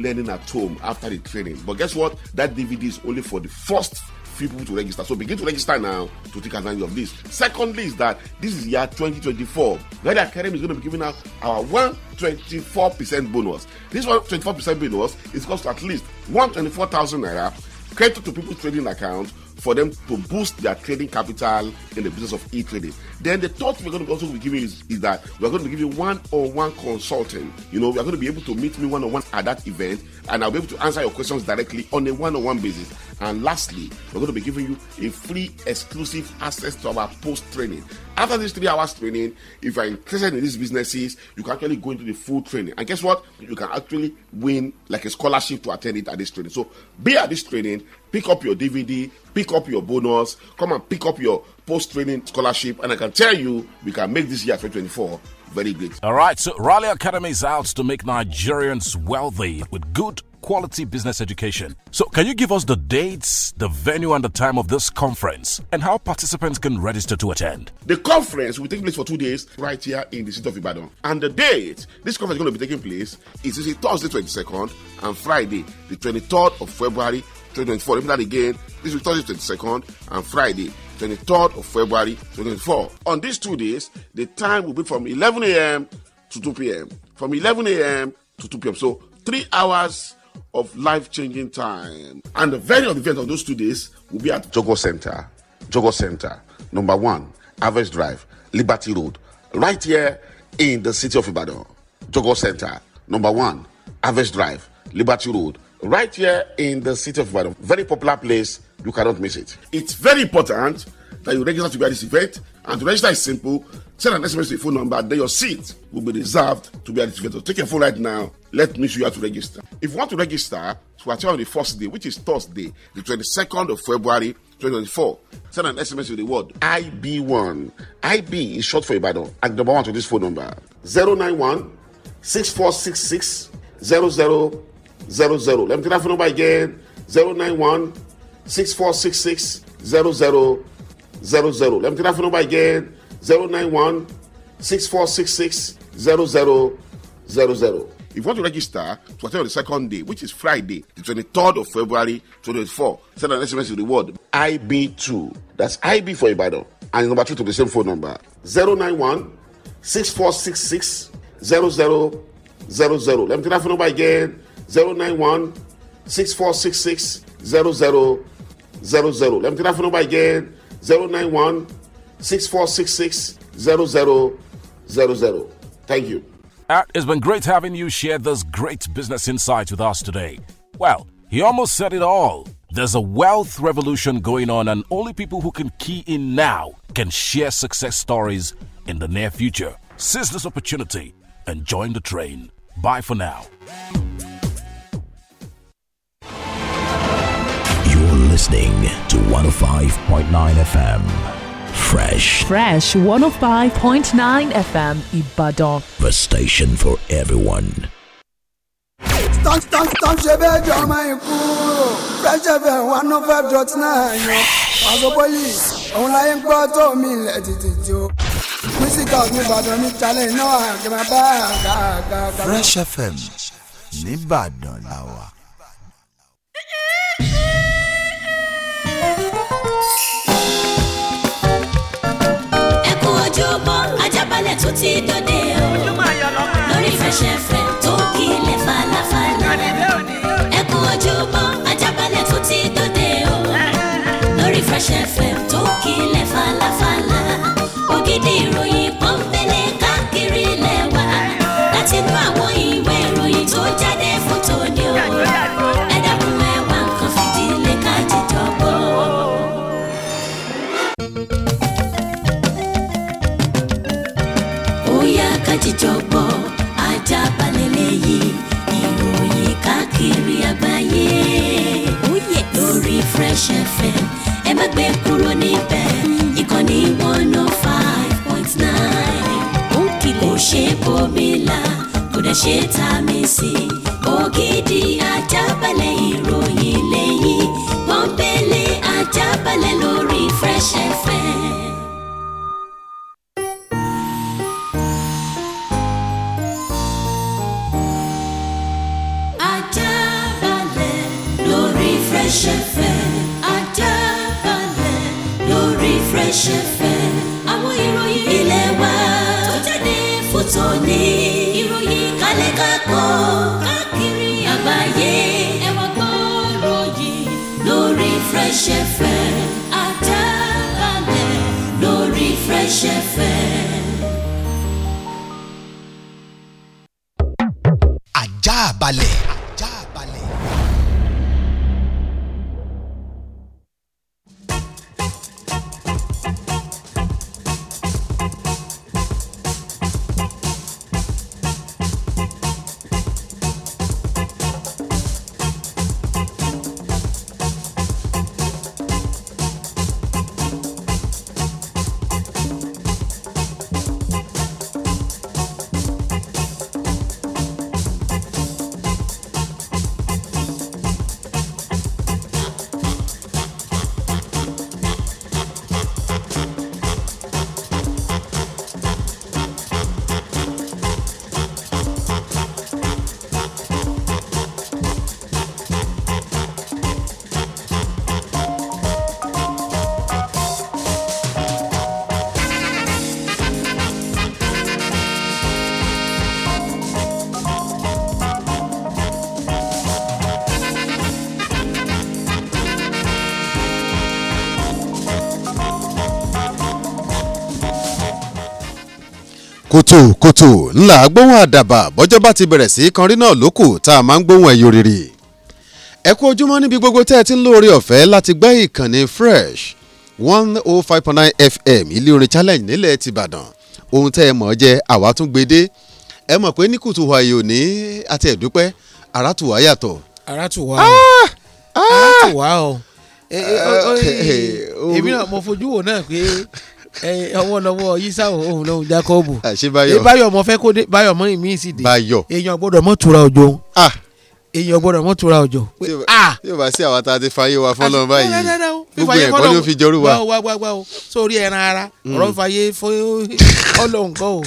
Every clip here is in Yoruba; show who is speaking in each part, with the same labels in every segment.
Speaker 1: learning at home after the training. But guess what? That DVD is only for the first people to register. So begin to register now to take advantage of this. Secondly, is that this is year 2024. Red Academy is going to be giving out our 124% bonus. This 124% bonus is cost at least 124,000 naira credited to people's trading account. for them to boost their trading capital in the business of e-trading. Then the third we're going to also be giving is, is that we're going to be giving one-on-one consulting. You know, we're going to be able to meet me one-on-one at that event, and I'll be able to answer your questions directly on a one-on-one basis. And lastly, we're going to be giving you a free exclusive access to our post training. After this three hours training, if you're interested in these businesses, you can actually go into the full training. And guess what? You can actually win like a scholarship to attend it at this training. So be at this training, pick up your DVD, pick up your bonus, come and pick up your post training scholarship. And I can tell you, we can make this year 2024
Speaker 2: very great. All right, so Raleigh Academy is out to make Nigerians wealthy with good quality business education. So, can you give us the dates, the venue, and the time of this conference, and how participants can register to attend?
Speaker 1: The conference will take place for two days right here in the city of Ibadan. And the date this conference is going to be taking place is Thursday 22nd and Friday the 23rd of February 2024. Remember that again, this is Thursday 22nd and Friday 23rd of February 2024. On these two days, the time will be from 11 a.m. to 2 p.m. From 11 a.m. to 2 p.m. So three hours of life changing time. And the venue of the event of those two days will be at Jogo Center. Jogo Center, number one, Average Drive, Liberty Road, right here in the city of Ibadan. Jogo Center, number one, Average Drive, Liberty Road, right here in the city of Ibadan. Very popular place. You cannot miss it. It's very important that you register to be at this event. And to register is simple. Send an SMS to your phone number, then your seat will be reserved to be activated. Take your phone right now. Let me show you how to register. If you want to register to attend on the first day, which is Thursday, the 22nd of February 2024, send an SMS with the word IB1. IB is short for Ibadan. And number one to this phone number 091 Let me take that phone number again 091 6466 0000. Let me take that phone number again 091 6466 0000. If you want to register to attend on the second day, which is Friday, the 23rd of February 2024, send an SMS to the word IB2. That's IB for Ibadan. And number two to the same phone number 091 6466 0000. Let me tell that phone number again 091 6466 0000. Let me tell that phone number again 091 6466 Thank
Speaker 2: you. Ah, it's been great having you share those great business insights with us today. Well, he almost said it all. There's a wealth revolution going on, and only people who can key in now can share success stories in the near future. Seize this opportunity and join the train. Bye for now.
Speaker 3: You're listening to 105.9
Speaker 2: FM. Fresh. Fresh
Speaker 4: 105.9 FM
Speaker 2: Ibadan. The station for everyone.
Speaker 5: Fresh FM 105.9 Police, Ìbàdàn Fresh
Speaker 6: FM
Speaker 7: tún ti dòde o lórí fẹsẹ̀fẹ̀ tó kílẹ̀ falafala ẹ kú ojúmọ́ ajábalẹ̀ tún ti dòde o lórí fẹsẹ̀fẹ̀ tó kílẹ̀ falafala ògidì ìròyìn pọ́npẹ́lẹ́ káàkiri lẹ́wà látinú àwọn ìwé ìròyìn tó jáde fún. kájíjọ gbọ́ Ajaabale lẹ́yìn ìròyìn káàkiri àgbáyé oh lórí Fresh FM ẹ má gbé kúrò níbẹ̀ ìkànnì one oh five point nine kò ṣe bomi la kò dẹ̀ ṣe ta mi sí ògidì Ajaabale ìròyìn lẹ́yìn pọ́npẹ́lẹ́ Ajaabale lórí Fresh FM. fresh fẹ́. àwọn ìròyìn ilé wa tó jáde fún tòní. ìròyìn kálẹ̀ kakọ́ káàkiri àgbáyé. ẹ wá gbọ́rọ̀ yìí lórí fresh fẹ́. àjàbalẹ̀ lórí fresh fẹ́.
Speaker 8: àjàbalẹ̀.
Speaker 9: kùtùkùtù ńlá gbóhùn àdàbà bọ́jọ́ bá ti bẹ̀rẹ̀ sí kan rí náà lókù tá a máa ń gbóhùn ẹ̀yọ́ rírì. ẹ kú ojúmọ́ níbi gbogbo tẹ́ ẹ ti ń lóore ọ̀fẹ́ láti gbẹ́ ìkànnì fresh one oh five point nine fm ilé orin challenge nílẹ̀ tìbàdàn ohun tẹ́ ẹ mọ̀ jẹ́ àwa tún gbede ẹ mọ̀ pé ní kùtù wàyí ò ní àti ẹ̀dúpẹ́ àràtùwà yàtọ̀.
Speaker 10: àràtùwà o ah!
Speaker 9: àràtùwà o ah!
Speaker 10: eh, eh, eh, èmi náà mo fojú wò náà pé ọwọ́lọ́wọ́ yísàwò òun lòun
Speaker 9: Jacob àṣebáyọ̀ báyọ̀
Speaker 10: mọ fẹ́ kó dé báyọ̀ mọ ìmí sì dé báyọ̀ èèyàn gbọ́dọ̀ mọ tura òjò èèyàn gbọ́dọ̀ mọ tura òjò.
Speaker 9: yóò bá sí àwọn àtàtì fàyè wa fọlọ́ báyìí gbogbo ẹ̀kọ́ ló fi jọrú wa.
Speaker 10: wá wá wá o sórí ẹran ara mm. ọ̀rọ̀ fàyè fọlọ́hún kọ́ o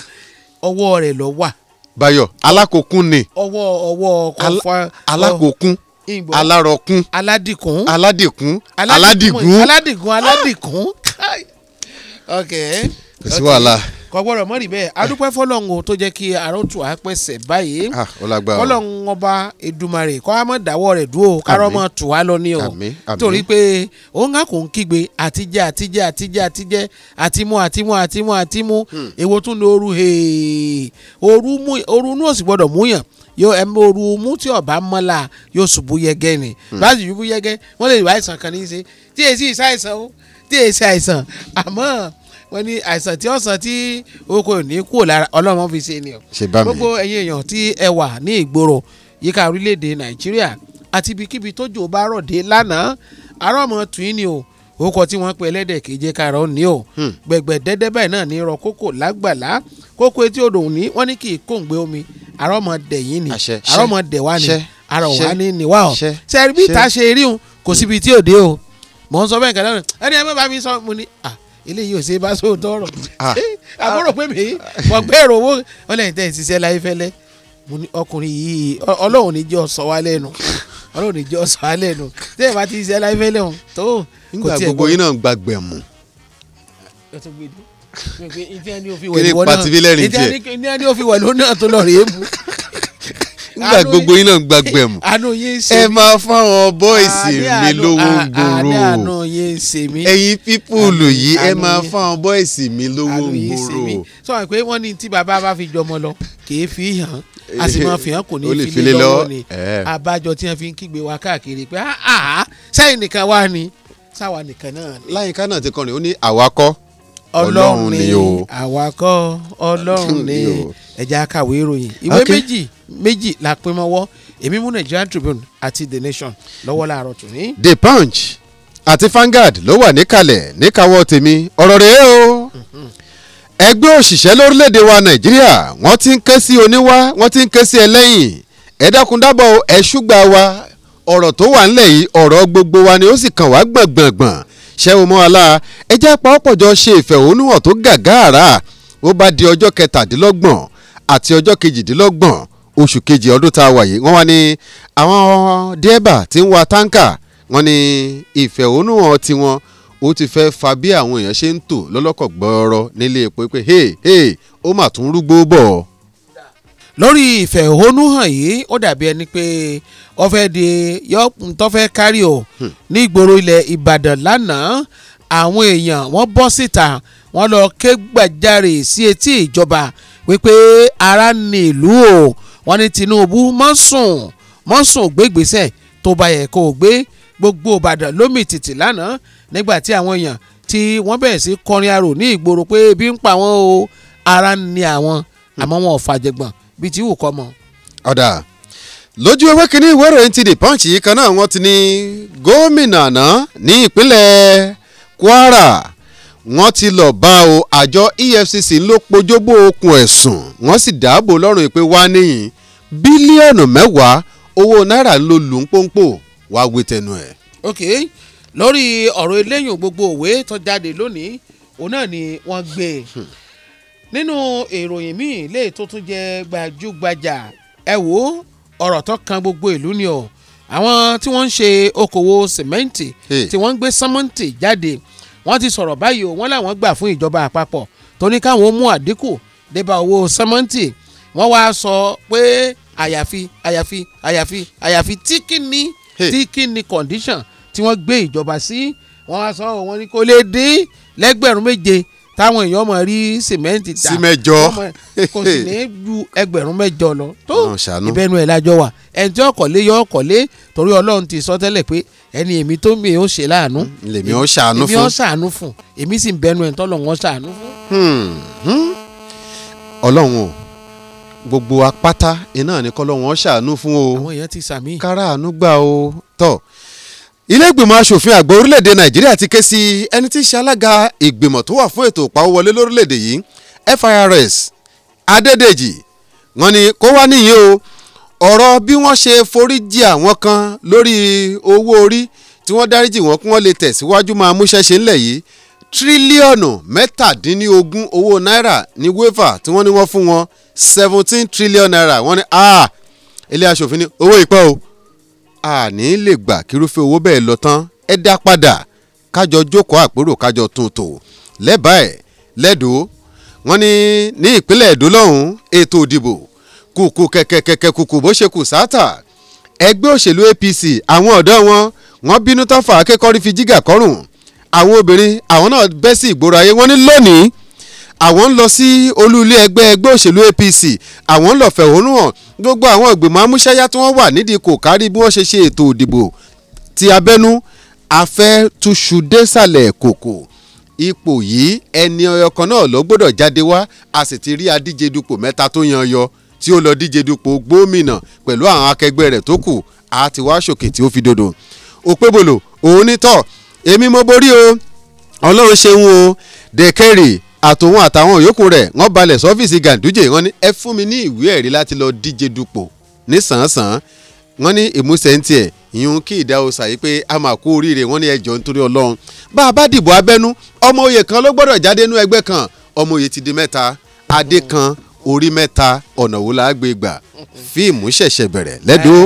Speaker 9: ọwọ́ rẹ̀ lọ wà. báyọ̀ alákòókún ni. ọwọ́
Speaker 10: ọwọ́ kọfà.
Speaker 9: alákòókún alárọkún aládìkún aládìkún aládìkún aládìkún
Speaker 10: aládìkún. Ah! kò sí wàhálà kò gbọ́dọ̀ mọ́rì bẹ́ẹ̀ adúpẹ́ fọlọ́run tó jẹ́ kí àròtù àpẹ̀sẹ̀ báyìí fọlọ́run ah, ọba Èdùmàrè kọ́ àmọ́ dáwọ́ rẹ̀ dúró kárọ́ mọ́ tù wá lọ ní o torí pé òun kà kò ń kígbe àtijẹ́ àtijẹ́ àtijẹ́ àtijẹ́ àtimú àtimú àtimú àtimú hmm. èwo tún ní ooru ooru inú òsì gbọ́dọ̀ múyàn yóò ẹ ooru mú tí ọba mọ́la yóò ṣubú yẹgẹ́ ni láti hmm. ṣubú yẹgẹ́ wọ́n lè wá àìsàn kan ní í ṣe tí èsì ìṣàìsàn ó tí èsì àìsàn àmọ́ wọ́n ní àìsàn tí ọ̀sán tí oko ní kúrò lára ọlọ́mọ fi ṣe ni o gbogbo ẹ̀yin èèyàn tí ẹ wà ní ìgboro yíká orílẹ̀-èdè nàìjíríà àti ibikíbi tójò bá rọ̀dé lánàá arọ́mọ tùín ni o orúkọ tí wọ́n pe ẹlẹ́dẹ̀ keje karọ̀ ni o hmm. gbẹ̀gbẹ̀ dẹ́dẹ́ báyìí náà ní rọ kókò lágbàlá kókò etí odò ní wọ́n ní kì í kóńgbé omi arọ́mọ dẹ̀yìn ni arọ́mọ dẹ̀wá ni arọ̀wá ni níwá o sẹ́ẹ̀rì bí ìta ṣe rí o kò síbi tí ò dé o mò ń sọ bẹ́ẹ̀ kẹ́lẹ́ ẹni ẹ bá mi sọ mo ní à eléyìí ò ṣe bá sóòótọ́ ọ̀rọ̀ ah. àbúrò pé mi wọ́n gbẹ́rù owó ọlẹ́yìn tẹ̀ ń ṣiṣẹ́ láyé fẹ́lẹ́ ọkùnrin yìí ọlọ́run ní jẹ́ ọ̀sọ́ wa lẹ́nu ọlọ́run ní jẹ́ ọ̀sọ́ wa lẹ́nu tẹ́ ẹ bá ti ṣiṣẹ́ láyé fẹ́lẹ́ hàn tó nígbà gbogbo yín gbàgbẹ́ mu. kí ni pàtìbí lẹ́rìn jẹ́ ìdí ẹni ó fi wẹ̀ lónà tó lọ rèé mu
Speaker 9: nígbà gbogbo yín náà ń gbàgbẹ́ mu
Speaker 10: ẹ máa
Speaker 9: fáwọn bọ́ìsì mi lówó gbòòrò ẹ̀yin pípùlù yìí ẹ máa fáwọn bọ́ìsì mi lówó gbòòrò.
Speaker 10: sọ pé wọ́n ní tí bàbá bá fi jọmọ lọ kì í fi hàn a sì máa fi hàn kò ní ìfilé lọ́wọ́ ni àbájọ tí wọ́n fi ń kígbe wa káàkiri pé sẹ́yìn nìkan wá ni sáwa nìkan náà ni. láyìnká náà ti kọrin ó
Speaker 9: ní àwakọ́ ọlọ́run ni o
Speaker 10: àwakọ́ ọlọ́run ni
Speaker 9: ẹ̀já kàwé ìròyìn ìwé méjì méjì
Speaker 10: la pín mọ́wọ́ èmi mú Nigerian Tribune àti The Nation lọ́wọ́ láàárọ̀ tún ní.
Speaker 9: The Punch àti Vanguard ló wà níkàlẹ̀ níkàwọ́ tèmi ọ̀rọ̀ rèé o ẹgbẹ́ òṣìṣẹ́ lórílẹ̀‐èdè wa Nàìjíríà wọ́n ti ń ké sí oníwá wọ́n ti ń ké sí ẹlẹ́yìn ẹ dábọ̀ ẹ wa ọ̀rọ̀ tó wà ńlẹ̀ yìí ọ̀rọ̀ gbogbo wa ni ó sì kàn wá gbọ̀ngbọ̀ngbọ̀n ṣẹ́wó mọ́ alá ẹjẹ́ pàápọ̀jọ ṣe ìfẹ̀hónúhàn tó gàgàrà ó bá di ọjọ́ kẹtàdínlọ́gbọ̀n àti ọjọ́ kejìdínlọ́gbọ̀n oṣù kejì ọdún tá a wà yìí wọ́n wá ní àwọn dẹ́bà tí ń wa táǹkà wọ́n ní ìfẹ̀hónúhàn tiwọn ó ti fẹ́ fa bí àwọn èèyàn ṣe ń tò lọ́lọ́kọ̀ gbọ́ọ̀rọ̀ nílé epo pé hey hey ó mà tún rúgbó bọ̀ ọ́ lórí ìfẹ̀hónúhàn yìí ó dàbí ẹni pé ọfẹ́
Speaker 10: di yọ̀ǹtọ́fẹ́ kárí o hmm. ní ìgboro ilẹ̀ Ìbàdàn lánàá àwọn èèyàn wọ́n bọ́ síta wọ́n lọ ké gbàjarè sí etí ìjọba wípé ara ní ìlú o wọ́n ní Tinubu mọ́sùn mọ́sùn gbégbèsè tó bá yẹ kó o gbé gbogbo Ìbàdàn lómì tìtì lánàá nígbà tí àwọn èèyàn tí wọ́n bẹ̀rẹ̀ sí kọrin arò ní ìgboro pé ebi ń pa wọ́n o ara ní àwọn hmm. àmọ́ wọn ò fàjẹgbọ̀n bí ti wù kọ́ mọ́.
Speaker 9: ọ̀dà lójú ewé kínní ìwé ìròyìn ti The Punch yìí kan náà wọ́n ti ní gómìnà àná ní ìpínlẹ̀ Kwara wọ́n ti lọ bá o àjọ EFCC ló pojógbó okùn ẹ̀sùn wọ́n sì dáàbò lọ́rùn ìpè wá níyìn bílíọ̀nù mẹ́wàá owó náírà ló lù ń pòǹpò wá wé tẹnu ẹ̀.
Speaker 10: ok lórí ọ̀rọ̀ eléyìn gbogbo òwe tó jáde lónìí òun náà ni wọ́n gbé e. Hmm nínú ìròyìn míì lè tó tún jẹ́ gbajúgbajà ẹ wò ó ọ̀rọ̀ tó kan gbogbo ìlú ni o àwọn tí wọ́n ń ṣe okòwò sìmẹ́ǹtì tí wọ́n ń gbé sẹ́mẹ́ǹtì jáde wọ́n ti sọ̀rọ̀ báyìí o wọ́n làwọn gbà fún ìjọba àpapọ̀ tó ní káwọn mú àdínkù débà owó sẹ́mẹ́ǹtì wọ́n wá sọ pé àyàfi àyàfi àyàfi àyàfi tí kìíní tí kìíní condition tí wọ́n gbé ìjọba sí wọ́n wá sọ wọ́n ní kó lè dín lẹ́gbẹ̀rún méje táwọn èèyàn mọ̀ rí sìmẹ́ǹtì ta sí mẹ́jọ kò sì ní ju ẹgbẹ̀rún mẹ́jọ lọ tó ìbẹ́nu ẹ̀ lájọ wà ẹni tí ọkọ̀lé yọ ọkọ̀lé torí ọlọ́run ti sọ tẹ́lẹ̀ pé ẹni èmi tó mi ò ṣe láàánú hmm,
Speaker 9: èmi ò ṣàánú fún èmi ò
Speaker 10: ṣàánú fún èmi sì ń
Speaker 9: bẹnu ẹ̀ tọ́lọ̀ wọn ṣàánú fún. Hmm, hmm. ọlọ́run o gbogbo apáta iná ni kọ́lọ́run ó ṣàánú fún o àwọn èèyàn ti sàmì kára àánú gbà o tọ́ ilé ìgbìmọ̀ asòfin àgbà orílẹ̀-èdè nàìjíríà ti ké sí ẹni tí í ṣe alága ìgbìmọ̀ tó wà fún ètò ìpawówọlé lórílẹ̀-èdè yìí FIRS Adédèjì wọ́n ní kó wá nìyí o ọ̀rọ̀ bí wọ́n ṣe foríjì àwọn kan lórí owó orí tí wọ́n dáríjì wọ́n kí wọ́n lè tẹ̀síwájú máa múṣẹ́ ṣe ńlẹ̀ yìí tírílíọ̀nù mẹ́tàdínlógún owó náírà ní wéfà tí wọ́n ní wọ́n fún wọn seventeen trillion naira wọ́n ní ah ilé asòfin ní owó ìpẹ́ o àní lè gbà kírúfẹ́ owó bẹ́ẹ̀ lọ tán ẹ dá padà kájọ jókòó àpérò kájọ tuntun lẹ́bàá ẹ̀ lẹ́dọ̀ wọ́n ní ní ìpínlẹ̀ èdò lọ́hùn ètò òdìbò kùkù kẹ̀kẹ̀kẹ̀kẹ̀ kùkù bó ṣe kù sáátà ẹgbẹ́ òṣèlú APC àwọn ọ̀dọ́ wọn wọ́n bínú tán fà á kékọ́rí fi jígà kọ́rùn àwọn obìnrin àwọn náà bẹ́ sí ìgboro ayé wọ́n ní lónìí àwọn ń lọ sí olú ilé ẹgbẹ́ ẹgbẹ́ òṣèlú APC àwọn ń lọ fẹ̀hónú hàn gbogbo àwọn ìgbìmọ̀ amúṣẹ́yá tí wọ́n wà nídìí kò kárí bí wọ́n ṣe ṣe ètò òdìbò ti abẹ́nú afẹ́ túṣu désàlẹ̀ kòkò ipò yìí ẹni ọkàn náà ló gbọ́dọ̀ jáde wá a sì ti rí adíje dupò mẹ́ta tó yan yọ tí ó lọ díje dupò gómìnà pẹ̀lú àwọn akẹgbẹ́ rẹ̀ tó kù a ti wá ṣòkè tí ó fi dodo òpébòlò òun nítọ̀ èmi mo borí o ọlọ́run ṣeun o dẹ̀kẹ́rì àtòun àtàwọn yòókù rẹ̀ wọ́n balẹ̀ sọ́fíìsì Ganduje wọ́n ní ẹ fún mi ní ìwé ẹ̀rí láti lọ díje dupò ní sàn-án-sàn wọ́n ní ìmúṣẹ ń tiẹ̀ ìyún kí ìdá òòsà yìí pé a máa kú oríire wọ́n ní ẹjọ́ nítorí Ọlọ́run bá a bá dìbò abẹ́nú ọmọ oyè kan ló gbọ́dọ̀ jáde nú ẹgbẹ́ kan ọmọ oyè ti di mẹ́ta adé kan orí mẹ́ta ọ̀nà wo la gbé gbà fíìmù ṣẹ̀ṣẹ̀ bẹ̀rẹ̀ lẹ́dọ́.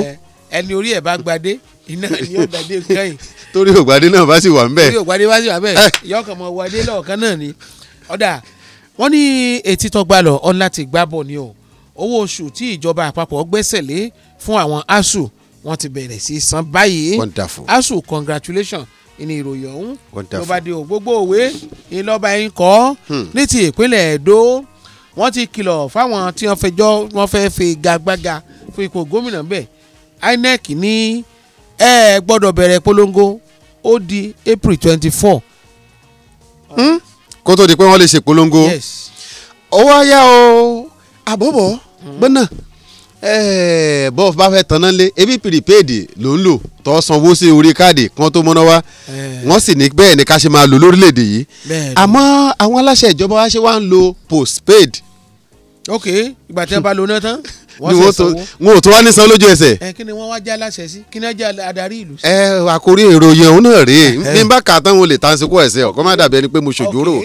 Speaker 9: ẹni orí ẹ̀ bá
Speaker 10: gbadé iná ni ó gbadé kẹ́yìn.
Speaker 9: torí ògbadé náà bá sì wà ń bẹ̀. torí
Speaker 10: ògbadé bá sì wà ń bẹ̀ eh. yọkàn mọ̀ wọlé ọ̀dà wọ́n ní etí tọ́gbà lọ ọ̀n láti gbábọ̀ ni o owó oṣù tí ìjọba àpapọ̀ gbẹ́sẹ̀ lé fún àwọn ASUU wọ́n ti bẹ̀rẹ̀ sí san báyìí wonderful congratulations ìní ìròyìn ọ̀hún wonderful ló bá di ògbógbó òwe ìlọ́ba yín kọ́ hmm. ní ti ìpínlẹ̀ Èdó wọ́n ti kìlọ̀ fáwọn tí wọ́n fẹjọ́ wọ́n fẹ́ fi gagbága fún ipò gómìnà bẹ́ẹ̀ INEC ní ẹ gbọ́dọ̀ bẹ̀rẹ̀ polongo ó di April twenty four.
Speaker 9: Hmm? kó tó di pé wọ́n lè ṣe polongo owó ayá o àbọ̀bọ̀ hmm. gbọ́nà eh, bọ́ọ̀ bá fẹ́ tanná lé ebi prepaid ló ń lò tọ́ sanwó sí orí káàdì kan tó mọ́ná wá eh. wọ́n sì ní bẹ́ẹ̀ ni ká ṣe máa lò lórílẹ̀‐èdè yìí àmọ́ àwọn aláṣẹ ìjọba wa ṣe wá ń lo postpaid. ok
Speaker 10: ìgbà tí wọn bá lo náà tán. wọn ò tó wá ní san lójú ẹsẹ̀. ẹ kí ni wọn wá já aláṣẹ sí kí ni wọn já adarí ìlú
Speaker 9: sí. ẹ àkórí ìròyìn òun náà rèé bí n bá kà á tán wọn lè tán sí kó ẹsẹ̀ ọkọ má dàbí ẹni pé mo ṣòjúrò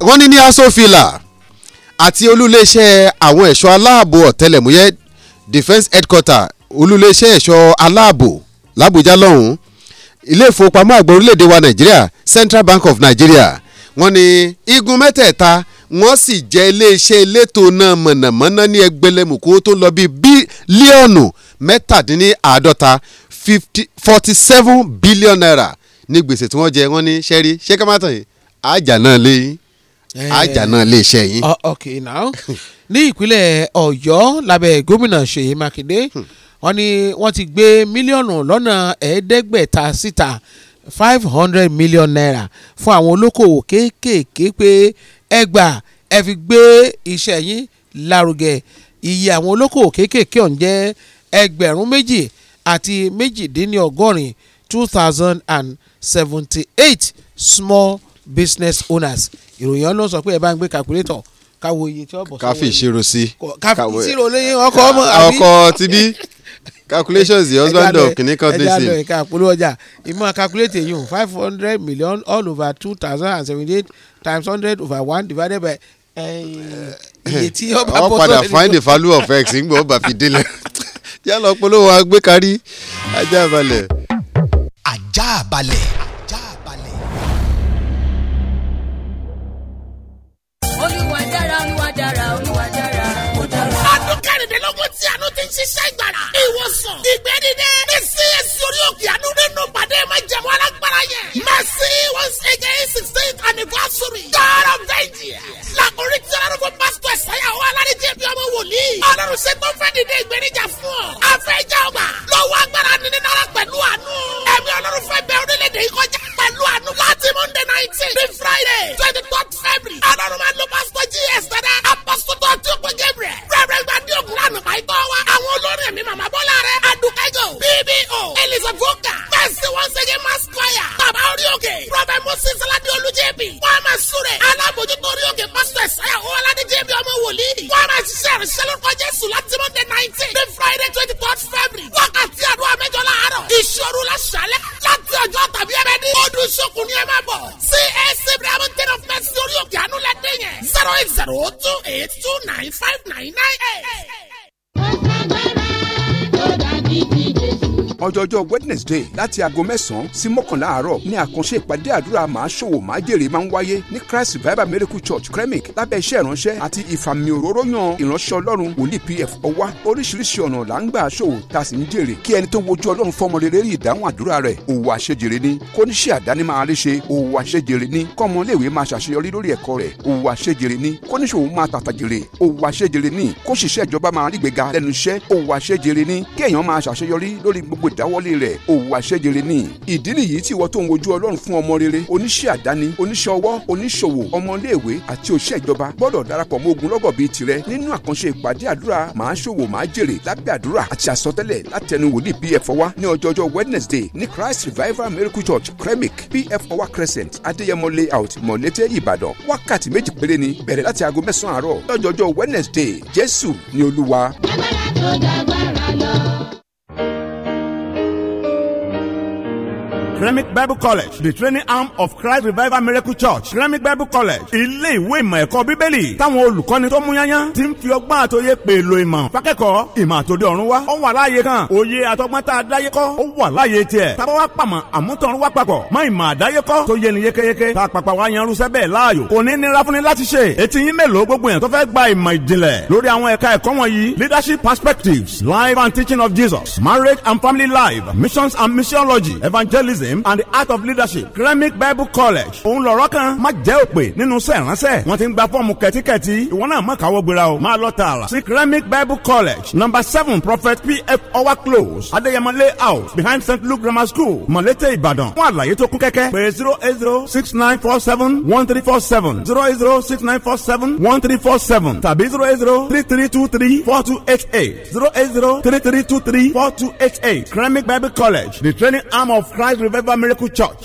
Speaker 9: wọn ní ní asòfilà àti olúléeṣẹ́ àwọn ẹ̀ṣọ́ aláàbò ọ̀tẹlẹ̀múyẹ́ defence headquarter olúléeṣẹ́ ẹ̀ṣọ́ aláàbò làbújá lọ́hùn-ún ilé ìfowópamọ́ àgbà orílẹ̀ wọ́n sì jẹ́ iléeṣẹ́ elétò náà mọ̀nàmọ́ná ní ẹgbẹ̀lẹ́mùkú tó lọ bí bílíọ̀nù mẹ́tàdínláàádọ́ta forty seven billion naira ní gbèsè tí wọ́n jẹ wọ́n ní sẹ́rí ṣé ká má àjà náà lé yín eh. àjà náà lè ṣe yín. Oh, ok now ní
Speaker 10: ìpínlẹ̀ ọ̀yọ́ lábẹ́ gómìnà ṣèyí mákindé hmm. wọ́n ní wọ́n ti gbé mílíọ̀nù lọ́nà ẹ̀ẹ́dẹ́gbẹ̀ta síta five hundred million naira fún àwọn olókòwò kéékèèké pé ẹgbà ẹ fi gbé iṣẹ́ yín lárugẹ iye àwọn olókòwò kéékèèké ọ̀hún jẹ́ ẹgbẹ̀rún méjì àti méjìdínlọ́gọ́rin two thousand and seventy-eight small business owners ìròyìn ọlọ́run sọ pé ẹ bá ń gbé calculator káwo iye tí ó bọ̀ sọ́wọ́ ká fi
Speaker 9: ìṣirò sí ká fi ìṣirò lẹ́yìn ọkọ̀ ọmọ àbí ọkọ̀ tibí calculations the husband of kìnìún kan dey sing. ẹ̀dá
Speaker 10: ẹ̀ka polówó ọjà ìmọ̀ calculate yìí five hundred million all over two thousand and seventy-eight times hundred over one divided by eh, iye tí ọba eh, eh, bọ́ sọ́ọ́ ọ padà find the value of
Speaker 9: x ńgbọ́ ọba fi délẹ̀ yá lọ polówó agbékarí ajá balẹ̀. ajá balẹ̀. ajá balẹ̀.
Speaker 7: olúwa dára olúwa dára orí òkè
Speaker 11: àánú nínú pàdé máa jẹ̀mú alágbára yẹn. mercy once again anniversary. God of vengeance. Làkúrí tí ọlọ́run fún pásítọ̀ Ṣáyà wà lárí jẹ́ bí ọmọ wòlíì. Ọlọ́run ṣe tó fẹ́ dìde ìgbà.
Speaker 12: ọjọ́ wednesday láti aago mẹ́sàn-án sí mọ́kànlá àárọ̀ ní àkànṣe ìpàdé àdúrà màá ṣòwò màá jèrè máa ń wáyé ní christ revival miracle church kremik lábẹ́ iṣẹ́ ìránṣẹ́ àti ìfàmì òróró yan ìránṣẹ́ ọlọ́run wòlíì pf ọwá oríṣiríṣi ọ̀nà là ń gbà ṣòwò tá a sì ń jèrè kí ẹni tó wojú ọlọ́run fọmọ rere rí ìdáhùn àdúrà rẹ̀ òwò àṣejèrè ni kó níṣẹ́ àdáni máa rí ṣe òwò àṣejèrè ni kọ́mọléèwé máa ṣàṣeyọrí lórí ẹ̀kọ́ rẹ̀ òwò àṣejèrè ni kóníṣòwò máa tàtàjèrè òwò àṣejèrè ni kóṣìṣẹ́ ìjọba máa rígbéga lẹ́nu iṣẹ́ òwò àṣejèrè ni kéèyàn máa ṣàṣeyọrí lórí gbogbo ìdáwọ́ dáwọ́lé rẹ̀ òwò àṣẹjèrè ni ìdí nìyí tí ìwọ tó ń wojú ọlọ́run fún ọmọ rere oníṣẹ́ àdáni oníṣẹ́ ọwọ́ oníṣòwò ọmọléèwé àti òṣìṣẹ́ ìjọba gbọ́dọ̀ darapọ̀ mọ́ ogun lọ́gọ̀ bíi tirẹ̀ nínú àkànṣe ìpàdé àdúrà màá ṣòwò màá jèrè lábẹ́ àdúrà àti àsọtẹ́lẹ̀ látẹnu wòlíì pf ọwá ní ọjọ́jọ́ wednesday ní christ revival miracle church kremik pf ọwá crescent adéyẹmọ layout mọ̀lété ìbàdàn wákàtí méjì péré ni bẹ̀rẹ̀ láti aago mẹ́sàn-án àárọ̀ lọ́jọ́jọ́ wednesday jésù ni olúwa.
Speaker 6: Kremik Bible College, the training arm of Christ Revival Miracle Church, Kremik Bible College, ilé ìwé ìmọ̀ ẹ̀kọ́ bíbélì, táwọn olùkọ́ni tó múyányá ti ń fi ọgbọ́n àtòyè pè lo ìmọ̀. Fákẹ́kọ̀ọ́ ìmọ̀ àtòdì ọ̀run wá, ó wà láàyè kan, òye àtọgbọ́n tá a dáyé kọ́, ó wà láàyè tiẹ̀. Tábà wá pàmò àmútọ̀run wá papọ̀, mọ ìmọ̀ àdáyé kọ́ tó yẹ ni yékéyéké, tá a pàpà wá yanrú sẹ́bẹ̀ láàyò. Kò ní nira fún ni láti ṣe. Leadership perspectives, life and teaching of Jesus, marriage and family life, missions and missiology, evangelism evangelism and the art of leadership Gremic Bible College òun lọ̀rọ̀ kan má jẹ́ òpè nínú sẹ̀ránṣẹ́ wọ́n ti ń gba fọ́ọ̀mù kẹ́tíkẹ́tí ìwọ náà má káwọ́ gbéra o máa lọ tààrà sí Gremic Bible College number seven Prophet P.F. Owa close Adéyẹmọ layout behind St. Luke Grammar School Mọ̀lété Ìbàdàn fún àlàyé tó kún kẹ́kẹ́ pé zero eight zero six nine four seven one three four seven zero eight zero six nine four seven one three four seven tàbí zero eight zero three three two three four two eight eight zero eight zero three three two three four two eight eight Gremic Bible College the training arm of Christ Revival. Revival Miracle Church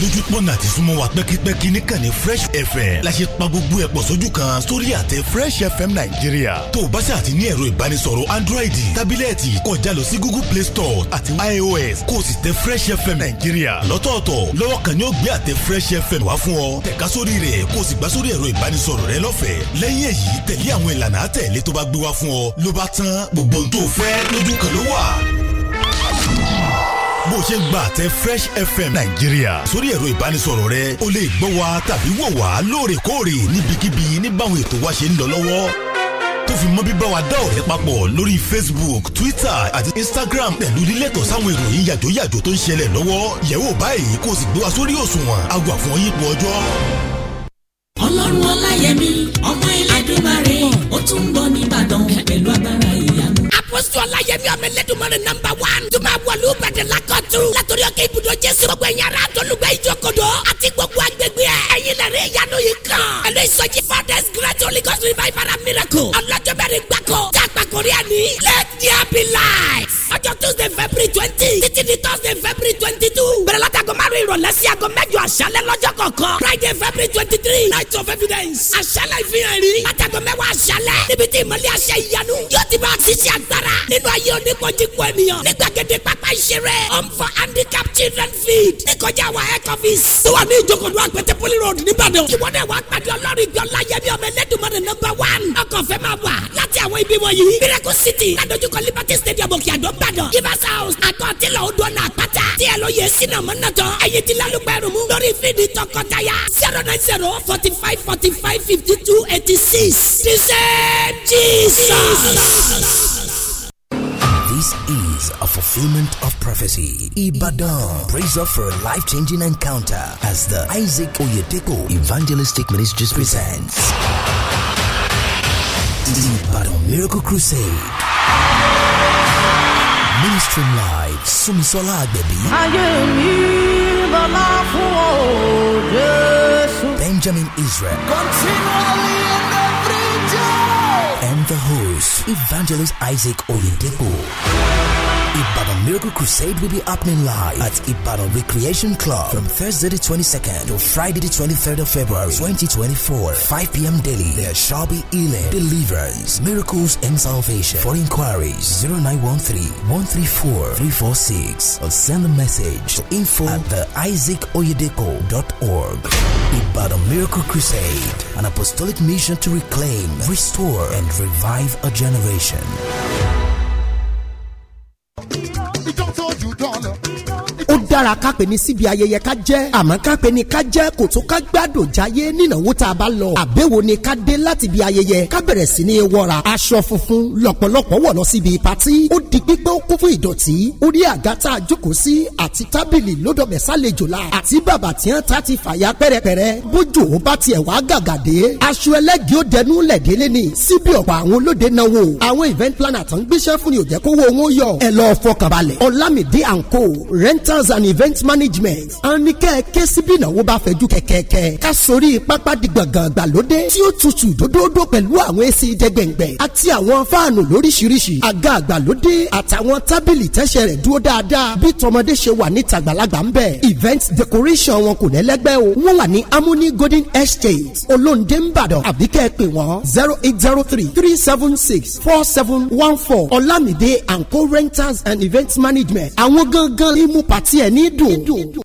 Speaker 6: lójúpọ̀nà àti súnmọ́ wa pẹ́kípẹ́kí níkànnì fresh fm la ṣe pa gbogbo ẹ̀pọ̀ sójú kan sórí àtẹ fresh fm nàìjíríà tó o bá ṣe àti ní ẹ̀rọ ìbánisọ̀rọ̀ android tábílẹ̀tì kọjá lọ sí google play store àti ios kó o sì tẹ fresh fm nàìjíríà lọ́tọ̀ọ̀tọ̀ lọ́wọ́ kan yóò gbé àtẹ fresh fm wá fún ọ tẹ̀ka sórí rẹ̀ kó o sì gbà sórí ẹ̀rọ ìbánisọ̀rọ̀ rẹ lọ́fẹ̀ẹ́ lẹ́yìn èyí tẹ̀lé bó ṣe ń gbà tẹ Fresh FM Nàìjíríà sórí ẹ̀rọ ìbánisọ̀rọ̀ rẹ o lè gbọ́ wa tàbí wò wá lóòrèkóòrè níbikíbi níbàwọn ètò wa ṣe ń lọ lọ́wọ́ tó fi mọ́ bíbá wa dá ọ̀rẹ́ papọ̀ lórí Facebook Twitter àti Instagram pẹ̀lú lílẹ̀tọ̀ sáwọn ìròyìn yàjóyàjó tó ń ṣẹlẹ̀ lọ́wọ́ yẹ̀wò báyìí kó o sì gbé wa sórí òṣùwọ̀n agbàfọ̀ yípo ọjọ́
Speaker 7: ọlọ́run ọláyẹmí ọmọ
Speaker 4: ẹlẹ́dùnmarè ó tún ń bọ̀ nìbàdàn pẹ̀lú agbára jésù ọláyẹmí ọmọ ẹlẹ́dùnmọ́rin nọmba wán tó máa wọlé ìbàdàn lakọ́tù látọ̀rí ọkẹ́ ibùdó jésù gbogbo ẹ̀yìn ara àtọ́lùgbẹ́ ìjókòdó àti gbogbo agbègbè ẹ̀ ẹ̀yìn ìyanu yìí kan pẹ̀lú ìsọjí fathers great holy ghost revival and miracle ọlọ́jọ́ bẹ̀rẹ̀ gbàkọ́ tá a gbàkọ́ let there be light ọjọ́ tuesday february twenty títí di thursday february twenty two bẹ̀rẹ̀ látago márùn ìrọ̀lẹ́ sí ago mẹ́jọ àṣálẹ́ lọ́jọ́ kọ̀ọ̀kan friday february twenty three night of evidence àṣálẹ́ ìfihàn rí látago mẹ́wàá àṣálẹ́ níbi tí ìmọ̀lẹ́ àṣẹ ìyanu yóò ti bá a ṣiṣẹ́ agbára nínú ayé oníkojúkọ ènìyàn ní gbàgede pápá ìṣeré home for handicapped children feed níkọjá wa head office tó wà ní ìjókòó àgbẹ̀tẹ̀ poli road nìbàdàn ìwọ náà wàá pàdé ọlọ́rin ìgbẹ́ ọláyẹmí ọmọ ẹlẹ́dùnmọ́rẹ̀ nọmba one ọkọ̀ fẹ́ máa wà láti àwọn ibi wọ̀nyí miracle city ladojukọ liberty stadium òkèàdó ìbàdàn givers house àkọọ́tìlọ̀ odòna àpáta tí ẹ lọ yẹ sínú mọ́nàtọ̀ ẹ̀yẹ ti lálùpẹ̀rù mú lórí fídì tọkọtaya zero nine zero forty five forty five fifty two eighty six the same jesus. jesus. This is a fulfillment of prophecy. Ibadan. Praise up for a life changing encounter as the Isaac Oyeteko Evangelistic Ministries presents Ibadan Miracle Crusade. Ministry Live Sumisola Agbebi. Benjamin Israel.
Speaker 7: Continually
Speaker 4: the host, Evangelist Isaac Oyedepo. Ibadan Miracle Crusade will be happening live at Ibadan Recreation Club from Thursday the 22nd to Friday the 23rd of February 2024, 5 p.m. daily. There shall be healing, deliverance, miracles, and salvation. For inquiries, 0913-134-346 or send a message to info at the isaacoyedeco.org. Ibadan Miracle Crusade, an apostolic mission to reclaim, restore, and revive a generation.
Speaker 8: dára ká pè ní síbi ayẹyẹ ká jẹ́ àmọ́ ká pè ní ká jẹ́ kò tó ká gbádùn jáyé nínáwó tá a bá lọ àbẹ̀wò ni ká dé láti ibi ayẹyẹ ká bẹ̀rẹ̀ sí ní wọ́ra aṣọ funfun lọ́pọ̀lọpọ̀ wọ̀ lọ síbi patí ó di pípẹ́ ó kún fún ìdọ̀tí orí àga tá a jókòó sí àti tábìlì lódọ̀bẹ̀ sálejò la àti bàbà tí wọ́n ta ti fàya pẹ́rẹpẹ̀rẹ bójú ó bá tiẹ̀ wá gàgàdé aṣọ ẹlẹ́gì ó dẹnu lẹ̀dẹ́lẹ́ event planner tó ń gbéṣẹ́ fún ni ò jẹ́ kówó wọn yọ ẹ and and event management a ní kẹ́ ẹ ké sí bí ìnáwó bá fẹjú kẹ̀kẹ́kẹ́ ká sórí pápá di gbọ̀ngàn gbàlódé tí ó tutù dódódó pẹ̀lú àwọn èsì jẹgbẹ̀ngbẹ̀ àti àwọn fáànù lóríṣiríṣi àga àgbàlódé àtàwọn tábìlì tẹ́sẹ̀ rẹ̀ dúró dáadáa bí tọmọdé ṣe wà ní tàgbàlagbà ń bẹ̀ event decoration wọn kò lẹ́lẹ́gbẹ́ o wọ́n wà ní amúní golden estate olóńdé ńbàdàn àbí kẹ́ pè wọ́n zero eight zero three three seven six four seven one four olamide and co renters and event management àwọn gangan ní mú pàtí ẹ̀ ní dùn.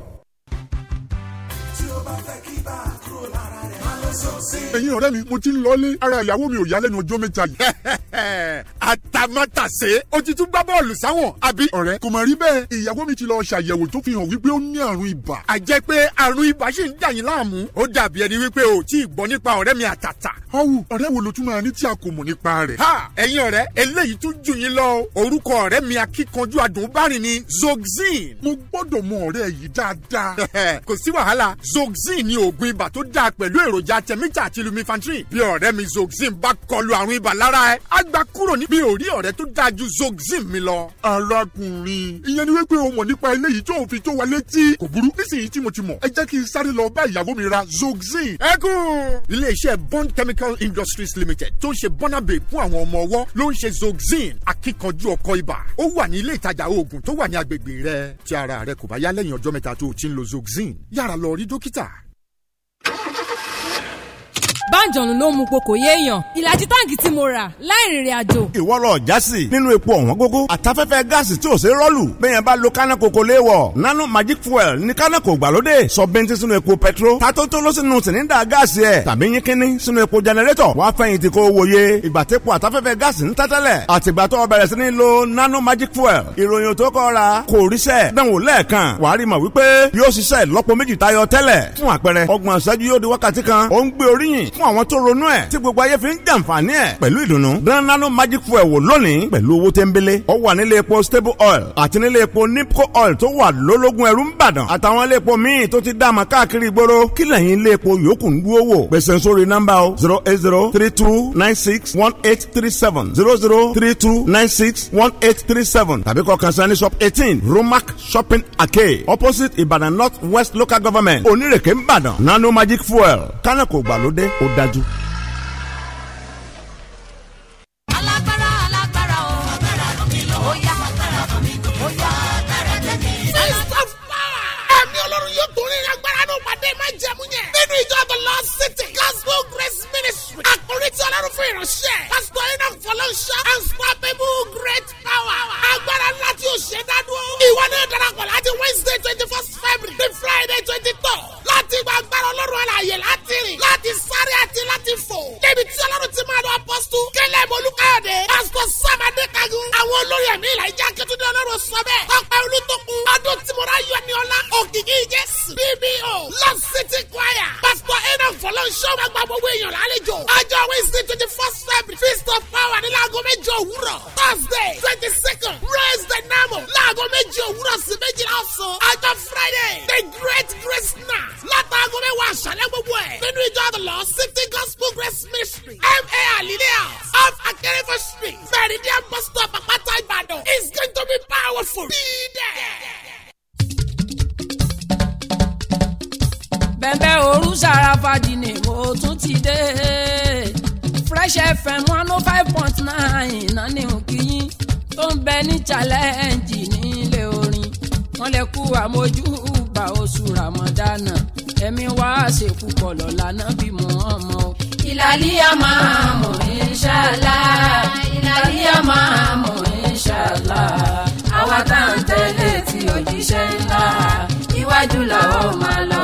Speaker 13: so ẹ̀yin ọ̀rẹ́ mi mo ti ń lọlé ara ìyàwó mi ò yá lẹ́nu ọjọ́ mẹ́ta yìí. àtàmátàsé ó ti tún gbá bọ́ọ̀lù sáwọn àbí. ọ̀rẹ́ kò mà rí bẹ́ẹ̀ ìyàwó mi ti lọ ṣàyẹ̀wò tó fi hàn wípé ó ní àrùn ibà. a jẹ́ pé àrùn ibà ṣì ń dà yín láàmú. ó dàbí ẹni wípé o tí ì gbọ́ nípa ọ̀rẹ́ mi àtàtà. ọ̀wù ọ̀rẹ́ wo ló tún máa ní tí a kò mọ̀ nípa rẹ̀. ha ẹ̀yin ọ̀rẹ́ eléyìí tún jù yín lọ orúkọ ọ̀rẹ́ mi akíkanjú adùnbárin ni Zoxyn. mo gbọ́dọ̀ mọ ọ̀rẹ́ yìí dáadáa. kò sí wàhálà Zoxyn ni oògùn ibà tó dáa pẹ̀lú èròjà tẹ̀mítà dókítà àti lumifantrin bí ọ̀rẹ́ mi zoxyn bá kọlu àrùn ibà lára ẹ á gba kúrò ní. mi ọ̀rẹ́ tó dáa ju zoxyn mi lọ. arákùnrin ìyẹn ni wípé o mọ̀ nípa eléyìí tó fi tó wa létí. kò burú nísìnyí tí mo ti mọ̀ ẹ jẹ́ kí n sáré lọ bá ìyàwó mi ra zoxyn. ẹ kún. iléeṣẹ́ bond chemical industries limited tó ń ṣe bọ́nàbè fún àwọn ọmọ ọwọ́ ló ń ṣe zoxyn akíkanjú ọkọ ibà. ó wà ní ilé ìtajà oògùn tó wà ní agbègbè rẹ. tí ara rẹ kò bá yá lẹ́yìn ọjọ́ mẹ́ta tó o ti ń lo zoxyn yára lọ rí dókítà báńjọ̀nù ló mú pokò yéèyàn ìlàjì táǹkì tí mo rà láì rìnrìn àjò. ìwọ lọ jásì nínú epo ọ̀wọ́n gógó
Speaker 6: àtafẹ́fẹ́ gáàsì tí ò ṣe rọ́ọ̀lù bẹ́ẹ̀ bá lo kánà kòkó léwọ̀ nano magic fuel ní kánà kò gbàlódé sọ bẹ́ntì sínú epo pẹtrol tatótó ló sínú sìnínda gáàsì ẹ̀ tàbí yín kínní sínú epo jẹnẹrétọ̀ wá fẹ̀yìntì kó wòye ìgbàtẹ́pọ̀ àtafẹ́fẹ́ gáàsì ń nano magic fuel ìròyìn tó kọ́ ra kò ríṣẹ́ dánwò lẹ́ẹ̀kan wàá rí mọ̀ wípé yóò ṣiṣẹ́ lọ́pọ̀ méjì tayọ tẹ́lẹ̀ fún àwọn tó ronú ẹ̀ tí gbogbo ayé fi ń jàǹfààní ẹ̀ pẹ̀lú ìdùnnú. dán nano magic fuel wò lónìí pẹ̀lú owó tẹ́ńbélé. ó wà nílé epo stable oil àti nílé epo nipco oil tó wà lólógún ẹrú ńbàdàn àtàwọn ilé epo míì tó ti dáàmà káàkiri ìgboro kí lẹ́yìn ilé epo yòókù ń dúró wò. gbèsè sórí nọ́mbà o zero eight zero three two nine six one eight three seven zero zero three two nine six one eight three seven tàbí kọ kàn sí shop eighteen romac shopping arcade opposite Ìbàdàn north west local government onírèké ńbàdàn nano magic fuel kánà kò gbàlódé òd dájú.
Speaker 7: alágbára alágbára o agbára ló mi
Speaker 11: the lord city gospel grace ministry and square great power agbára ńlá tí o ṣe dádúró. ìwọ náà darapọ̀ láti wednesday twenty first february to friday twenty third láti gba agbára ọlọ́run àlàyé láti rìn láti sáré àti láti fò. débi tí ọlọ́run ti máa lọ apọ́sítù kẹlẹ́ mọ́lúkáyọ̀dé pásítọ̀ sàmàdé kagun. àwọn olórí ẹ̀mí ìlà ìjà kẹtùdé ọlọ́run sọ bẹ́ẹ̀. ọ̀pẹ olùtọ́kù ọdún tìmọ̀rá yọ ní ọlá òkìkí jésù bbo love city choir pásítọ̀ enoch fọlọ́nṣọ́ máa gba gbogbo èèyàn lálejò. ọjọ́ wednesday twenty first february feast of power nílẹ̀ aago mẹ́jọ òwúrọ̀ thursday twenty second Thursday náà mọ̀ láago méjì òwúrọ̀ sí méjìlá ọ̀sán ọjọ́ Friday the great grace night látàgọ́ mẹ́wàá àṣálẹ́ gbogbo ẹ̀ nínú ìjọ àdàlọ́ city gospel grace ministry ma alilea off akérèfé street meridian bus stop àpáta Ìbàdàn is going to be powerful be there.
Speaker 5: bẹ́ẹ̀ ooru sára fàájì ni mo tún ti dé fresh fm one oh five point nine náà ni n kì í tó ń bẹ ní challenge nílé orin wọn lè kú àmójú bá oṣù ramadana ẹ̀mí wá ṣèkú pọ̀ lọ́la bí mo hàn mọ́. ìlàlíyà máa mọ̀ inṣàlá ìlàlíyà máa mọ̀ inṣàlá
Speaker 7: àwa tá à ń tẹ́lẹ̀ tí òjíṣẹ́ ńlá iwájú làwọn máa lọ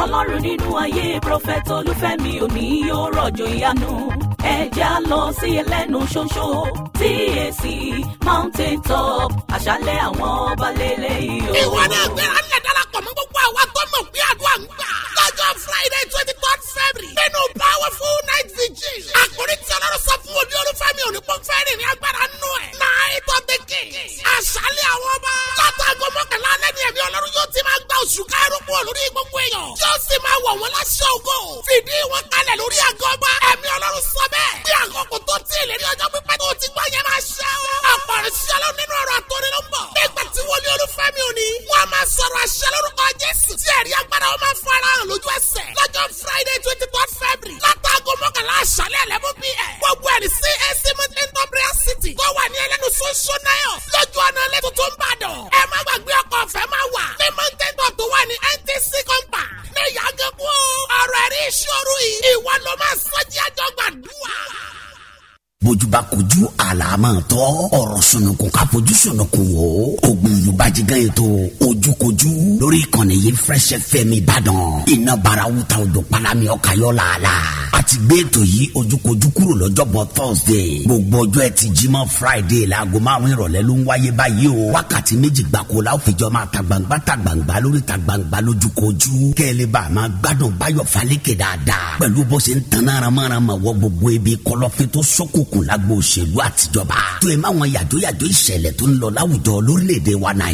Speaker 7: ọlọ́run nínú ayé prọfẹ̀tì olúfẹ́mi òní yóò rọ̀jò ìyanu ẹja lọ sí ẹlẹ́nu ṣoṣo TAC mountain top àṣálẹ̀ àwọn ọba lélẹ́yìí o. ìwọ náà gbéra lẹ̀ darapọ̀ mọ́ gbogbo àwa tó mọ̀ pé ń gbà.
Speaker 11: lọ́jọ́ friday twenty third february nínú powerful night vigil. àkórí tí ọlọ́run sọ fún òbí olúfẹ́mi onípọ̀nfẹ́rẹ́ ní agbára nù ẹ̀. night of the King. àṣálẹ̀ àwọn ọba. látàgọ́ mọ́kànlá alẹ́ ni ẹ̀mí ọlọ́run yóò ti máa gba oṣù kárùn kúrò lórí gbogbo èèyàn. yóò sì máa wọ̀ wọ́n láṣọ ògo. fìdí wọn kalẹ̀ lórí àgọ́ ọba. ẹ̀mí ọlọ́run sọ bẹ́ẹ̀. bí àkókò tó ti ìlérí ọjọ́ pípẹ́ tó ti gbọ́ yẹn máa ṣe o. àpàrẹ̀ sí ọlọ́run nínú ọ̀rọ̀ àtọ́ni ló ń bọ̀. nígbà tí wọlé olúfẹ́mi òní. wọ́n máa máa fara hàn lójú ẹsẹ̀ lọ́jọ́ friday twenty third february látàgọ́ mọ́kànlá àṣálẹ̀ eleven pm gbogbo ẹ̀rí cac metropolitan city tó wà ní ẹlẹ́nu sunsun náírà lójú ọ̀nà ilé tuntun ìbàdàn ẹ má gbàgbé ọkọ̀ ọ̀fẹ́ máa wà ní mountain top tó wà ní ntc compound ní ìyàgẹ́kù ọ̀rọ̀ ẹ̀rí ìṣòro yìí ìwọ ló máa sọ́jí àjọ gbàdúrà
Speaker 3: bójúbá kojú àlàmọ́ tọ́ ọ̀rọ̀ sunukun ká fojú sunukun wò ó gbàjigán ètò ojúkojú lórí ìkànnì yìí fresh fm ìbàdàn iná barawuta odò palami ọkàyọ làálà a ti gbé ètò yìí ojúkojú kúrò lọ́jọ́bọ̀ thursday gbogbo ọjọ́ ẹtì jímọ̀ friday láago márùn ìrọ̀lẹ́ ló ń wáyé báyìí o wákàtí méjì gbàkó la ó fi jọ máa ta gbangba ta gbangba lórí ta gbangba lójúkojú kẹ́lẹ́ bá a máa gbádùn báyọ̀ falẹ́kẹ̀ dáadáa pẹ̀lú bó ṣe ń tan aramarama wọ gbogbo ibi kọ̀lọ̀fín tó ṣókùnkùn lágbo òṣèlú àtijọba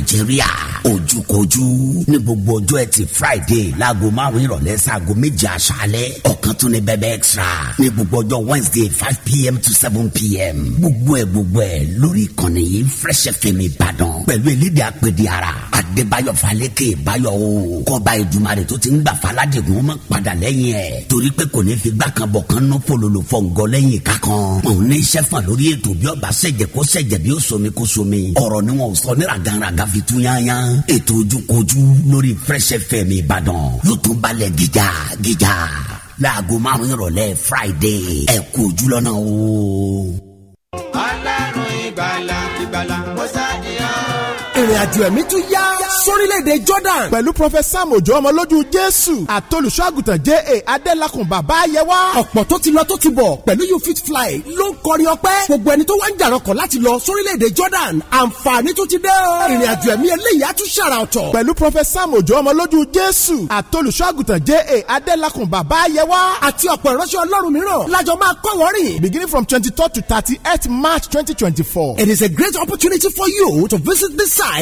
Speaker 3: nàìjíríà ojúkojú ní gbogbo ọjọ́ ẹtì friday láago márùn-ún ìrọ̀lẹ́ sáago méje aṣáálẹ̀ ọ̀kan tún ní bẹ́bẹ́ extra ní gbogbo ọjọ́ wednesday five pm to seven pm gbogbo ẹ̀ gbogbo ẹ̀ lórí ìkànnì yìí fresh fm ìbàdàn pẹ̀lú elédè apèdè ara adébáyọ̀ falẹ́kẹ̀ báyọ̀ o kọ́ba ìdùmarè tó ti ń gbà faládìgún mọ́ padà lẹ́yìn ẹ̀ torí pé kò ní fi gbà kan bọ̀ kan ná pololo fọ ǹgọ́ lẹ́yìn ìka kan òun ní iṣẹ́ fún lórí ètò bí ọba ṣẹ̀jẹ̀ kó ṣẹ̀jẹ̀ bí ó somi kó somi ọ̀rọ̀ ni wọn ò sọ ní ràgàràgà fi tú yányán ètò ojúkojú lórí Fresh FM Ìbàdàn yóò tún balẹ̀ gíga gíga láago márùn ìrọ̀lẹ́ Friday ẹ kú o. ọlọ́run
Speaker 14: ìgbàlà ìgbàlà mọ́sá
Speaker 8: ìrìn àjò ẹ̀mí tún yá sórílẹ̀-èdè Jordan pẹ̀lú Prophet Sam Òjó ọmọlójú Jésù àtolùṣọ́àgùtàn J.A. Adélakùn bàbá ayẹwà. ọ̀pọ̀ tó ti lọ tó ti bọ̀ pẹ̀lú you fit fly ló ń kọrin ọpẹ́ gbogbo ẹni tó wá ń jàrọ̀kọ̀ láti lọ sórílẹ̀-èdè Jordan àǹfààní tó ti dé o ìrìn àjò ẹ̀mí eléyìí á tún ṣàrà ọ̀tọ̀.
Speaker 6: pẹ̀lú Prophet Sam Òjó ọmọlójú Jésù àtolùṣọ́àgùtàn
Speaker 8: J.A. Adélakùn bàbá ayẹwà àti ọ̀pọ̀ ìránṣẹ́ Ọlọ́run mìíràn lájọ máa kọ́ wọ́n rìn. beginning from twenty to thirty eight March twenty it is a great opportunity for you to visit this site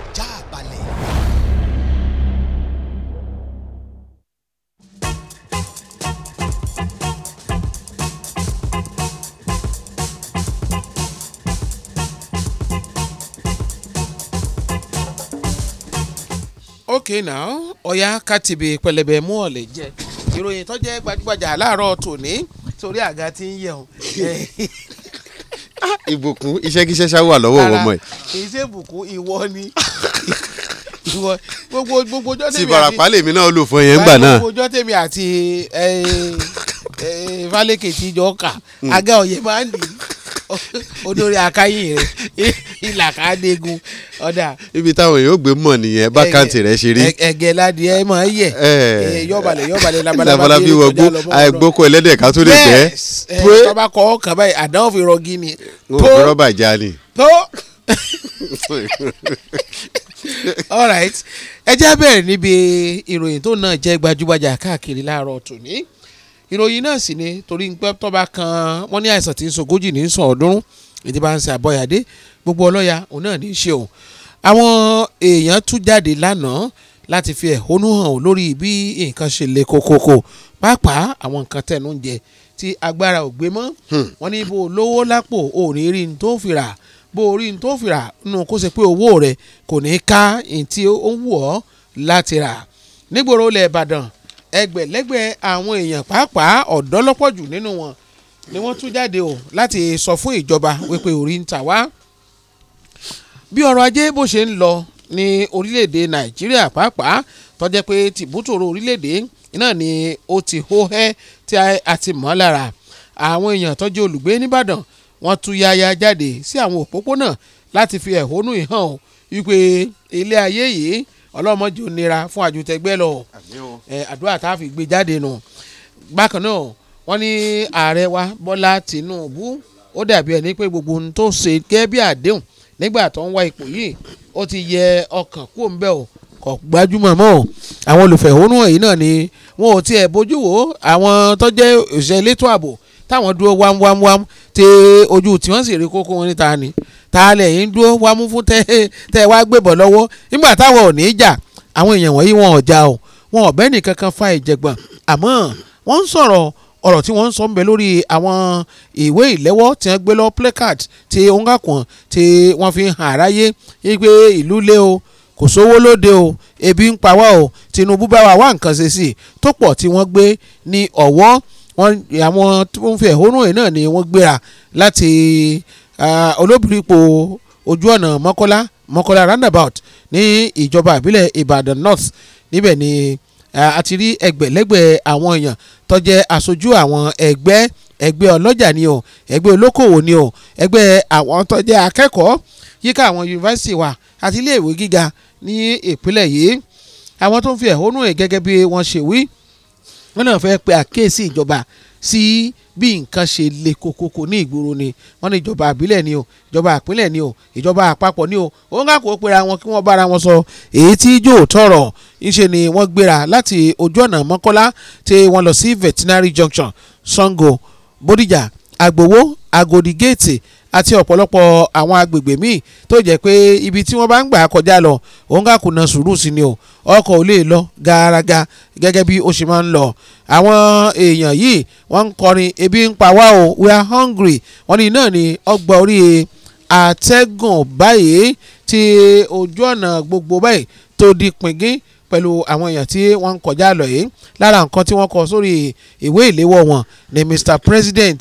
Speaker 10: okay now ọ̀yá kátìbì pẹlẹbẹ mú ọ̀lẹ̀ jẹ ìròyìn tó jẹ́ gbajúgbajà láàárọ̀ tòní torí àga tí ń yẹ̀ ọ́n.
Speaker 9: ìbùkún iṣẹ́kíṣẹ́ ṣá wà lọ́wọ́ ọmọ ẹ̀.
Speaker 10: kì í ṣe ìbùkún ìwọ ni ìwọ gbogbo gbogbo ọjọ́ tèmi àti. tìbàràpá lèmi náà lò fún yẹn ńgbà náà. gbogbo ọjọ́ tèmi àti falẹ́kẹ̀ tí jọ kà hmm. àga ọ̀yẹ́ máa ń dì í olórí akáyìn rẹ ìlà kádégun ọ̀dà.
Speaker 9: ibi táwọn yóò gbé mọ̀ nìyẹn bákàntì rẹ ṣe rí.
Speaker 10: ẹgẹ ládìí ẹ mọ yẹ yọbalẹ yọbalẹ labalábá bí wọgbó
Speaker 9: àìgbókò ẹlẹ́dẹ̀ ká tó lè jẹ́.
Speaker 10: bẹ́ẹ̀ tọ́ba kọ́ ọkàn báyìí àdáwọ̀ fi rọgí mi.
Speaker 9: n fi rọ́bà já ni.
Speaker 10: tó all right ẹ jẹ́ bẹ̀rẹ̀ níbi ìròyìn tó náà jẹ́ gbajúgbajà káàkiri láàárọ̀ tòní ìròyìn náà sì ni torí pé tọ́ba kan wọ́n ní àìsàn tí ń sọ ogójì ní sàn ọ̀ọ́dúnrún èdè bá ń ṣe àbọ̀yàdé gbogbo ọlọ́yà òun náà ní í ṣe òun àwọn èèyàn tún jáde lánàá láti fi ẹ̀hónú hàn lórí bí nǹkan ṣe le kokoko pàápàá àwọn nǹkan tẹnu ń jẹ tí agbára ò gbé mọ́ hmm. wọ́n ní bó lówó lápò ò ní rí ní tó fìrà bó rí ní tó fìrà nù kó ṣe pé owó rẹ̀ kò ní ká ní tí ó wù ọ́ láti rà nígboro ilẹ̀ Ìbàdàn ẹgbẹ̀lẹ́gbẹ̀ àwọn èèyàn pàápàá ọ̀dọ́ lọ́pọ̀ jù nínú wọn ni wọ́n tún jáde o láti sọ fún ìjọba wípé orí ń tà wá. bí ọrọ̀ ajé bó ṣe ń lọ ní orílẹ̀-èdè nàìjíríà pàápàá tó jẹ́ pé tìbútòrò orílẹ̀-èdè náà ni ó ti hó hẹ́ tí a ti mọ̀ lára àwọn èèyàn tó jẹ́ olùgbé nìbàdàn wọ́n tú yaya jáde sí àwọn òpópónà láti fi ẹ̀hónú ìhàn wípé ilé ayé yìí ọlọ́mọdé nira fún àjùtẹ̀gbẹ́ lọ àdúrà tá a fi gbé jáde nù bákan náà wọ́n ní ààrẹ wa Bọ́lá Tinubu ó dàbí ẹni pé gbogbo ohun tó ṣe gẹ́gẹ́ bí àdéhùn nígbà tó ń wá ipò yìí ó ti yẹ ọkàn kúrò ń bẹ̀ o kò gbajúmọ̀ mọ́ àwọn olùfẹ̀hónú èyí náà ni wọn ò tiẹ̀ bójú wo àwọn tó jẹ́ òṣìṣẹ́ elétò ààbò táwọn dúró wámúwámúwámú tí ojú tí sì rí kókó wọn níta ni ta lẹ̀ ń dúró wá mú fún tẹ́ tẹ́ wá gbébọ̀ lọ́wọ́ nígbà táwọn ò ní í jà àwọn èèyàn wọ̀nyí wọn ò jà o wọn ò bẹ́ẹ̀ nìkan kan fa ìjẹ̀gbọ̀n àmọ́ wọ́n ń sọ̀rọ̀ ọ̀rọ̀ tí wọ́n ń sọ ń bẹ lórí àwọn ìwé ìléwọ́ tí wọ́n gbé lọ placard tí ongakan tí wọ́n fi hàn aráyé wípé ìlú lé o kò sówó lóde o ebi ń pa wá o Tinubu bá wa wá nǹkan ṣe sí i tó pọ̀ tí wọ́n gbé ní ọ̀wọ́ àwọn tó ń fi ẹ̀hónú ẹ̀ náà ni wọ́n gbéra láti Ah, olóbìrìpò ojú ọ̀nà mọ́kọ́lá mọ́kọ́lá roundabout ní ìjọba ìbílẹ̀ ìbàdàn north níbẹ̀ ni àti ah, rí ẹgbẹ̀lẹ́gbẹ̀ àwọn èèyàn tó jẹ́ aṣojú àwọn ẹgbẹ́ ẹgbẹ́ ọlọ́jà ni o ẹgbẹ́ olókòwò ni o ẹgbẹ́ àwọn tó jẹ́ akẹ́kọ̀ọ́ yíká àwọn yunifásitì wa àti iléèwé gíga ní ìpínlẹ̀ yìí àwọn tó ń fi ẹ̀hónú ẹ̀ gẹ́gẹ́ bí wọ́n ṣe wí wọ́n náà fẹ́ pe àkíyèsí ìjọba sí bí nǹkan ṣe le kokoko ní ìgboro ni wọ́n ní ìjọba àbílẹ̀ ni o ìjọba àpínlẹ̀ ni o ìjọba àpapọ̀ ni o òun kà kó pera wọn kí wọ́n bára wọn sọ èyí tí yóò tọrọ ńṣe ni wọ́n gbéra láti ojú ọ̀nà mọ́kọ́lá tí wọ́n lọ sí veterinary junction sango bodija agbowo agodi gate àti ọ̀pọ̀lọpọ̀ àwọn agbègbè míì tó jẹ́ pé ibi tí wọ́n bá ń gbà kọjá lọ òun kà kùnà sùúrù sí ni o ọkọ̀ ò lè lọ gàràgà gẹ́gẹ́ bí ó ṣe máa ń lọ àwọn èèyàn yìí wọ́n ń kọrin ebi ń pa wá o we are hungry wọ́n ní náà ni ọgbà orí àtẹ́gùn báyìí tí ojú ọ̀nà gbogbo báyìí tó di pingin pẹ̀lú àwọn èèyàn tí wọ́n ń kọjá lọ yìí lára nǹkan tí wọ́n kọ sórí ìwé ìléwọ́ wọn ni Mr. President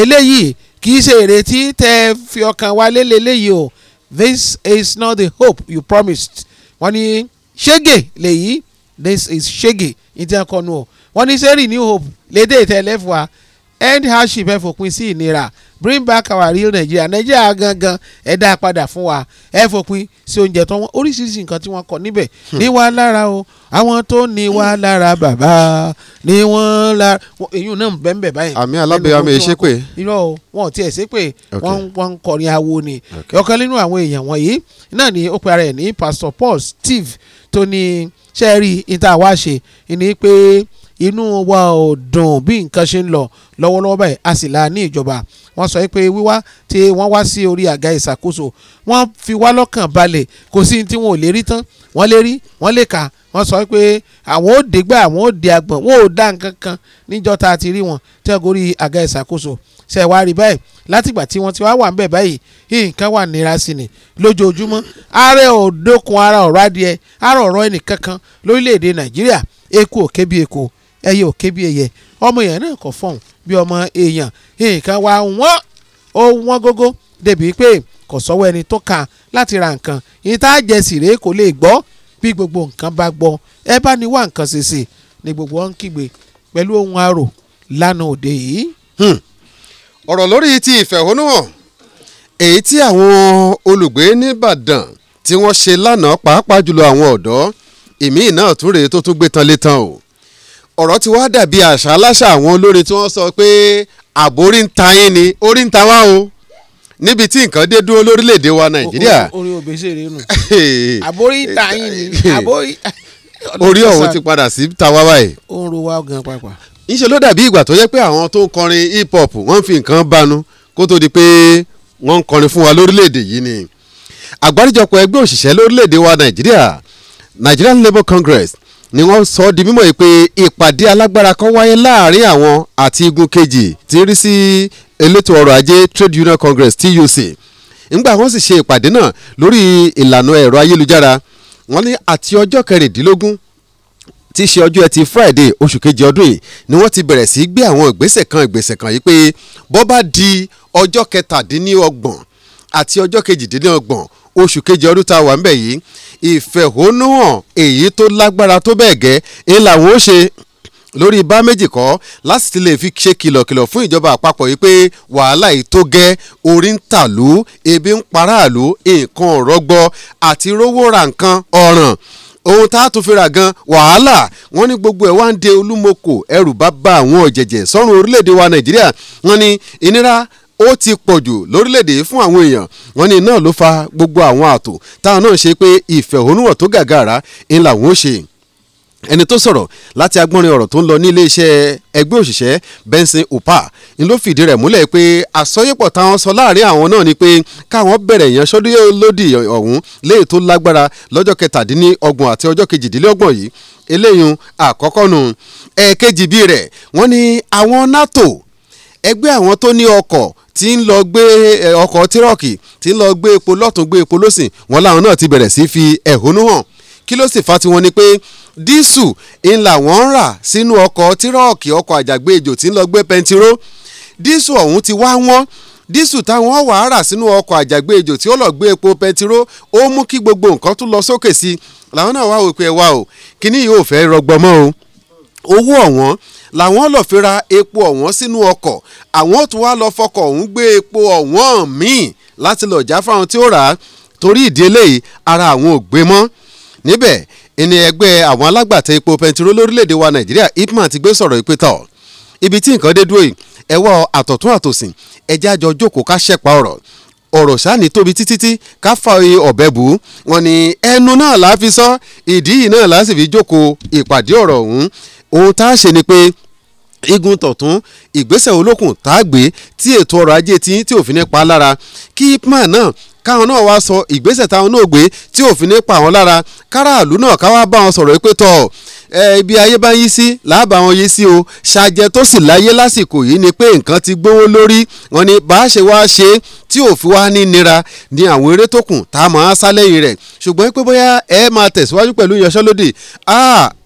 Speaker 10: eléyìí kì ṣe ìrètí tẹ́ fi ọkàn wa lélẹ́lẹ́yìí o this is not the hope you promised wọ́n ní ṣége lèyí this is ṣége ìdí akọnu o wọ́n ní sẹ́rì new hope lédè ìtẹ́lẹ́fù wa end hardship ẹ fòpin sí ìnira bring back our real Nigeria Nigeria gangan ẹ dá a padà fún wa ẹ fòpin sí oúnjẹ tó wọn oríṣiríṣi nǹkan tí wọ́n kọ níbẹ̀ ní wa lára o àwọn tó ní wa lára bàbá ní wọ́n lára èyí náà bẹ́ẹ̀ báyìí. àmì alábẹ̀yà mi ṣe pé. irọ́ o wọn ò tiẹ̀ ṣe pé wọ́n ń kọrin awo ni ọ̀kan nínú àwọn èèyàn wọ̀nyí náà ni ó pe ara ẹ̀ ní Pastor Paul Steve tó ní sẹ́ẹ̀rì ìta wá ṣe ni pé inú wa ò dùn bí nǹkan ṣe ń lọ lọ́wọ́lọ́wọ́ báyìí a sì la ní ìjọba wọ́n sọ pé wíwá tí wọ́n wá sí orí àga ìṣàkóso wọ́n fi wá lọ́kàn balẹ̀ kò sí tí wọn ò lè rí tán wọ́n lè rí wọ́n lè kà wọ́n sọ pé àwọn ò dé gbà àwọn ò dé agbọ̀n wọn ò dá nǹkan kan níjọ́ tá a ti rí wọn tẹ́górí àga ìṣàkóso ṣe wá rí báyìí látìgbà tí wọ́n ti wá wà ń bẹ̀ báyìí nǹkan wà nira sí ni lójoojúmọ́ ààrẹ ò dókun ara ọ̀rọ̀ adìẹ ara ọ̀rọ̀ ẹnìkankan lórílẹ̀‐èdè nàìjíríà eku òkè bíi eku ẹyẹ òkè bí ẹyẹ ọmọ èèyàn náà kọ̀ fọ̀hún bí ọmọ èèyàn nǹkan wa wọ́n ó wọ́n gógó débìí pé kò sọ́wọ́ ẹni tó kà láti ra nǹkan ìta jẹsìrè kò lè gbọ́ bí gbogbo nǹkan bá gbọ́ ẹ bá ní wá nǹkan ṣèṣe ni gbogbo wọn ń kígbe
Speaker 9: pẹ̀lú ohun arò lánàá òde yìí. Hmm. ọ̀rọ̀ lórí ti ìfẹ̀hónúhàn èyí tí àwọn olùgbé nìbàdàn tí wọ́n ṣe lánàá pàápàá jùlọ àwọn ọ̀dọ́ ìmíì náà tún rèé tó tún gbé tán létan o ọ̀rọ̀ ti wá dàbí àṣà aláṣà àwọn olórin tí wọ́n sọ pé ààbò ń ta yín ni orí ń ta wá o níbi tí nǹkan dé dúró lórílẹ̀‐èdè wa nàìjíríà.
Speaker 10: orí òbèṣe rẹ nù ààbò orí ń ta yín ni ààbò orí. orí ọ̀hún ti padà
Speaker 9: sí ta wá báyìí.
Speaker 10: ó ń ro wá gan pàápàá.
Speaker 9: ńṣe ló dàbí ìgbà tó yẹ pé àwọn tó ń kọrin hip hop wọ́n fi nǹkan banu kó tó di pé wọ́n ń kọrin fún wa lórílẹ̀‐èdè yìí ni àgbáríjọpọ̀ ẹgbẹ́ òṣìṣẹ́ lórílẹ̀‐èdè wa nàìjíríà Nigerian Labour Congress ni wọ́n sọ ọ́ di mímọ̀ yìí pé ìpàdé alágbára kan wáyé láàrin àwọn àti igun kejì tí rí sí elétò ọrọ̀ ajé Trade Union Congress TUC ńgbà wọ́n sì ṣe ìpàdé náà lórí ìlànà ẹ̀rọ ayélujára wọ́n ní àti ọjọ́ kẹrìndínlógún tí í ṣe ọjọ́ ẹtì Friday oṣù kejì ọdún yìí ni wọ́n ti bẹ̀rẹ̀ sí gbé àwọn ìgbésẹ̀ kan ìgbésẹ̀ kan yìí pé bọ́ bá di ọjọ́ kẹtàdínlọ́gbọ̀n àti ọjọ́ kejìdínlọ́gbọ̀n oṣù kejì ọdún tá a wà ń bẹ̀ yìí ìfẹ̀hónúhàn èyí tó lágbára tó bẹ́ẹ̀ gẹ́ ẹ làwọn ó ṣe lórí bá méjì kọ́ láti ti lè fi ṣe kìlọ̀kìlọ̀ fún ìjọba àpapọ̀ yìí pé wàhálà yìí tó gẹ́ orí ń tàlú ebi ń paráàlú nǹkan ọ̀rọ̀ gbọ́ àti rówó ra nǹkan ọ̀ràn ohun tá a tún fira gan wàhálà wọn ní gbogbo ẹ wá ń de olúmọkò ẹrù bá bá àwọn ọ̀jẹ̀jẹ̀ sọ́run orílẹ̀-èdè wa nàìjíríà wọn ní ìnira ó ti pọ̀ jù lórílẹ̀‐èdè fún àwọn èèyàn wọn ni náà ló fa gbogbo àwọn ààtò táwọn náà ṣe pé ìfẹ̀hónúhàn tó gàgàrà ń làwọn ó ṣe ẹni tó sọ̀rọ̀ láti agbọ́nrin ọ̀rọ̀ tó ń lọ ní iléeṣẹ́ ẹgbẹ́ òṣìṣẹ́ Benson Upa ń ló fìdí rẹ̀ múlẹ̀ pé àsọyépọ̀ táwọn sọ láàrin àwọn náà ni pé káwọn bẹ̀rẹ̀ ìyanṣẹ́lódì ọ̀hún léè tó lágbára lọ́jọ́ kẹtàdínlọ́gbọ̀n àti ọjọ́ kejìdínlọ́gbọ̀n yìí eléyìí àkọ́kọ́ nu ẹ̀ẹ̀kejì bíi rẹ̀ wọ́n ní àwọn NATO ẹgbẹ́ àwọn tó ní ọkọ̀ tí ń lọ gbé ọkọ̀ tírọ̀kì tí ń lọ gbé epo lọ́tún gbé epo lọ́sìn wọn làwọn náà ti bẹ̀rẹ̀ sí fi ẹ̀hónú hàn kí ló sì fa tiwọn ni pé dísù ńlá wọn ń rà sínú ọkọ̀ tírọ̀kì ọkọ̀ àjàgbéjò tí ń lọ gbé pẹntiró dísù ọ̀hún ti wá wọ́n dísù táwọn wàá rà sínú ọkọ̀ àjàgbéjò tí ó lọ gbé epo pẹntiró ó mú kí gbogbo nǹkan tún lọ sókè sí làwọn náà wá wò pé ẹ wá o kíní yìí ò fẹ́ rọgbọmọ́ o owó ọ̀wọ́n làwọn lọ́ọ́ fi ra epo ọ̀wọ́n sínú ọkọ̀ àwọn tó wá lọ́ọ́ fọkọ̀ ọ̀hún gbé epo ọ̀wọ́n míì láti lọ́ọ́ já fáwọn tí ó rà á torí ìdí eléyìí ara àwọn ò gbé mọ́ níbẹ̀ ìní ẹgbẹ́ àwọn alágbàtà epo pẹntiró lórílẹ̀‐èdè wa nàìjíríà ipman ti gbé sọ̀rọ̀ ìpẹ́tọ̀ ibi tí nǹkan dé dúró yìí ẹ wá àtọ̀tún àtòsìn ẹjẹ́ àjọ jókòó ká ṣẹ̀pá ọ̀rọ̀ ọ̀rọ̀ sáàní tóbi títí tí ká fa ọ̀bẹ bù ú wọn ni ẹnu náà la sọ ìdí yìí náà la jókòó ìpàdé ọ̀rọ̀ ọ̀hún ohun tá a ṣe ni pé igun tọ̀tún ìgbésẹ̀ olókùn tá a gbé tí ètò ọrọ̀ ajé tí tí òfin ní pa lára kí ipman náà káwọn náà wá sọ ìgbésẹ̀ táwọn náà gbé tí òfin ní pa wọn lára káràlú náà káwá bá wọn sọ̀rọ̀ pé tọ̀ ibi ayé bá yí sí làbà wọn yí sí o ṣàjẹ tó sì láyé lásìkò yìí ni pé nǹkan ti gbówó lórí wọn ni bá a ṣe wá ṣe tí òfin wá ní nira ni àwọn eré tó kù tá a máa sá lẹ́yìn rẹ̀ ṣùgbọ́n pé bóyá ẹ máa tẹ̀síwájú pẹ̀lú ìyanṣẹ́lódì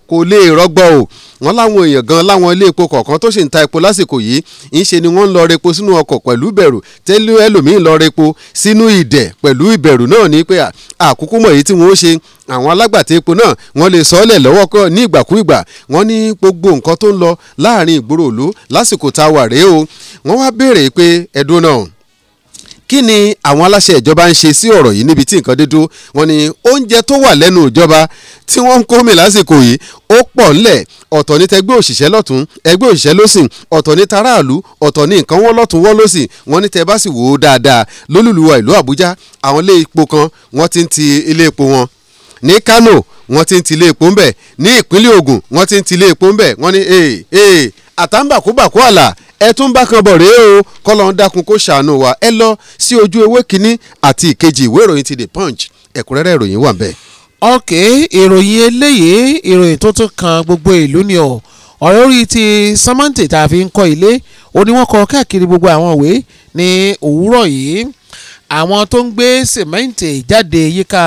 Speaker 9: kò lè rọgbọ o wọn láwọn èèyàn gan láwọn ilé epo kọ̀ọ̀kan tó sì ń ta epo lásìkò yìí ńṣe ni wọ́n ń lọ repo sínú ọkọ̀ pẹ̀lú ìbẹ̀rù tẹ́lẹ̀ ẹlòmíín lọ repo sínú ìdẹ̀ pẹ̀lú ìbẹ̀rù náà ní pé àkókò mọ̀ èyí tí wọ́n ó ṣe àwọn alágbàtà epo náà wọ́n lè sọ ọ́ lẹ̀ lọ́wọ́ kọ́ ní ìgbàkúìgbà wọ́n ní gbogbo nǹkan tó ń lọ láàrin ìgboro òlu lásìkò tá wà rèé o wọ́n wá béèrè pé ẹ̀dùn náà kí ni àwọn aláṣẹ ìjọba ń ṣe sí ọ̀rọ̀ yìí níbi tí nǹkan dé dúró wọ́n ní oúnjẹ tó wà lẹ́nu ìjọba tí wọ́n ń kó mi lásìkò yìí ó pọ̀ ńlẹ̀ ọ̀tọ̀ ní tẹgbẹ́ òṣìṣẹ́ lọ́tún ẹgbẹ́ òṣìṣẹ́ lọ́sìn ọ̀tọ̀ ní taráàlú ọ̀tọ̀ ní nǹkan wọ́n lọ́tún wọ́n lọ́sìn wọ́n ní tẹ bá sì wò ó dáadáa lólùlùwà ìlú Àbújá àwọn ilé epo kan wọ́n ti ń ti ilé epo wọn ní Kano wọ́n ti ń ti ilé epo ńbẹ̀ ní ìpínlẹ̀ Ògùn wọ́n ti ń ti ilé epo ńbẹ̀ wọ́n ní ee ee àtàǹbàkúbàkú àlà ẹ tún bá kan bọ̀ rèé o kọ́lọ́n dákun kó ṣàánú wa ẹ lọ sí ojú ewé kínní àti ìkejì ìwé ìròyìn ti the punch ẹ̀kúnrẹ́rẹ́ ìròyìn wà bẹ́ẹ̀.
Speaker 10: ok ìròyìn eléyìí ìròyìn tó tún kan gbogbo ìlú ni o ọ̀rọ̀ orí ti samantha tá a fi ń kọ́ ilé ó ní wọ́n kọ káàkiri gbogbo àwọn òwe ní òwúrọ̀ yìí àwọn tó ń gbé sìmẹ́ǹtì jáde yíká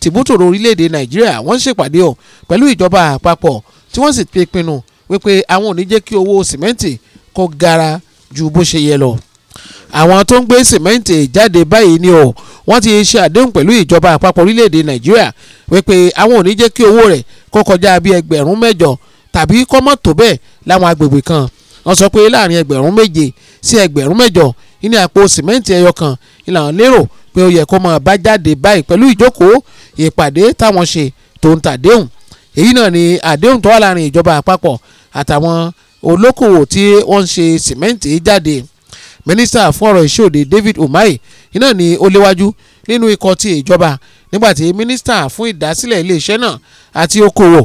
Speaker 10: tìbútòrò orílẹ̀-èdè nàìjíríà wọ́n ṣèpàdé ọ̀ pẹ̀lú ìjọba àpapọ̀ tí wọ́n sì pinnu wípé àwọn ò ní jẹ́ kí owó sìmẹ́ǹtì kó gara ju bó ṣe yẹ lọ àwọn tó ń gbé sìmẹ́ǹtì jáde báyìí ni ọ̀ wọ́n ti ṣe àdéhùn pẹ̀lú ìjọba àpapọ̀ orílẹ̀-èdè nàìjíríà wípé àwọn ò ní jẹ́ kí owó rẹ̀ kó kọjá bí ẹgbẹ̀rún mẹ́jọ tàbí kó má tó bẹ́ẹ̀ láwọn agbègbè kan wọ́n sọ pé láàrin ẹgbẹ̀rún méje sí ẹgbẹ̀rún mẹ́jọ ní àpò sìmẹ́ǹtì ẹyọ kan ìlànà lérò pé ó yẹ kó máa bá jáde báyìí pẹ̀lú ìjókòó ìpàdé táwọn ṣe tó ń tàdéhùn èyí náà ni àdéhùn tó wà láàrin ìjọba àpapọ̀ àtàwọn olókòwò tí wọ́n ń ṣe sìmẹ́ǹtì jáde mínísítà fún ọ̀rọ̀ ìṣòde David Umahi iná ni ó léwájú nínú ikọ̀ ti ìjọba nígbàtí mínísítà fún ìdásílẹ̀ iléeṣẹ́ náà àti okòwò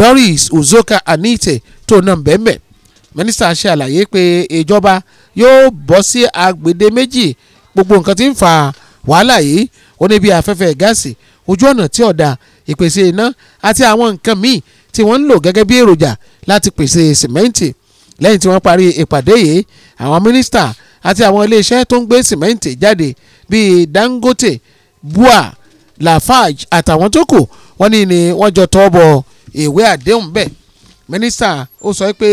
Speaker 10: Doris Uzoka Anite tó nà bẹ́ẹ̀mẹ́ mínísítà ṣe àlàyé pé ìjọba yóò bọ́ sí agbede méjì gbogbo nǹkan tí ń fa wàhálà yìí ó ní bí afẹ́fẹ́ gáàsì ojú ọ̀nà tí ọ̀dà ìpèsè iná àti àwọn nǹkan míì tí wọ́n ń lò gẹ́gẹ́ bí èròjà láti pèsè sìmẹ́ǹtì lẹ́yìn tí wọ́n parí ìpàdé yìí àwọn mínísítà àti àwọn iléeṣẹ́ tó ń gbé sìmẹ́ǹtì jáde bíi Dangote BUA Lafarge àtàwọn tó kù wọ́n ní ni wọ́n jọ tọ́ bọ ìwé àdéhùn bẹ́ẹ̀ mínísítà ó sọ pé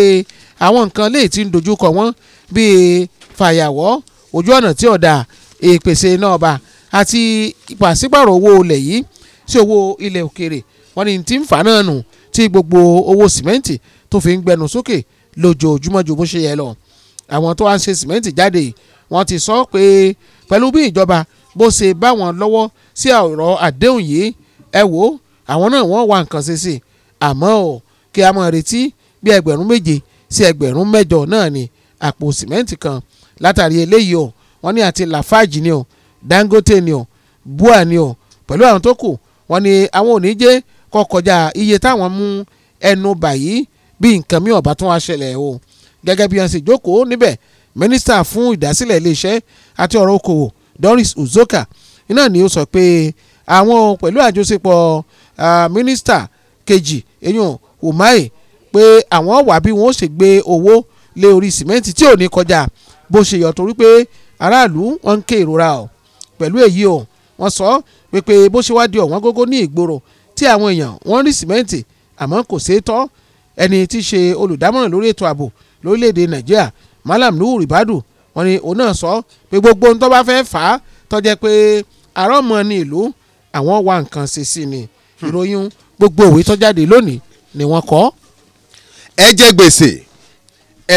Speaker 10: àwọn nǹkan lè ti ń dojúkọ wọ́n bíi fàyàwọ́ ojú ọ̀nà tí ọ̀dà ìpèsè iná ọba àti pàṣípàrọ̀ owó ilẹ̀ yìí sí owó ilẹ̀ òkèrè wọ́n ní ti ń fà náà nù tí gbogbo owó sìmẹ́ǹtì tó fi ń gbẹnu sókè lójoojúmọ́ ju bó ṣe yẹ lọ àwọn tó wá ń ṣe sìmẹ́ǹtì jáde wọ́n ti sọ pé pẹ̀lú bí ìjọba bó ṣe bá wọn lọ́wọ́ sí ọ̀rọ̀ àdéhùn yìí ẹ wò ó àwọn náà wọ́n wá nǹkan ṣe sí i àmọ́ ò kí a máa retí bí ẹgbẹ̀rún méje sí ẹgbẹ̀rún mẹ́jọ náà ni àpò sìmẹ́ǹtì kan látàrí eléyìí o wọ́n ní àti Lafarge ni o Dangote ni o Bua ni o pẹ̀lú àwọn tó kù wọ́n ní àwọn ò ní jẹ́ kọ́ kọjá iye táwọn mú ẹnu bàyí bí nǹkan mi ọ̀bá tún wá ṣẹlẹ̀ o gẹ́gẹ́ bí wọ́n ṣe jókòó níbẹ̀ mínísítà fún ìdásílẹ̀ iléeṣẹ́ àti ọ̀rọ̀ okòwò Doris Uzoka iná ni ó sọ pé àwọn pẹ̀lú àjọṣepọ̀ mínísítà kejì eyín Umahi pé àwọn wà bí wọ́n ṣe gbé owó lé orí sìmẹ́ǹtì tí ò ní kọjá bó ṣe yọ torí pé aráàlú wọn ń ké ìrora o pẹ̀lú èyí o wọ́n sọ wípé bó ṣe wá di ọ̀wọ́n gógó ní ìgboro tí àwọn èèyàn wọ́n rí sìmẹ́ǹtì àmọ́ kò ṣeé tọ́ ẹni tí í ṣe olùdámọ̀ràn lórí ètò ààbò lórílẹ̀‐èdè nàìjíríà malam nuhu ribadu wọn ni òun náà sọ pé gbogbo ohun tó bá fẹ́ fà á tọ́jẹ́ pé àrọ́mọ ni ìlú àwọn wà nǹkan ṣe sí ni
Speaker 9: ìròyìn gbogbo òwe tó jáde lónìí ni wọ́n kọ́. ẹ jẹ gbèsè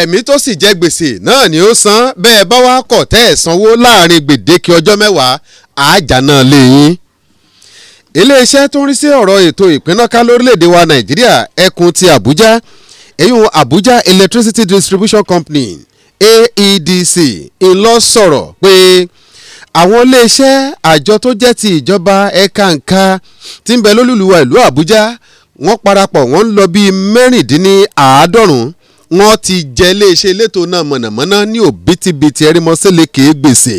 Speaker 9: ẹ̀mí tó sì jẹ gbèsè náà ni ó san bẹ́ẹ̀ bá wá kọ̀ tẹ́ ẹ̀ sanwó láàrin gbèdéke ọjọ́ mẹ́wàá àájà náà lè yín iléeṣẹ́ tó ń rí sí ọ̀rọ̀ ètò ìpínnáká lórílẹ̀‐èdè wa nàìjíríà ẹkùn ti àbújá èyun àbújá electricity distribution company aedc ńlọ sọ̀rọ̀ pé àwọn iléeṣẹ́ àjọ tó jẹ́ ti ìjọba ẹ̀ka ǹka tí ń bẹ lólùlùwà ìlú àbújá wọ́n parapọ̀ wọ́n ń lọ bíi mẹ́rìndínláàádọ́rùn-ún wọ́n ti jẹ iléeṣẹ́ elétò náà mọ̀nàmọ́ná ní òbítíbitì ẹ̀rímọ́sẹ́lẹ̀ kéé gbèsè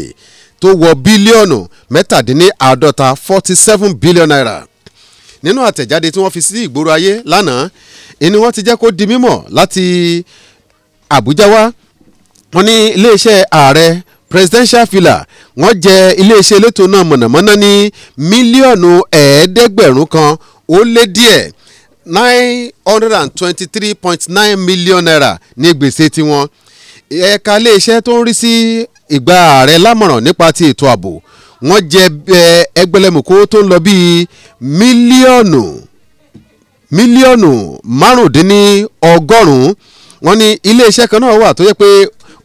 Speaker 9: tó wọ bílíọ̀nù mẹ́tàdínníàádọ́ta forty seven billion naira nínú àtẹ̀jáde tí wọ́n fi sí ìgboro ayé lánàá ìní wọ́n ti jẹ́ kó di mímọ̀ láti Àbújá wá wọ́n ní iléeṣẹ́ ààrẹ presidential filler wọ́n jẹ iléeṣẹ́ elétò náà mọ̀nàmọ́ná ní mílíọ̀nù ẹ̀ẹ́dẹ́gbẹ̀rún kan ó lé díẹ̀ nine hundred and twenty-three point nine million naira ní gbèsè tiwọn ẹ̀ka iléeṣẹ́ tó ń rí sí ìgbà ààrẹ lámọ̀ràn nípa ti ètò ààbò wọ́n jẹ ẹgbẹ̀lẹ́mùkó tó ń lọ bíi mílíọ̀nù mílíọ̀nù márùndínlọ́gọ́rùn-ún wọ́n ní iléeṣẹ́ kan náà wà tó yẹ pé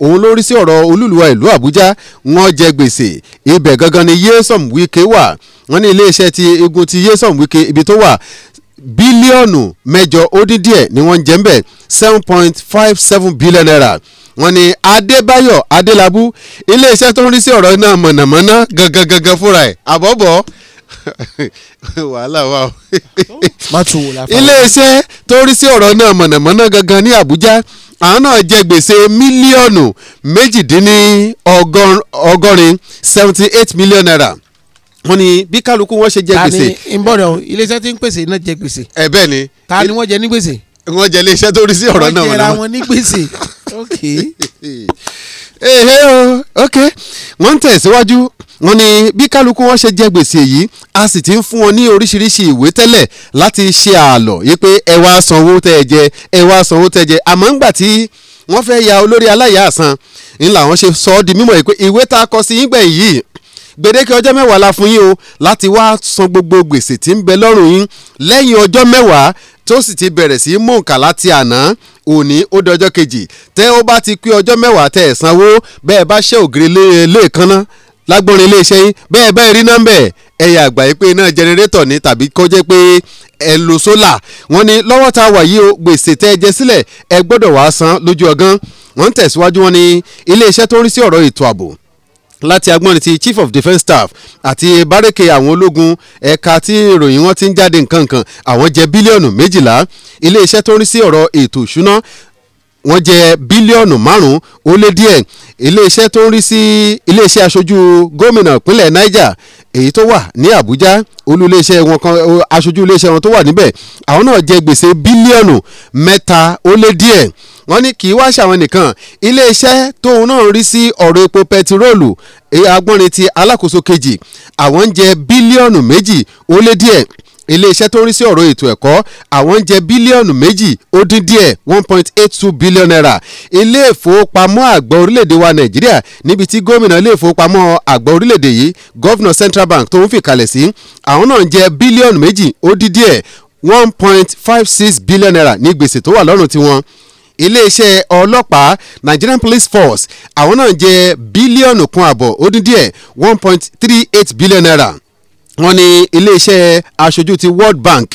Speaker 9: òun ló rí sí ọ̀rọ̀ olúluwa ìlú àbújá wọ́n jẹ gbèsè ibẹ̀ gangan ni yéésọ̀m wike wà wọ́n ní iléeṣẹ́ ti igun ti yéésọ̀m wike ibi tó wà bílíọ̀nù mẹ́jọ ó dín díẹ̀ ni wọ́n jẹ́ ń bẹ̀ seven point five seven billion naira wọ́n ní adébáyọ̀ adélábù iléeṣẹ́ tó ń rí sí ọ̀rọ̀ náà mọ̀nàmọ́ná gangan gangan fúnra ẹ̀ àbọ̀bọ̀ wàhálà wa o iléeṣẹ́ tó rí sí ọ̀rọ̀ náà mọ̀nàmọ́ná gangan ní àbújá àwọn náà jẹ gbèsè mílíọ̀nù méjìdínlọ́gọ́rin seventy eight million naira wọ́n ní bí kálukú wọn ṣe jẹ gbèsè. ta ni nbọdọ iléeṣẹ́ tí ń pèsè náà jẹ gbèsè. ẹ bẹ́ẹ̀ ni. ta ni wọ́n jẹ ní gbèsè wọ́n jẹ iléeṣẹ́ tó rí sí ọ̀rọ̀ náà. wọ́n jẹra wọn ní gbèsè ok. ehe o oh, ok wọ́n ń tẹ̀síwájú wọ́n ní bí kálukú wọn ṣe jẹ gbèsè yìí a sì ti ń fún wọn ní oríṣiríṣi ìwé tẹ́lẹ̀ láti ṣe àlọ́ yìí pé ẹ wá sanwó tẹ́ ẹ jẹ ẹ wá sanwó tẹ́ ẹ jẹ àmọ́ ńgbà tí wọ́n fẹ́ ya olórí aláya àsan ń làwọn ṣe sọ ọ́ di mímọ̀ yìí pé ìwé tá a kọ sí yín gbẹ̀yìn yìí gbèdéke ọjọ́ mẹ́wàá la fún yín o láti wá san gbogbo gbèsè tí ń bẹ lọ́rùn yín lẹ́yìn ọjọ́ mẹ́wàá tó sì ti bẹ̀rẹ̀ sí mọ̀ǹkà láti àná òní ó dọjọ́ kejì tẹ́ ó bá ti pé ọjọ́ mẹ́wàá tẹ́ ẹ̀ sanwó bẹ́ẹ̀ bá ṣẹ́ ògiri lẹ́ẹ̀kan lágbórin iléeṣẹ́ yín bẹ́ẹ̀ bẹ́ẹ̀ rí nọ́mbẹ̀ ẹ̀yà àgbà yìí pé iná jẹnẹrétọ̀ ni tàbí kó jẹ́ pé ẹ lo sólà wọ́n ní lọ́wọ́ tá a wà yìí o gbèsè tẹ́ ẹ jẹ sílẹ̀ ẹ gbọ́dọ̀ wàá san lójú ọgán wọ́n tẹ̀síwájú wọ́n ní iléeṣẹ́ tó ń rí sí ọ̀rọ̀ ètò ààbò láti agbọ́nrin ti chief of defence staff àti bárẹ́kẹ̀ àwọn ológun ẹ̀ka tí ìròyìn wọn ti ń jáde nkankan àwọn jẹ bílíọ̀nù méjìlá iléeṣẹ́ tó ń rí sí ọ̀rọ̀ ètò ìṣúná wọ́n jẹ bílíọ̀nù márùn-ún ó lé díẹ̀ iléeṣẹ́ tó ń rí sí iléeṣẹ́ aṣojú gómìnà ìpínlẹ̀ niger èyí tó wà ní àbújá olú iléeṣẹ́ wọn kan aṣojú iléeṣẹ́ wọn tó wà níbẹ̀ àwọn náà jẹ gbèsè bílíọ̀nù mẹ́ta ó lé díẹ̀ wọ́n ní kì í wá ṣàwọn nìkan iléeṣẹ́ tóun náà ń rí sí ọ̀rọ̀ epo pẹtiróòlù e, agbọ́nrin ti alákòóso kejì àwọn ń jẹ bílíọ̀nù méjì ó lé díẹ̀ iléeṣẹ́ tó ń rí sí ọ̀rọ̀ ètò ẹ̀kọ́ àwọn ń jẹ bílíọ̀nù méjì ó dín díẹ̀ one point eight two billion naira ilé ìfowópamọ́ àgbà orílẹ̀-èdè wa nàìjíríà níbi tí gómìnà ilé ìfowópamọ́ àgbà orílẹ̀-èdè yìí gọ́vnà central bank tó ń fìkalẹ̀ sí àwọn náà ń jẹ bílíọ̀nù méjì ó dín díẹ̀ one point five six billion naira ní gbèsè tó wà lọ́rùn tiwọn iléeṣẹ́ ọlọ́pàá Nigerian Police Force àwọn náà jẹ bílíọ̀nù kan àbọ̀ ó dín díẹ̀ one point three eight billion naira wọ́n ní iléeṣẹ́ aṣojú ti World Bank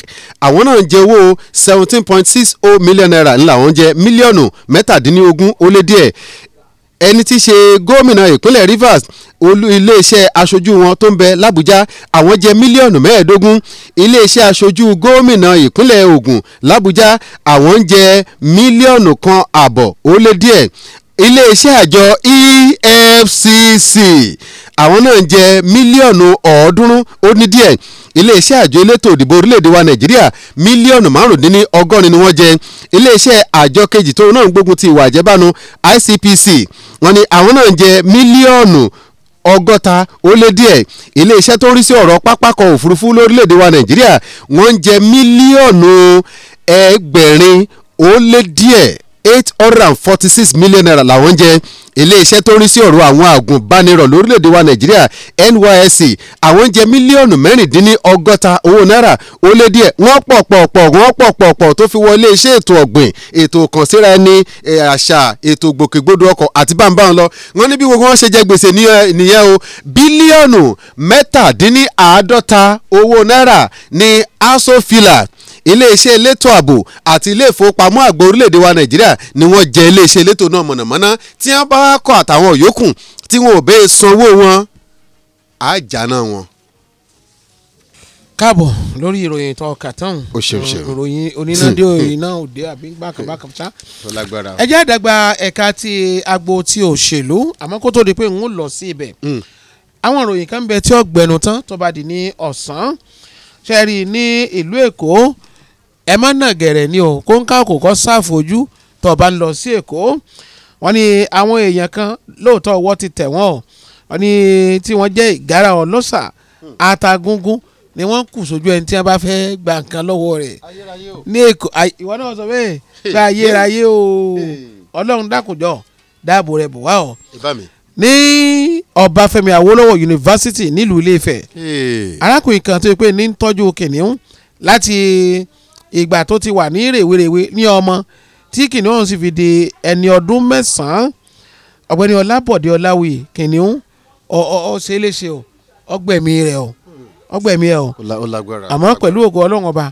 Speaker 9: àwọn náà ń jẹ owó seventeen point six oh million naira ńlá wọn jẹ mílíọ̀nù mẹ́tàdínlógún ó lé díẹ̀ ẹni tí í ṣe gómìnà ìpínlẹ̀ rivers olú iléeṣẹ́ aṣojú wọn tó ń bẹ làbújá àwọn jẹ́ mílíọ̀nù mẹ́ẹ̀ẹ́dógún iléeṣẹ́ aṣojú gómìnà ìpínlẹ̀ ògùn làbújá àwọn ń jẹ mílíọ̀nù kan àbọ̀ ó lé díẹ̀ iléeṣẹ́ àjọ efcc àwọn náà ń jẹ mílíọ̀nù ọ̀ọ́dúnrún ó ní díẹ̀ iléeṣẹ́ àjọ elétò òdìbò orílẹ̀-èdè wa nàìjíríà mílíọ̀nù márùndínlọ́gọ́rin ni wọ́n jẹ iléeṣẹ́ àjọ kejì tó náà ń gbógun ti ìwà àjẹbánu ICPC wọ́n ní àwọn náà ń jẹ mílíọ̀nù ọgọ́ta ó lé díẹ̀ iléeṣẹ́ tó ń rí sí ọ̀rọ̀ pápákọ̀ òfurufú lórílẹ̀‐èdè wa nàìjíríà wọ́n ń jẹ mílíọ̀nù ẹgbẹ̀rin ó lé díẹ̀ eight hundred and forty six million naira làwọn jẹ iléeṣẹ́ tó ń rí sí ọ̀rọ̀ àwọn àgùnbánirọ̀ lórílẹ̀‐èdè wa nàìjíríà nysc àwọn jẹ mílíọ̀nù mẹ́rìndínlọ́gọ́ta owó náírà ó lé díẹ̀ wọ́n pọ̀ pọ̀ pọ̀ wọ́n pọ̀ pọ̀ pọ̀ tó fi wọ iléeṣẹ́ ètò ọ̀gbìn ètò kànsíra ẹni àṣà ètò gbòkègbodò ọkọ̀ àti báńbáń lọ wọ́n ní bí gbogbo wọn ṣe jẹ gbèsè nìyẹn o bílíọ̀nù mẹ́tàdínníàádọ́ta owó náírà ní asofila iléeṣẹ́ elétò ààbò àti ilé ìfowópamọ́ àgbà orílẹ̀-èdè wa nàìjíríà ni wọ́n jẹ iléeṣẹ́ elétò náà mọ̀nàmọ́ná tí wọ́n bá kọ́ àtàwọn yòókù tí wọn ò bẹ́ẹ̀ e sanwó wọn á jáná wọn. káàbọ̀
Speaker 10: lórí ìròyìn tó ọkà tán ìròyìn onínádé iná òde àbí bákàbákàn ẹ jẹ́ àdàgbà ẹ̀ka ti agbo ti òṣèlú àmọ́ kó tó di pé ń lọ sí ibẹ̀ hmm. àwọn ìròyìn kan bẹ tí ó tán tó bá di ní ọ̀sán ṣe ní ìlú èkó ẹ má nà gẹ̀rẹ̀ ni o kó ń ká kò kọ́ ṣàfojú tó o bá ń lọ sí èkó wọ́n ní àwọn èèyàn kan lóòótọ́ ọwọ́ ti tẹ̀ wọ́n o wọ́n ní tí wọ́n jẹ́ ìgárá ọlọ́ṣà àtàgúngún ni wọ́n kù sójú ẹni tí wọ́n bá fẹ́ gba nǹkan lọ́wọ́ rẹ̀ ní èkó ìwọ náà sọ bẹ́ẹ̀ gba ayérayé o ọlọ́run dákùjọ dáàbò rẹ̀ bò wá o ní ọbáfẹ́mi awólọ́wọ̀ yunifásitì nílùú ilé-ifẹ̀ arákùnrin kan tó yẹ pé ní tọ́jú kìnìún láti. Hey ìgbà tó ti wà ní rèwerèwe ní ọmọ tí kìnìún sì fi di ẹni ọdún mẹ́sàn-án ọ̀gbẹ́ni ọlábọ̀dé ọláwìyí kìnìún ọ̀ọ́ṣe léṣe o ọgbẹ̀mí rẹ̀ o ọgbẹ̀mí ẹ̀ o àmọ́ pẹ̀lú ògo ọlọ́run ọba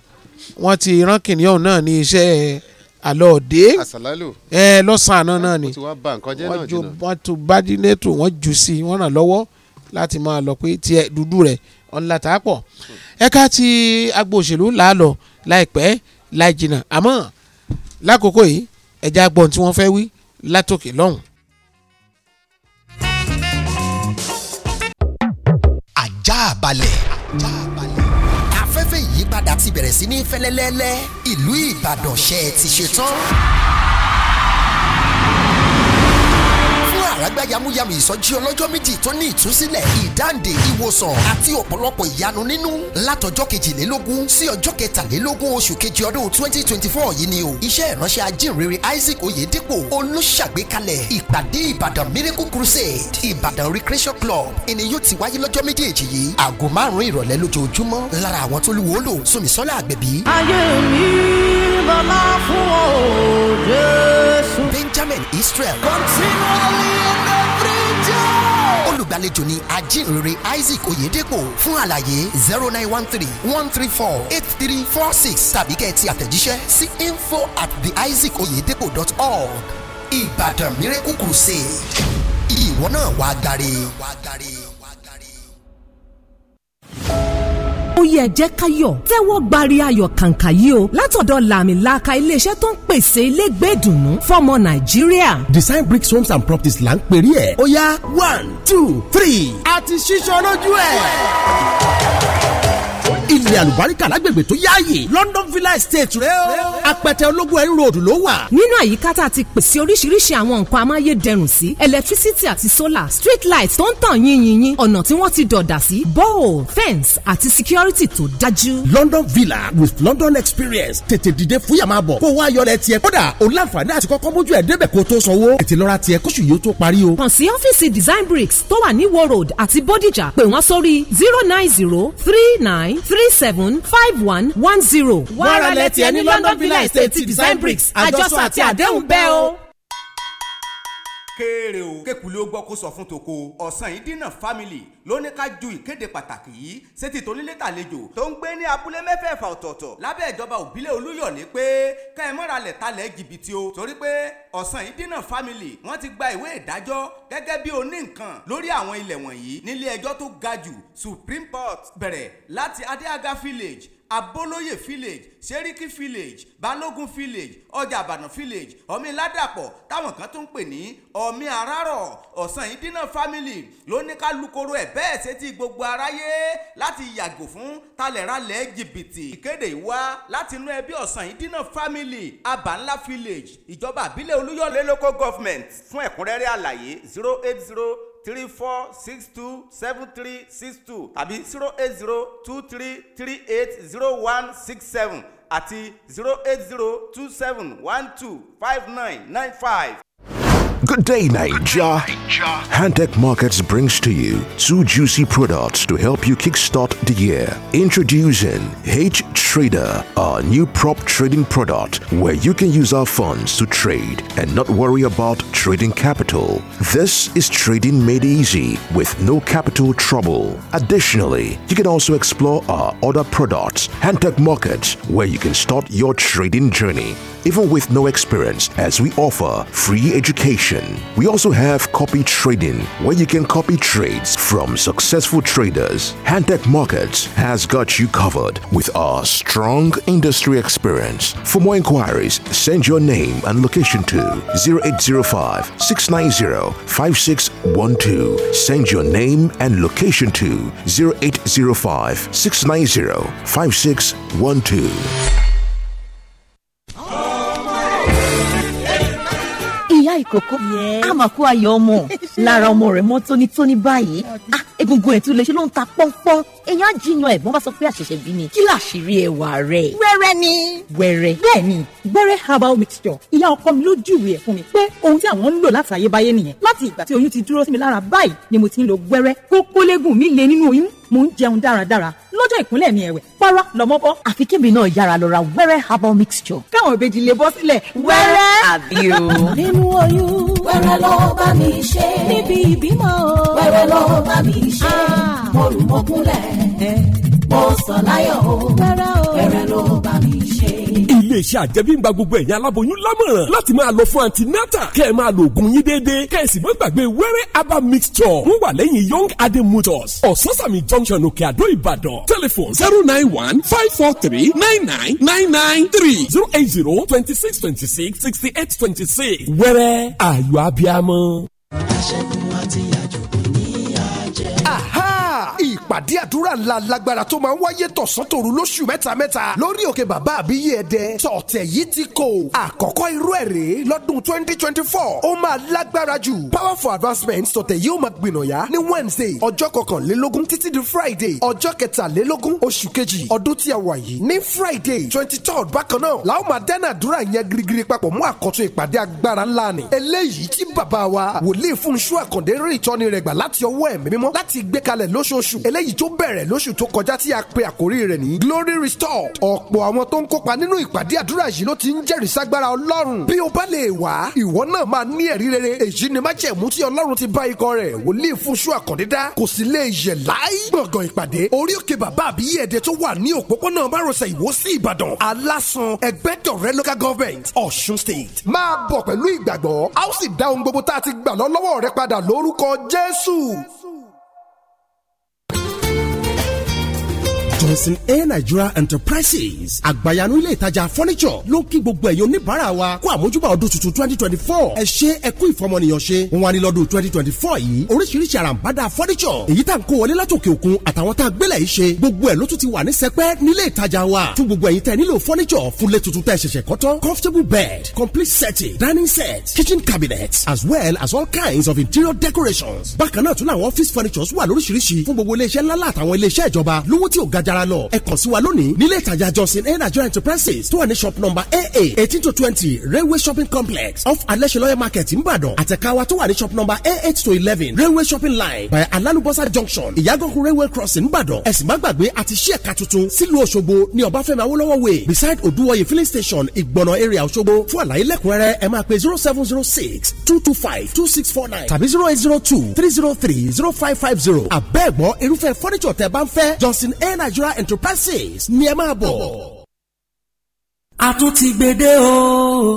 Speaker 10: wọ́n ti rán kìnìún náà ní iṣẹ́ ẹ̀ àlọ́ọ̀dé ẹ lọ́sàn-án náà ni
Speaker 9: wọ́n
Speaker 10: ju wọ́n tu bájínẹ́tò wọ́n jù sí i wọ́n ràn lọ́wọ́ láti máa lọ pé tiẹ̀ dúdú rẹ̀ ọ̀nlá tààpọ̀ ẹ̀ka ti agbo òṣèlú làálọ̀ láìpẹ́ láì jìnnà àmọ́ lákòókò yìí ẹ̀já gbọ́n tí wọ́n fẹ́ wí látòkè lọ́hùn. àjà balẹ̀ afẹ́fẹ́ yìí ti
Speaker 8: bẹ̀rẹ̀ sí ní fẹ́lẹ́lẹ́lẹ́ ìlú Ìbàdàn ṣe ti ṣe tán àràgbá yamuyamu ìsọjí ọlọ́jọ́ méjì tó ní ìtúsílẹ̀ ìdáǹdè ìwòsàn àti ọ̀pọ̀lọpọ̀ ìyanu nínú látọjọ́ kejìlélógún sí ọjọ́ kẹtàlélógún oṣù kejì ọdún twenty twenty four yìí ni o iṣẹ́ ìránṣẹ́ ajínrere Isaac Oyedepo olùṣàgbékalẹ̀ ìpàdé Ìbàdàn Miracle Crusade Ìbàdàn Recreation Club ènìyàn ti wáyé lọ́jọ́ méjèèjì yìí aago márùn-ún ìrọ̀lẹ́ lójoojúmọ́ lára àwọn tó lùwọ́ lò Sọmisọ́lá
Speaker 4: Àgbẹ̀bí. ayé mi bàbá fún ọ Jésù. Benjamin Israel. continually olùgbàlejò ni
Speaker 8: ajínrere Isaac Oyedepo fún àlàyé zero nine one three one three four eight three four six tàbí kẹ́ẹ̀tì àtẹ̀jíṣẹ́ sí info at theisaacoyedepo.org Ìbàdàn Miracle Crusade ìwọ náà wàá darí. ó yẹ jẹ́ ká yọ̀ tẹ́wọ́ gbari ayọ̀ kàǹkà yìí o látọ̀dọ̀ làmìlaka iléeṣẹ́ tó ń pèsè ilé dùnú fọ́mọ nàìjíríà. design bricks homes and properties là ń pèrè ẹ̀ ó yá one two three àti ṣíṣọ́ lójú ẹ̀ ilẹ̀ àlùbáríkà lágbègbè tó yáàyè London Villa Estate rẹ o. apẹtẹ ológun ẹ̀rín road ló wà. nínú àyíká tá a ti pèsè oríṣiríṣi àwọn nǹkan amáyédẹrùn sí ẹlẹtírísítì àti sólà street light tó ń tàn yínyínyín ọ̀nà tí wọ́n ti dọ̀dà sí borehole fence àti security tó dájú. London Villa with London experience tètè dìde fúyà máa bọ̀ kó wá yọlẹ̀ tiẹ̀ kódà òun láǹfààní àti kọ́kọ́ mójú ẹ̀ débẹ̀ kó tó sanwó ètè lọ́ra tiẹ̀ kóṣù yìí ó tó parí o. kàn sí ọ́fíìsì design bricks tó wà ní Ìwó road àti
Speaker 4: Bódìjà pè wọ́n sórí zero nine zero three nine three seven five one one zero. wàá ralẹ̀ tiẹ̀ ní London Villa Estate Design Bricks àjọṣọ àti àdéhùn bẹ́ẹ̀ o
Speaker 14: kéèrè o kékulé o gbọ́ kó sọ fún toko ọ̀sán yìí dínà family ló ní ká ju ìkéde pàtàkì yìí sétí tonílé tàlejò tó ń gbé ní abúlé mẹ́fẹ̀ẹ̀fà ọ̀tọ̀ọ̀tọ̀ lábẹ́ ìjọba òbílẹ̀ olúyọ̀lé pé ká ẹ mọ́ra lẹ̀ talẹ̀ jìbìtì o torí pé ọ̀sán yìí dínà family wọ́n ti gba ìwé ìdájọ́ gẹ́gẹ́ bí oní nǹkan lórí àwọn ilẹ̀ wọ̀nyí nílé ẹjọ́ tó ga jù Supreme Court bẹ̀rẹ̀ láti Adéaga village abolóyè village seriki village balógun village ọjà àbànà village ọmí ládàpọ̀ táwọn kan tún ń pè ní ọmí arárọ̀ ọ̀sán ìdínà family ló ní kálukoro ẹ̀ bẹ́ẹ̀ ṣe ti gbogbo aráyé láti yàgò fún talẹ̀ralẹ̀ jìbìtì ìkéde ìwá láti ẹbí ọ̀sán ìdínà family abanla village ìjọba àbílẹ̀ olúyọ̀lé local government fún ẹ̀kúnrẹ́rẹ́ àlàyé zero eight zero three four six two seven three six two tàbí zero eight zero two three three eight zero one six seven àti zero eight zero two seven one two five nine nine five.
Speaker 2: Good day, Niger. Handtech Markets brings to you two juicy products to help you kickstart the year. Introducing H Trader, our new prop trading product where you can use our funds to trade and not worry about trading capital. This is trading made easy with no capital trouble. Additionally, you can also explore our other products, Handtech Markets, where you can start your trading journey even with no experience as we offer free education we also have copy trading, where you can copy trades from successful traders. Handtech Markets has got you covered with our strong industry experience. For more inquiries, send your name and location to 0805 690 5612. Send your name and location to 0805 690 5612.
Speaker 4: ìkókó àmàkù ayọ̀ ọmọ lára ọmọ rẹ̀ mọ́ tónítóní báyìí ah, egungun ẹ̀ tún lè ṣe ló ń ta pọ́npọ́n èèyàn jiyàn ẹ̀gbọ́n bá sọ pé àṣẹ̀ṣẹ̀ bí ni kí làṣírí ẹwà rẹ. wẹrẹ ni. wẹrẹ. bẹ́ẹ̀ni wẹrẹ herbal mixture ìyá ọkọ mi ló júwèé ẹ fún mi
Speaker 8: pé ohun tí àwọn ń lò láti ayébáyé nìyẹn láti ìgbà tí oyún ti dúró sí mi lára báyìí ni mo ti ń lo wẹrẹ
Speaker 4: kókólégùn mi lè nínú oyún mo ń jẹun dáradára lọ́jọ́ ìkúnlẹ̀ mi ẹ̀wẹ̀ para lọ́mọ bọ́. àfi kébì náà yára lọ ra wẹ́rẹ́ herbal mixture. káwọn ìbejì lè bọ́ sílẹ̀
Speaker 7: wẹ́rẹ́. àbí o. nínú oyún wẹ́rẹ́ lọ bá mi ṣe. níbi ìbímọ wẹ́rẹ́ lọ bá mi ṣe. Ah. mo rù mọ́kúnlẹ̀ mo sọ láyọ̀ o fẹ́rẹ́ ló bá mi ṣe
Speaker 8: iléeṣẹ́ àjẹmíngba gbogbo ẹ̀yin aláboyún lámọ̀ràn láti máa lọ fún antinata kẹ́ ẹ̀ máa lo oògùn yín déédéé kẹ́ ẹ̀ sì má gbàgbé wẹ́rẹ́ aba mixture wọ́n wà lẹ́yìn young adé motors ososami junction òkè àdó ìbàdàn telephone zero nine one five four three nine nine nine nine three zero eight zero twenty six twenty six sixty eight twenty six wẹ́rẹ́ ayọ̀ abiamọ.
Speaker 7: aṣẹ́gun àti àjò
Speaker 8: ìpàdé àdúrà ńlá lágbára tó máa ń wáyé tọ̀sán tòru lóṣù mẹ́ta mẹ́ta lórí òkè bàbá àbíyé ẹ̀dẹ tọ̀tẹ̀ yìí ti kò àkọ́kọ́ irú ẹ̀ rèé lọ́dún twenty twenty four ó máa lágbára jù powerful advancement tọ̀tẹ̀ yìí ó máa gbìnàyà ní wednesday ọjọ́ kọkànlélógún títí di friday ọjọ́ kẹtàlélógún oṣù kejì ọdún tí a wà yìí ní friday twenty third bákan náà làwọn máa dẹ́nà àdúrà yẹn girigiri papọ̀ mú àkọ́tún ìpàdé agbára ńlá ni eléyìí tí bàbá wa wòlíì fún iṣu àkàndé rí ìtọ́ni rẹ̀ gbà láti ọwọ́ ẹ̀mí mímọ́ láti gbé kalẹ̀ lóṣooṣù eléyìí eléyìí tó bẹ̀rẹ̀ lóṣù tó kọjá tí a pe àkórí rẹ̀ ní glory restore ọ̀pọ̀ àwọn tó ń kópa nínú ìpàdé àdúrà yìí ló ti ń jẹ́rìí ságbára ọlọ́run bí o bá lè wá ìwọ náà máa ní ẹ̀rí rere èyí ni májẹ̀mú tí ọlọ́run ti bá ikọ̀ rẹ̀ wòlíì Fúnṣọ́ Àkàndé dá kò sì lè yẹ̀ láì gbọ̀ngàn ìpàdé orí òkè bàbá àbíyí ẹ̀dẹ̀ tó wà ní òpópónà márosẹ̀ ìwó sí ìbàdàn alásan ẹgbẹ́dọ̀rẹ́ local government ọ̀ṣun state máa bọ̀ pẹ̀lú ìgbàgbọ́ a ó sì dá ohun gbogbo tá a ti gbà lọ lọ́wọ́ rẹ padà lórúkọ jésù. Johnson A Nigeria Enterprises àgbàyanu ilé ìtajà furniture ló ń kí gbogbo ẹ̀yin oníbàárà wa kó àmójúbà ọdún tuntun twenty twenty four ẹ ṣe ẹ kú ìfọmọnìyàn ṣe wọn wá ní lọ́dún twenty twenty four yìí oríṣiríṣi àràǹbádà furniture èyí tá à kó wọlé látòkè òkun àtàwọn tá a gbélé yìí ṣe gbogbo ẹ̀ ló tún ti wà ní sẹpẹ́ nílé ìtajà wa fún gbogbo ẹ̀yin tẹ́ nílò furniture fúnlé tuntun tẹ́ ṣẹ̀ṣẹ̀ comfortable bed complete setting dining set kitchen cabinets as well as all kinds of interior decorations bákan náà tún àwọn office furnitures wà lóríṣiríṣi fún gbogbo iléeṣẹ́ ńlá tààrà lọ ẹ kàn sí wa lónìí nílé ìtajà johnson air nigeria enterprises tó wà ní shop number aa eighteen to twenty railway shopping complex off alẹ́sẹ̀lọ́yẹ̀ market nìbàdàn àtẹ̀káwa tó wà ní shop number a eight to eleven railway shopping line by alalubosa junction ìyàgànkù railway crossing nìbàdàn ẹ̀sìn má gbàgbé àti ṣí ẹ̀ka tuntun sílùú òṣogbo ní ọbáfẹ́mi awólọ́wọ̀ way beside oduwoye filling station ìgbọ̀nà area òṣogbo fún àlàyé lẹ́kùnrẹ́rẹ́ ẹ máa pe zero seven zero six two two five two six four nine tàbí zero eight zero two three zero three zero five five zero àbẹ́ẹ̀gbọ́ irúfẹ́ fọ́nìṣọ̀ tẹ́ bá ń fẹ́ johnson air nigeria Global Enterprises ní ẹ máa bọ̀.
Speaker 3: a tún ti gbede o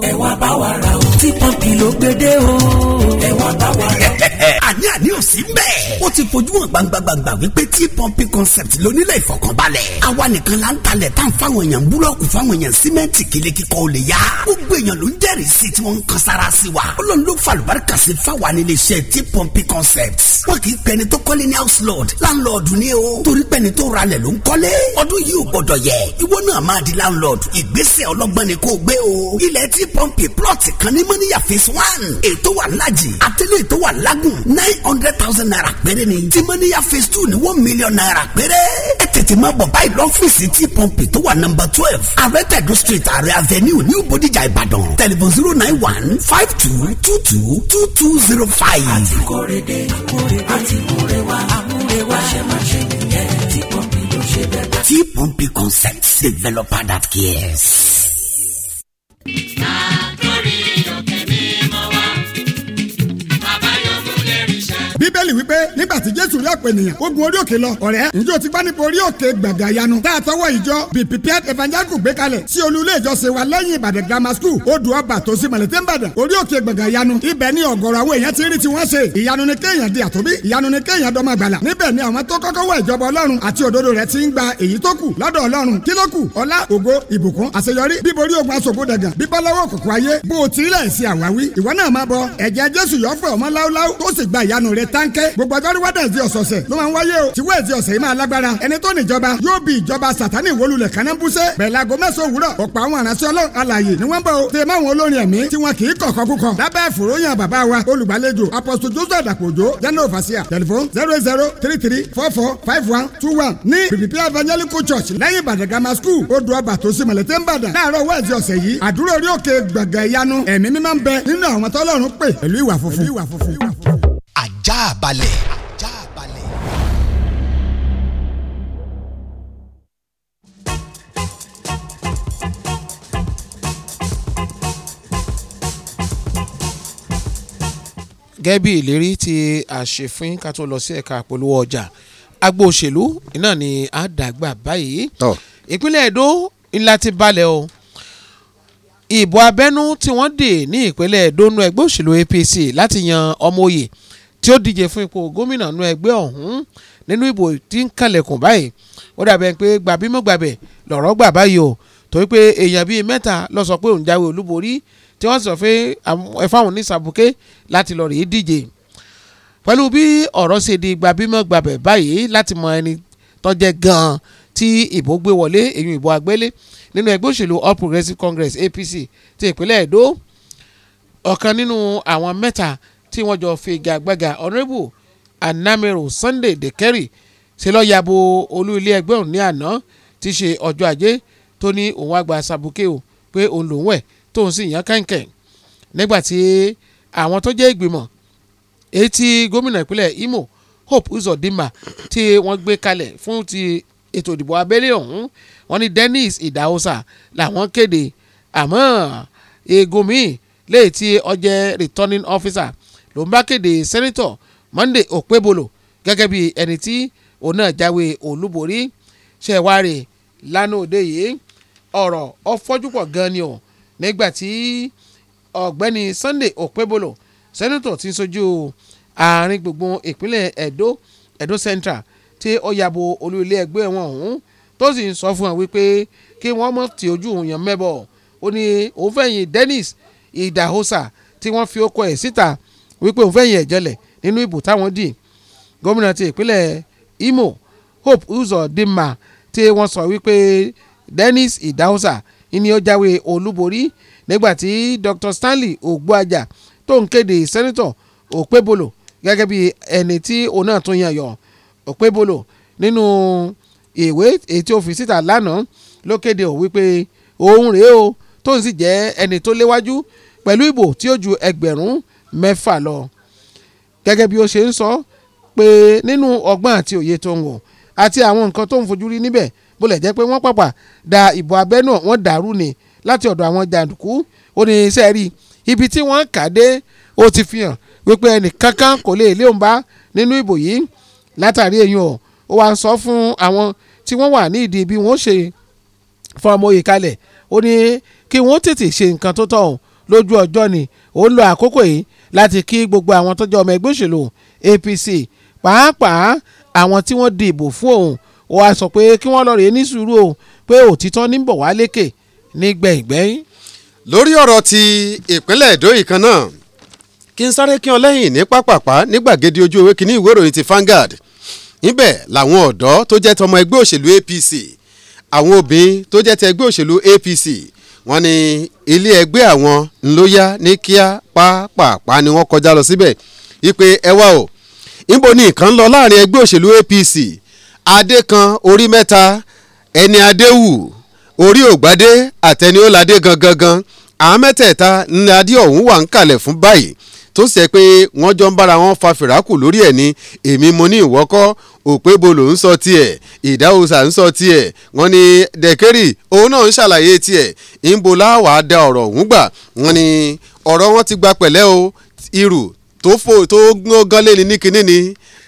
Speaker 3: ẹ wá bá wa ra o títí pọ́ǹpì ló gbédè o. ẹ̀wọ̀n táwa lọ. àní àní ò sí bẹ́ẹ̀. ó ti fojú hàn gbangbangba wípé tí pọ́ǹpì concept lónílẹ̀ ìfọkànbalẹ̀. àwa nìkan la ń talẹ̀ tán fáwọn èèyàn búlọ́ọ̀kù fáwọn èèyàn símẹ́ǹtì kílé kíkọ́ ò lè yá. gbogbo èèyàn ló ń jẹ́rìí sí tí wọ́n ń kan sára sí wa. ọlọ́run ló fa àlùbáríkà sí fáwa nílé iṣẹ́ tí pọ́ǹpì concept. wọ́n kì í pẹni tó kọ́lé ní house lord landlord ni o. torí pẹni tó ralẹ̀ ló ń kọ́lé. ọdún yìí ò gbọ́dọ̀ yẹ. ìwọ náà máa di landlord. ìgbésẹ̀ ọlọ́gbọ́n ni kò gbé o. ilẹ̀ tí pọ́ǹpì plọ̀tì kan ní Mọ́níyà phase one ètò wà lájì àtẹlẹ́ ètò wà lágùn nine hundred thousand naira péré ni tí phase two ni one million naira péré ẹ tètè máa bọ̀ báyìí lọ́fíìsì tí pọ́ǹpì tó wà nọ́mbà twelve ààrẹ street ààrẹ avenue new Bódìjà Ìbàdàn tẹlifon zero nine one five two two two two two zero five. àti kórede àti kórewa àmúrewa ṣe máa ṣe nìyẹn tí pọ́ǹpì ló ṣe bẹ́ẹ̀. tí pọ́ǹpì concepts developer that
Speaker 5: cares.
Speaker 7: Smile.
Speaker 5: bíbélì wípé nígbà tí jésù rí ọ̀pọ̀ ènìyàn ó gun orí òkè lọ ọ̀rẹ́ ǹjẹ́ o ti gbá nípa orí òkè gbàgbà yanu tá a tọwọ́ ìjọ be prepared evangelical gbé kalẹ̀ sí olúlé ìjọsìn wa lẹ́yìn ìbàdàn grammar school odò ọba tó sí mọ̀lẹ́tẹ́ ń bàdàn orí òkè gbàgbà yanu ibẹ̀ ni ọ̀gọ̀rọ̀ àwọn èèyàn ti rí tí wọ́n ṣe ìyanu ni kéèyàn di àtòbí ìyanu ni kéèyàn dọ́mọ gbàlà níbẹ̀ ni àwọn tó kọ́kọ́ wọ ìjọba ọlọ́run àti òdodo rẹ̀ ti ń gba èyí tó kù lọ́dọ̀ ọlọ́run kí ló kù ọlá ògo ìbùkún àṣeyọrí bíborí ogun aṣògo dàgàn bíbọ́láwọ́ kòkó ayé bó o ti rí ẹ̀ sí àwáwí ìwọ náà má bọ ẹ̀jẹ̀ jésù yọ fún kẹ́ńkẹ́ gbogbo ọjọ́rú wẹ́dẹ̀sì ọ̀sọ̀ọ̀sẹ̀ ló máa ń wáyé o tí wẹ́ẹ̀sì ọ̀sẹ̀ yìí máa lágbára ẹni tó níjọba yóò bí ìjọba sàtánì wólulẹ̀ kánẹ́bùsẹ́ bẹ̀rẹ̀ aago mẹ́sàn-án òwúrọ̀ ọ̀pọ̀ àwọn àránṣẹ́ ọlọ́run alààyè ni wọ́n bọ̀ o tẹ̀ máwọn olórin ẹ̀mí tí wọn kì í kọ̀kọ́ kúkọ̀ lábẹ́ àfòróyìn bàbá wa olùgbàlejò apọ̀sù jósù àdàpọ̀jọ́ jẹ́nà òfàṣíà tẹlifon zero zero three three four four five one two one ní pìpìpì evangelical church lẹ́yìn ìbàdàn school odò ọba tó sì ń bàdàn láàárọ̀ wẹ́ẹ̀sì ọ̀sẹ̀ yìí àdúrà orí òkè gbọ̀ngàn ìyanu ẹ̀mí mímọ́ ń bẹ nínú àwọn tọ́lọ́run pè pẹ̀lú ìwà funfun ajá balẹ̀. ajá balẹ̀.
Speaker 10: gẹ́gẹ́ bí ìlérí tí àṣefín ká tó lọ sí ẹ̀ka àpolówó ọjà agbo òṣèlú iná ni àdàgbà báyìí ìpínlẹ̀ Èdó ńlá ti balẹ̀ o ìbò abẹ́nú tí wọ́n dè ní ìpínlẹ̀ Èdó nú ẹgbẹ́ òṣèlú APC láti yan ọmọ òye tí ó díje fún ipò gómìnà nú ẹgbẹ́ ọ̀hún nínú ìbò tí ń kalẹ̀kùn báyìí ó dàbẹ̀ pé gbàbímọ̀gbàbẹ̀ lọ̀rọ̀ gbà báyìí o torí pé èèyàn bíi mẹ́ta lọ sọ pé òun jáwé olúborí tí wọ́n sọ pé ẹ̀fáwọn ní sàbùké láti lọ rèé díje pẹ̀lú bí ọ̀rọ̀ ṣe di gbàbímọ̀gbàbẹ̀ báyìí láti mọ ẹni tọ́jẹ́ gan-an tí ìbò gbé wọlé èyí ìbò àgbélé nínú ẹgbẹ́ òṣèlú All Progressives Congress APC ti ìpínlẹ̀ Èdó ọ̀kan nínú àwọn mẹ́ta tí wọ́n jọ fi gàgbàgà honourable anamero sunday dekeri ṣe lọ́ọ́ yabo olú ilé ẹgbẹ́ òun ní àná tí ṣe ọjọ́ ajé tó ní òun àgbà sàbùkẹ́ o pé òun lòún wẹ̀ tóun sì yàn kẹ̀kẹ́ nígbàtí àwọn tó jẹ́ ìgbìmọ̀ èyí tí gómìnà ìpínlẹ̀ imo hope uzodinma tí wọ́n gbé kalẹ̀ fún ti ètò ìdìbò abẹ́lé ọ̀hún wọ́n ní dennis idahosa làwọn kéde àmọ́ egomi léyìí tí ó returning officer ló ń bá kéde sẹ́nitọ̀ Monday Okpebolo gẹ́gẹ́ bí ẹni tí òun náà jáwé olúborí ṣẹ̀wárì lánàá òde yìí ọ̀rọ̀ ọ̀fọ́júpọ̀ gan ni o nígbà tí ọ̀gbẹ́ni Sunday Okpebolo sẹ́nitọ̀ ti ń sojú àárín gbùngbùn ìpínlẹ̀ Edo Edo Central tí ó yàbò olú ilé ẹgbẹ́ wọn ọ̀hún tó sì ń sọ fún wọn wípé kí wọ́n mọ̀ tí ojú òun yàn mẹ́bọ̀ ó ní òun fẹ̀yìn Dennis Idahosa tí wọ́n fi okọ̀ ẹ̀ síta wípé òun fẹ́yìn ẹ̀jẹ̀lẹ̀ nínú ìbò táwọn dì gómìnà ti ìpínlẹ̀ Imo Hope Uzodinma tí wọ́n sọ wípé Dennis Idahosa ni ó jáwé olúborí nígbàtí Dr. Stanley Ogbuaja tó ń kéde sẹ́nitọ̀ Okpebolo gẹ́gẹ́ bí ẹni tí òun náà tún yàn yọ Okpebolo nínú ìwé èyí tí ó fi síta lánàá ló kéde ò wípé òun rèé o tó ń sì jẹ́ ẹni tó léwájú pẹ̀lú ìbò tí ó ju ẹgbẹ̀rún mẹ́fà lọ gẹ́gẹ́ bí ó ṣe ń sọ pé nínú ọgbọ́n àti òye tó ń wọ̀ àti àwọn nǹkan tó ń fojú rí níbẹ̀ bó jẹ́ pé wọ́n pàpà da ìbò abẹ́ náà wọ́n dàrú ni láti ọ̀dọ̀ àwọn jàǹdùkú ó ní iṣẹ́ rí ibi tí wọ́n kà dé ó ti fi hàn wípé ẹnìkankan kò lè lé òun bá nínú ìbò yìí látàrí èyàn ó wá ń sọ fún àwọn tí wọ́n wà ní ìdí bí wọ́n ṣe fọmọye kalẹ̀ ó ní kí wọ́n tètè ṣe nǹkan tó tọ̀ lójú ọjọ́ ni ó ń lo àkókò yìí láti kí gbogbo àwọn tó jẹ́ ọmọ ẹgbẹ́ òṣèlú APC pàápàá àwọn tí wọ́n dìbò fún òun ó wá sọ pé kí wọ́n lọ rèé ní sùúrù o pé òtítọ́ ní bọ̀ wá lékè
Speaker 9: ní gbẹ̀ngbẹ́yìn. lórí ọ̀rọ̀ ti ìpínlẹ̀ èdò yìí kan náà kí n sáré kí ọ lẹ́yìn ní pápápá ní gbàgede ojú ewé kínní ìwé ìròyìn ti Vanguard níbẹ̀ làwọn ọ̀dọ́ tó jẹ́ tọmọ ẹgbẹ́ òṣèlú APC àwọn obìnrin tó jẹ́ tẹgbẹ́ òṣèlú APC wọ́n ní ilé ẹgbẹ́ àwọn ńlọ́yà ní kíá pàápàá ni wọ́n kọjá lọ síbẹ̀ wípé ẹ wá o níbo ni nǹkan lọ láàrin ẹgbẹ́ òṣèlú APC adé kan orí mẹ́ta ẹni adéwù orí ògbádé àtẹnióládé gangan gan àwọn mẹ́tẹ̀ẹ̀ta ní adé ọ̀hún wà ń kalẹ̀ fún báyìí tó ṣe pé wọ́n jọ ń bára wọn fa fìràkù lórí ẹ̀ ni èmi mo ní ìwọ́kọ́ òpébolo ń sọ tiẹ̀ ìdáhùsà ń sọ tiẹ̀ wọ́n ní dẹ̀kẹ́rì òun náà ń ṣàlàyé tiẹ̀ ìǹbo láwàá da ọ̀rọ̀ ọ̀hún gbà wọ́n ní ọ̀rọ̀ wọn ti gba pẹ̀lẹ́ o irù tó fò tó gán lé ní ni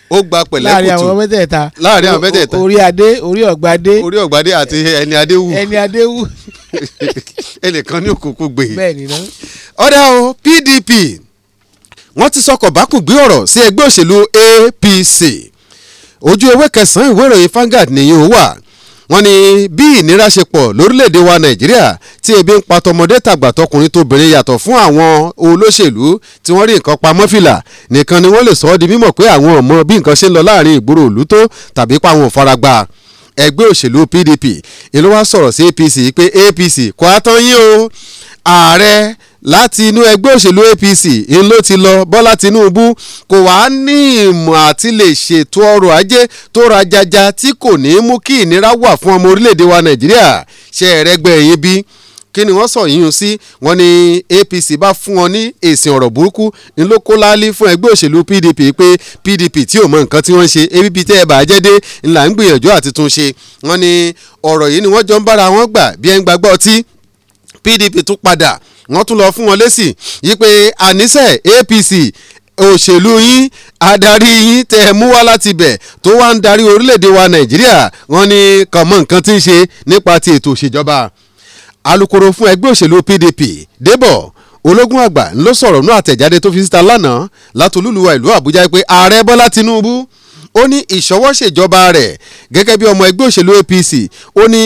Speaker 9: ó gba pẹ̀lẹ́ kùtù láàrin àwọn mẹ́tẹ̀ẹ̀ta láàrin àwọn mẹ́tẹ̀ẹ̀ta orí adé orí ọ̀gbadé orí ọ̀gbadé àti ẹni adéwù ẹni adéwù ẹnìkan ní òkùnkùn gbè. bẹ́ẹ̀ ni náà. ọ̀dà o PDP wọ́n ti sọ kọ̀bákùn gbé ọ̀rọ̀ sí ẹgbẹ́ òṣèlú APC ojú ewé kẹsàn-án ìwé ìròyìn Vanguard nìyí ó wà wọ́n ní bí ìnira ṣe pọ̀ lórílẹ̀‐èdè wa Nàìjíríà tí ebi ń pa tọmọdé tàgbà tọkùnrin tóbìnrin yàtọ̀ fún àwọn olóṣèlú tí wọ́n rí nǹkan pamọ́ fìlà nìkan ni wọ́n lè sọ ọ́ di mímọ̀ pé àwọn ọmọ bí nǹkan ṣe ń lọ láàrin ìgboro òlú tó tàbí pa àwọn òfaragba ẹgbẹ́ òṣèlú PDP ìlú wa sọ̀rọ̀ sí APC pé APC kò á tán yín o ààrẹ láti inú ẹgbẹ́ òṣèlú APC ń ló ti lọ Bọ́lá Tinubu kò wá ní ìmọ̀ àti lè ṣètò ọrọ̀ ajé tó rajaja tí kò ní mú kí ìnira wà fún ọmọ orílẹ̀-èdè wa Nàìjíríà ṣe ẹ̀rẹ́gbẹ́ yín bí kí ni wọ́n sọ yíyún sí wọ́n ní APC bá fún ọ ní èsì ọ̀rọ̀ burúkú ńlọ́kọ́láálí fún ẹgbẹ́ òṣèlú PDP pé PDP tí ò mọ nǹkan tí wọ́n ń ṣe APC tẹ́ ẹ bàá jẹ́ dé ńlá ń gbìyànjú àti tún ṣe wọ́n ní ọ̀rọ̀ yìí ni wọ́n jọ ń bára wọn gbà bí ẹ ń gbagbọ́ ọtí PDP tún padà wọ́n tún lọ fún wọn lésì yí pé APC òṣèlú yín adarí yín tẹ ẹ mú wá láti bẹ̀ tó wá ń darí orílẹ̀-èdè wa nàìjíríà wọ́n ní kàn mọ̀ nǹkan tí ń ṣe nípa ti ètò òṣèjọba alukoro fún ẹgbẹ́ òṣèlú PDP Débọ̀ ológun àgbà ló sọ̀rọ̀ nú àtẹ̀jáde tó fi síta lánàá látòlúluwa ìlú Àbújá pé ààrẹ Bọ́lá Tinubu ó ní ìṣọwọ́ṣèjọba rẹ̀ gẹ́gẹ́ bí ọmọ ẹgbẹ́ òṣèlú APC ó ní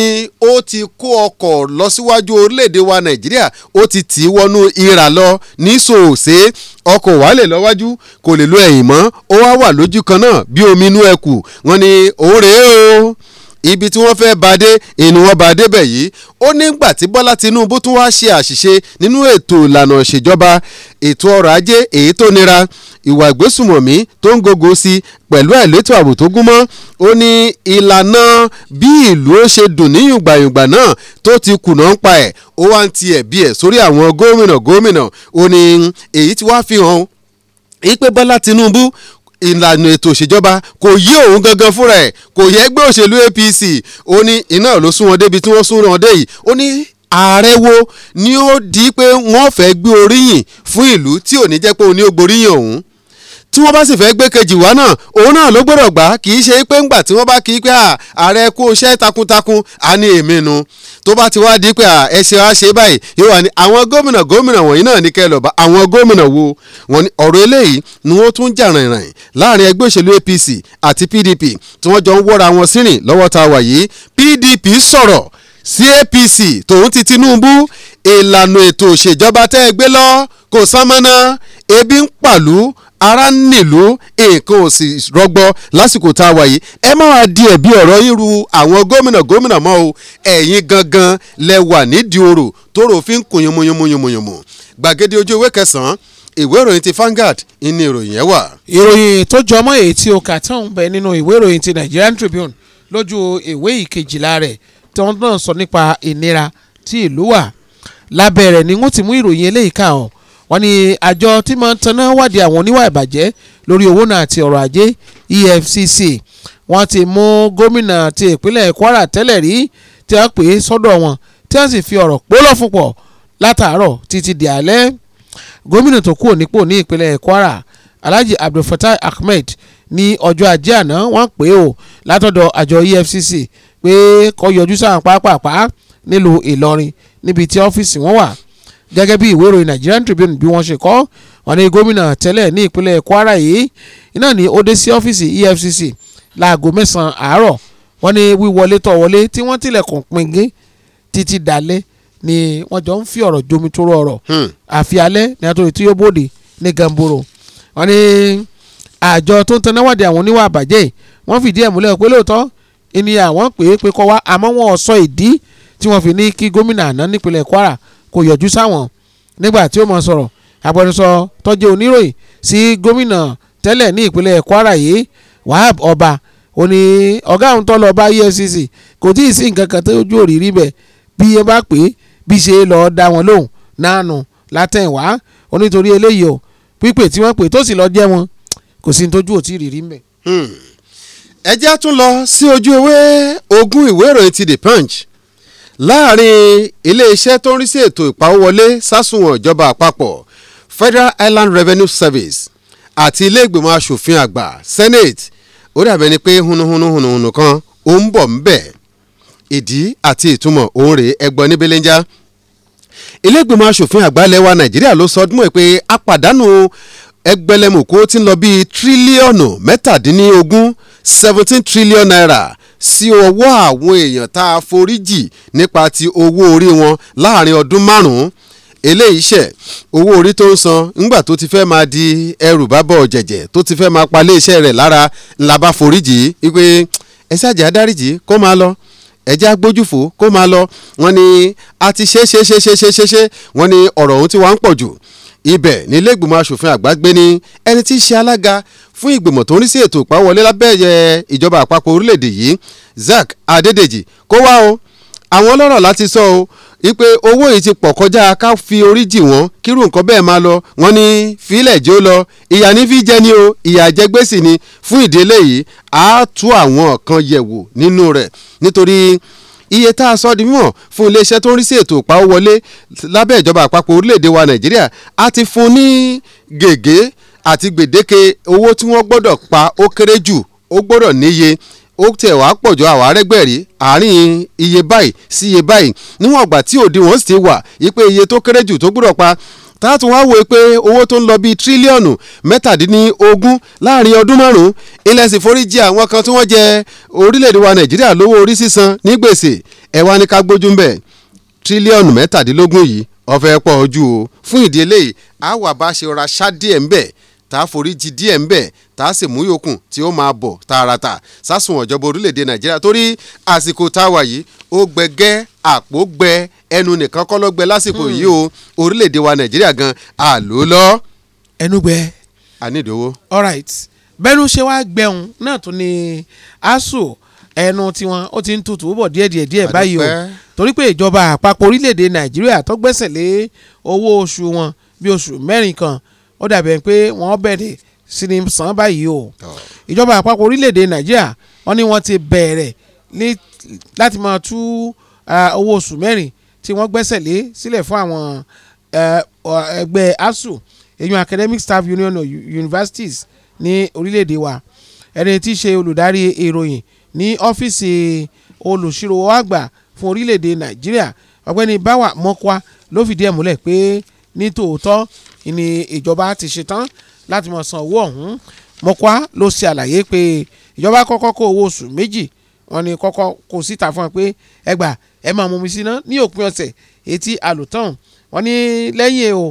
Speaker 9: ó ti kó ọkọ̀ lọ síwájú orílẹ̀-èdè wa Nàìjíríà ó ti tì í wọnú ìrà lọ ní sòòsé ọkọ̀ wà lè lọ́wájú kò lè lo ẹ̀yìn mọ́ ó wá wà lójú kan náà bí omi inú ẹkù wọn ni òun rèé o ibi tí wọ́n fẹ́ bàdé ìní wọn bàdé bẹ̀ yìí ó nígbà tí Bọ́lá Tinubu tún wáá ṣe àṣìṣe nínú ètò ìlànà ìṣèjọba ètò ọrọ̀ ajé èyí tó nira ìwà ìgbésùmọ̀mí tó ń gogo sí i pẹ̀lú àìlétò ààbò tó gún mọ́ ó ní ìlànà bí ìlú ó ṣe dùn ní yùngbàyùngbà náà tó ti kùnà ń pa ẹ̀ ó wá ń ti ẹ̀bi ẹ̀ sórí àwọn gómìnà gómìnà ó ní èyí tí wàá fi hàn ìpè Bọ́lá Tinubu ìlànà ètò ìṣèjọba kò yí òun gangan fúnra ẹ̀ kò yẹ ẹgbẹ́ òṣèlú APC ó ní iná ló sún wọn débi tí wọ́n sún wọn dé yìí ó ní ààrẹ wo ni ó di pé wọ́n fẹ́ gbé oríyìn fún ìlú tí ò ní jẹ́ pé òun ní ó gboríyìn ọ̀hún tí wọ́n bá sì fẹ́ gbé kejì wá náà òun náà ló gbọ́dọ̀ gbà kì í ṣe pé ńgbà tí wọ́n bá kí pé ààrẹ kó iṣẹ́ takuntakun á ní èmi nu tó bá ti wá di pé ẹ ṣe wá ṣe báyìí yóò wá ní àwọn gómìnà gómìnà wọ̀nyí náà ní kẹlọ̀ bá àwọn gómìnà wo wọn ni ọ̀rọ̀ eléyìí ni wọ́n tún jà rìnrìn láàrin ẹgbẹ́ òṣèlú APC àti PDP tí wọ́n jọ ń wọ́ra wọn PDP sọ̀rọ̀ sí APC tòun ti Tinubu ìlànà ètò òṣèjọba tẹ́ ẹ gbé lọ kò sánmọ́ná ebi ń pàlú ara ń nílùú nǹkan ò sì rọgbọ lásìkò tá a wà yìí ẹ má wá di ẹ̀bi ọ̀rọ̀ irú àwọn gómìnà gómìnà mọ́ o ẹ̀yin gangan lẹ wà nídìí orò tóró fi ń kùn yùmùyùmùyùmù gbàgede ojú ìwé kẹsàn-án ìwé ìròyìn ti Vanguard ní ìròyìn yẹn wà. ìròyìn
Speaker 10: tó jọmọ́ èyí tí o kà tán ń bẹ nínú ìwé ìròyìn ti Nigerian Tribune lójú ìwé ìkejìlá rẹ̀ tí wọ́n náà sọ nípa ìnira tí ìlú wà lábẹ́ rẹ̀ ni wọ́n ti mú ìròyìn eléyìí kà wọ́n ní àjọ tí máa ń taná wádìí àwọn oníwà ìbàjẹ́ lórí owó náà àti ọ̀rọ̀ ajé EFCC wọ́n ti mú gómìnà ti ìpínlẹ̀ Kwara tẹ́lẹ̀ rí tí a pè é sọ́dọ̀ wọn tí wọ́n sì fi ọ̀rọ̀ pólọ̀ fún pọ̀ látàárọ̀ títí di alẹ́ gómìnà tó kúrò nípò ní ìpínlẹ̀ Kwara Alhaji Abdulfatai Ahmed ní ọjọ́ ajé àná wọ́n pè ó látọ̀dọ̀ àjọ EFCC pé kó yọjú sáà pápápá nílùú Ìlọrin níbi tí ọ́fíìsì wọn wà gẹ́gẹ́ bí ìwé ìròyìn Nigerian Tribune bí wọ́n ṣe kọ wọ́n ní gómìnà tẹ́lẹ̀ ní ìpínlẹ̀ Kwara yìí iná ní ó dé sí ọ́fíìsì EFCC láago mẹ́sàn-án àárọ̀ wọ́n ní wíwọlé tọ̀ wọlé tí wọ́n tilẹ̀kùn pingin títí dalẹ́ ni wọ́n jọ ń fi ọ̀rọ̀ jomi tóró ọ̀rọ̀ hmm. àfi alẹ́ ní àtòrí tí yóò bòde ní Gamboro wọ́n ní àjọ tó ń tanáwádìí àwọn oníwà àbàjẹ́ wọ́n fìdí ẹ̀ múlẹ̀ pé lóòótọ́ ìní àwọn pè é pé kọ́ wá àmọ́ wọn sọ ìdí tí wọ́n fi ní kí gómìnà àná nípínlẹ̀ Kwara kò yọjú sáwọn nígbà tí ó mọ sọ̀rọ̀ agbẹnusọ tó jẹ́ oníròyìn sí gómìnà tẹ́lẹ̀ ní ìpínlẹ̀ Kwara yìí Wahab Ọba ó ní ọ̀gá òun tó lọ bá EFCC kò tí ì sí nǹkan kan tó ojú òrìrí bẹ̀ bí ẹ bá pè é bí ṣe lọ́ọ́ dá wọn lóhùn nánu látẹ̀wá onítorí eléyìí o pípè tí wọ́n pè tó sì lọ́ọ́ jẹ́ wọn kò sí tójú òtí rírí mbẹ̀. Hmm. ẹ jẹ́ tún
Speaker 9: lọ sí ojú ewé ogún ìwé ìròyìn ti The Punch láàrin iléeṣẹ́ tó ń rí sí ètò ìpawówọlé sásùnwọ̀n ìjọba àpapọ̀ Federal Island Revenue Service àti ilé ìgbìmọ̀ asòfin àgbà Senate ó dàbẹ̀ ni pé hunuhunuhunuhunu kan ó ń bọ̀ ńbẹ̀ ìdí àti ìtumọ̀ òun rèé ẹgbọ́n níbelenja ilé ìgbìmọ̀ asòfin àgbà lẹ́wà Nàìjíríà ló sọ ọdún mọ́ ẹ pé a pàdánù ẹgbẹ̀lẹ́mùkú tí ń lọ bíi tírílíọ̀nù mẹ́tàdínlógún seventeen trillion naira sí ọwọ́ àwọn èèyàn tá a foríjì nípa ti owó orí wọn láàrin ọdún márùn-ún eléyìí ṣe owó orí tó ń san ńgbà tó ti fẹ́ máa di ẹrù bábọ̀ jẹ̀jẹ̀ tó ti fẹ́ máa pa iléeṣẹ́ rẹ̀ lára la bá foríjì wípé ẹ ṣáàjà dáríjì kó máa lọ ẹjẹ́ agbójúfò kó máa lọ wọ́n ní a ti ṣe ṣe ṣe ṣe ṣe ṣe wọ́n ní ọ̀rọ̀ ọ̀hún ti wá ń pọ̀ jù ibẹ̀ ní ilé ìgbìmọ̀ asòfin àgbà gbé ní ẹni tí í ṣe alága fún ìgbìmọ̀ tó ń rí sí ètò ìpawọlé lábẹ́yẹ ìjọba àpapọ̀ orílẹ̀-èdè yìí Zack Adédèjì kó wá o àwọn ọlọ́rọ̀ láti sọ o wípé owó yìí ti pọ̀ kọjá ká fi orí jì wọ́n kírú nǹkan bẹ́ẹ̀ máa lọ wọ́n ní fílẹ̀ jó lọ ìyà ní fi jẹ ni o ìyà jẹgbẹ́sì ni fún ìdílé yìí á tú àwọn kan yẹ̀wò nínú rẹ̀ nítorí iye tá a sọ di mímọ̀ fún iléeṣẹ́ tó ń rí sí ètò ìpawówọlé lábẹ́ ìjọba àpapọ̀ orílẹ̀-èdè wa nàìjíríà a ti fún ní gègé àti gbèdéke owó tí wọ́n gbọ́dọ̀ pa ó kéré jù ó gbọ́dọ̀ níye ó tẹ̀ wá pọ̀jù àwárẹ́gbẹ̀rí àárín iye báyìí sí iye báyìí níwọ̀n ìgbà tí òdiwọ̀n sì ti wà yí pé iye tó kéré jù tó gbọ́dọ̀ pa tá wá wòye pé owó tó ń lọ bíi tírílíọ̀nù mẹ́tàdínlógún láàrin ọdún márùn-ún ilẹ̀ sì forí jì àwọn kan tí wọ́n jẹ orílẹ̀-èdè wa nàìjíríà lówó orí sísan ní gbèsè ẹ̀ wá ní ká gbójú ń bẹ̀ tírílíọ̀nù mẹ́tàdínlógún yìí ọ̀fẹ́ pọ̀ ojú o fún ìdí eléyìí àwa bá ṣe ra ṣá díẹ̀ ńbẹ̀ tá a forí jì díẹ̀ ńbẹ̀ tá a sì mú yòókùn tí ó máa bọ̀ tààràtà sásùn ọ̀jọ̀bọ̀ orílẹ̀-èdè nàìjíríà torí àsìkò táwa yìí ó gbẹgẹ́ àpò gbẹ ẹnu nìkan kọ́ ló gbẹ lásìkò hmm. yìí o orílẹ̀-èdè wa nàìjíríà gan àlò lọ. ẹnu gbẹ. ànídòwó. all right bẹ́ẹ̀nu ṣe wá gbẹ̀hùn náà tún ni
Speaker 10: asuu ẹnu tiwọn ó ti ń tutù bọ̀ díẹ̀díẹ̀ díẹ̀ báyìí o torí pé ìjọba àpapọ̀ orílẹ̀-èdè nàìjíríà tó gbẹ́sẹ̀ lé owó oṣù wọn bí oṣù mẹ́rin kan ó dàbẹ̀ pé wọ́n bẹ̀rẹ̀ sí ni san báyìí o ìjọba àpapọ̀ orílẹ̀-èdè nàìjíríà wọ́n ní wọ́n ti bẹ̀rẹ̀ láti máa tú. Ah, owó oṣù mẹ́rin tí wọ́n gbẹ́sẹ̀ lé sílẹ̀ fún àwọn eh, ẹgbẹ́ ASUU èyàn Academic Staff Union of Universities ní orílẹ̀-èdè wa ẹni tí í ṣe olùdarí ìròyìn ní ọ́fíìsì olùṣirò àgbà fún orílẹ̀-èdè Nàìjíríà ọ̀gbẹ́ni Báwa Mọ́kwá ló fìdí ẹ̀ múlẹ̀ pé ní tòótọ́ ni ìjọba ti ṣetán láti mọ̀ san owó ọ̀hún Mọ́kwá ló ṣe àlàyé pé ìjọba kọ́kọ́ kó owó oṣù méjì wọ́n ní kọ́kọ́ kó síta fún wọn pé ẹgbàá ẹ máa mú mi sí náà ní òpin ọ̀sẹ̀ etí àlùtàn wọ́n ní lẹ́yìn o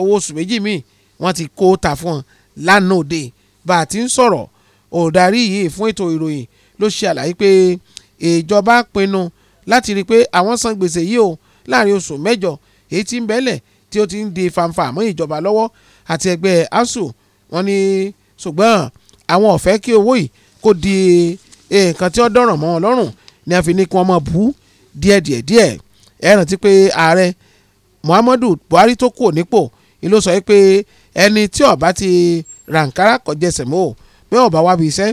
Speaker 10: owó oṣù méjì míì wọ́n ti kó ta fún wọn lánàá òde bá a ti ń sọ̀rọ̀ òdarí yìí fún ètò ìròyìn ló ṣe àlàyé pé ìjọba pinnu láti rí i pé àwọn san gbèsè yìí o láàrin oṣù mẹ́jọ èyí tí ń bẹ́lẹ̀ tí ó ti ń di fanfa mọ́ ìjọba lọ́wọ́ àti ẹgbẹ́ asuu wọ́n ní ṣùgbọ́n àwọn ọ̀fẹ́ kí owó yìí kó di nǹkan tí ó dọ̀ràn mọ́ wọn lọ́rùn ni a fi ní kí wọ́n máa bú díẹ̀díẹ̀díẹ̀ ẹ rántí pé ààrẹ Muhammadu Buhari tó kù nípò ni ló sọ pé ẹni tí ọba ti rànkárà kọjẹsẹ̀ mọ́ ò pé ọba wá bí iṣẹ́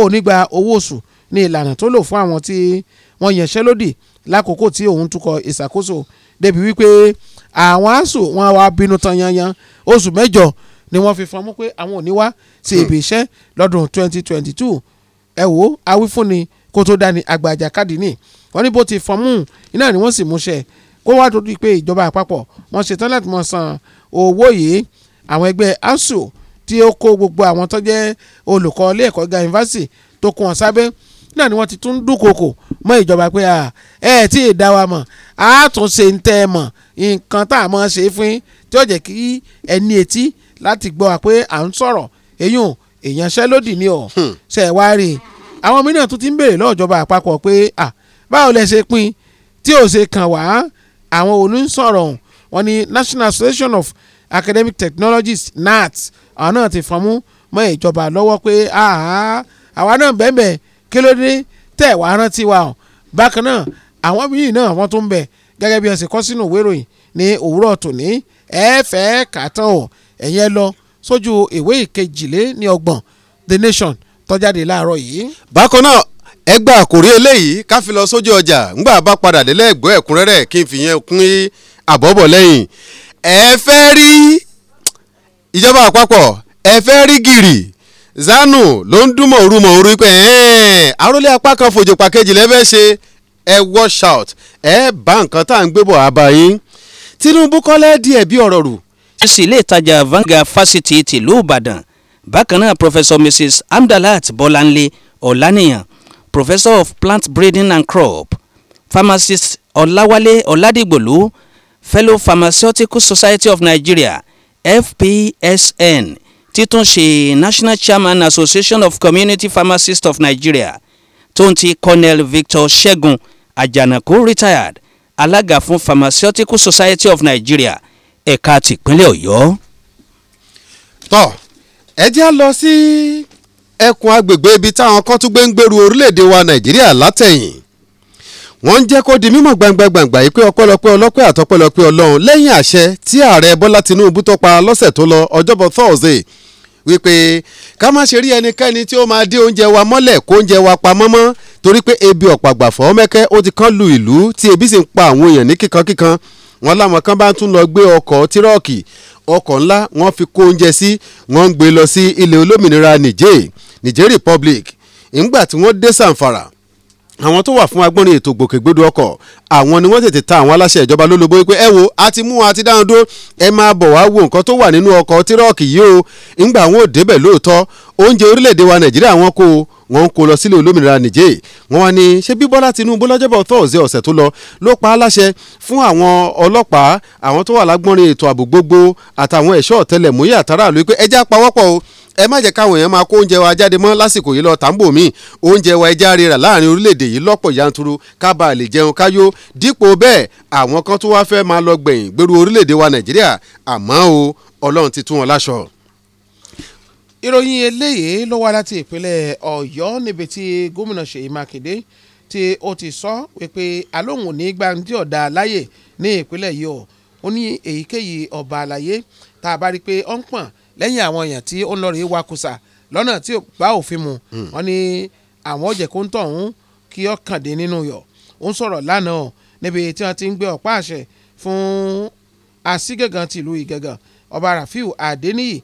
Speaker 10: ò ní gba owó oṣù ní ìlànà tó lò fún àwọn tí wọ́n yànṣẹ́ lódì lákòókò tí òun túkọ̀ ìṣàkóso débi wípé àwọn asuu wọn wá bínú tán yanyan oṣù mẹ́jọ ni wọ́n fi fọnmú pé àwọn ò ní wá sí ibi hmm. iṣẹ́ lọ́dún 2022 ẹ wo awífúnni kó tó dání àgbàjá káàdì ní wọ́n ní bó ti fọ́n mú iná ni wọ́n sì múṣẹ́ kó wá tó di pé ìjọba àpapọ̀ wọ́n ṣetán láti mọ̀ san owó yìí àwọn ẹgbẹ́ ASUU tí ó kó gbogbo àwọn tó jẹ́ olùkọ́ ilé ẹ̀kọ́ gíga yunifásitì tó kún wọn sábẹ́ náà ni wọ́n ti tún dúnkokò mọ́ ìjọba pé ẹ ẹ tí ì dá wa mọ̀ á tún ṣe ń tẹ́ ẹ mọ̀ nǹkan tá a mọ̀ ṣe fún tí ó jẹ́ kí ẹni etí láti gbọ́ wa pé à ń sọ̀rọ̀ eyín ìyanṣẹ́lódì ni ọ̀ hmm. ṣe wá rí i àwọn mìíràn tún ti ń béèrè lọ́jọba àpapọ̀ pé ah báwo lẹ ṣe pín tí ò ṣe kàn wá àwọn olùsọ̀rọ̀ wọn ni National Association of Academic Technologists NAT àwọn náà ti fọnmú mọ́ ìjọba lọ́wọ́ pé àwa náà bẹ́ẹ̀ kí ló dé tẹ̀ wá rántí wa ọ̀ bákan náà àwọn míì náà wọ́n tún bẹ̀ gẹ́gẹ́ bí ọ̀sẹ̀ kọ́ sínú ìwé ìròyìn ní òwúrọ̀ tòní ẹ̀ẹ́fẹ̀ẹ́ kàtàn ọ̀ ẹ̀yẹn lọ sójú ìwé ìkejìlé ní ọgbọ̀n The Nation tó jáde láàárọ̀ yìí.
Speaker 9: bákan náà ẹ gba àkórí eléyìí ká fi lọ sójú ọjà ńgbà bá padà délé ẹ̀gbọ́ ẹ̀kúnrẹ́rẹ́ kí n fi yẹn kún àbọ̀bọ̀ lẹ́yìn ẹ fẹ́ rí ìjọba àpapọ̀ ẹ fẹ́ rí gìrì zanu ló ń dún mọ̀ọ́rú mọ̀ọ́rú pé àròlé apá kan fòjò pàkejì lẹ́fẹ́ ṣe ẹ wash out ẹ bá nǹkan tá à ń gbé
Speaker 14: bọ̀ Tinubu kọ́lẹ́ di bí ọ̀rọ̀ rù. ṣíṣí ilé ìtajà Vanguard fásitì tìlú Ìbàdàn bákan náà Professor Mrs. Amdalat Bọ́láńlé Ọ̀lànìyàn professor of plant breeding and crop pharmacist ọ̀làwálé ọ̀làdìgbòlú fellow pharmaceutical society of nigeria fpsn títúnṣe national chairman association of community pharmacists of nigeria tó ń ti colonel victor ṣẹ́gun àjànàkú retired alága fún pharmaceutical society of nigeria ẹ̀ka tìpínlẹ̀ ọ̀yọ́. tọ́ ẹ jẹ́ lọ sí ẹkùn agbègbè ibi táwọn kan tún gbé ń gbèrú orílẹ̀-èdè
Speaker 9: wa nàìjíríà látẹ̀yìn wọ́n ń jẹ́ kó di mímọ̀ gbangbangba yìí pé ọpẹ́lọpẹ́ ọlọ́pẹ́ àtọpẹ́lọpẹ́ ọlọ́run lẹ́yìn àṣẹ tí ààrẹ bọ́lá tinubu tó pa lọ́sẹ̀ tó lọ ọjọ́bọ̀ thursday wípé ká má ṣe rí ẹnikẹ́ni tí ó máa dí oúnjẹ wa mọ́lẹ̀ kó oúnjẹ wa pamọ́ mọ́ torí pé ebi ọ̀pàgbàfọ́ mẹ́kẹ́ ó ti kán lu ìlú tí ebi sì ń pa àwọn èèyàn ní kíkankíkan wọ́n láwọn kan bá tún lọ gbé ọkọ̀ tírọ́ọ̀kì ọkọ̀ ńlá wọ́n fi kó oúnjẹ sí wọ́n ń gbé lọ sí ilẹ̀ olómìnira Niger Niger Republic ìgbà tí wọ́n dé Sàǹfàrà àwọn tó wà fún agbọ́nrin ètò gbòkègbodò ọkọ̀ àwọn ni wọ́n tètè ta àwọn aláṣẹ ìjọba lólobó pé ẹ wo a ti mú wọn a ti dáhùn dúró ẹ máa bọ̀ wá wo nǹkan tó wà nínú ọkọ̀ tírọ́ọ̀kì yìí o ńgbà wọn ò débẹ̀ lóòótọ́ oúnjẹ orílẹ̀-èdè wa Nàìjíríà wọn kó wọ́n ń kó lọ sílé olómìnira Niger wọ́n wá ní ṣé bí Bọ́lá Tinubu lọ́jọ́bọ̀ tọ́ọ̀sẹ̀ ọ̀sẹ̀ tó lọ ló pa á láṣẹ fún àwọn ọlọ́pàá àwọn tó wà lágbọ́nrin ètò ààbò gbogbo àtàwọn ẹ̀ṣọ́ ọ̀tẹlẹ̀múyẹ́ àtàràlú pé ẹjẹ́ àpawọ́pọ̀ o ẹ má jẹ́ káwọn èèyàn máa kó oúnjẹ wa jáde mọ́ lásìkò yìí lọ tàǹbò míì oúnjẹ wa ẹja rira, láàrin orílẹ̀-èdè yìí lọ́pọ̀ yanturu ká bá lè jẹun káyó dípò bẹ́ẹ̀ àwọn kan tó wá fẹ́ máa lọ gbẹ̀yìn gbèrú orílẹ̀-èdè wa Nàìjíríà àmọ́ o Ọlọ́run ti tú wọn láṣọ
Speaker 10: ìròyìn eléyìí ló wá láti ìpínlẹ̀ ọ̀yọ́ níbi tí gómìnà ṣèyí mákindé tí ó ti sọ wípé alóhùn ní gbàǹdí ọ̀dà láyè ní ìpínlẹ̀ yìí ọ̀ ó ní èyíkéyìí ọba àlàyé tá a bá rí i pé ó ń pọ̀n lẹ́yìn àwọn èèyàn tí ó ń lọ rèé wakùsà lọ́nà tí ó bá òfin mu hmm. wọ́n ní àwọn ọ̀jẹ̀ kó ń tọ̀ ọ̀hún kí ó kàn dé nínú yọ̀ ó ń sọ̀rọ̀ lánàá níbi tí wọ́n ti ń gbé ọ̀pá àṣẹ fún asígàngàn tìlú ìgàngàn ọba rafiu adeniyi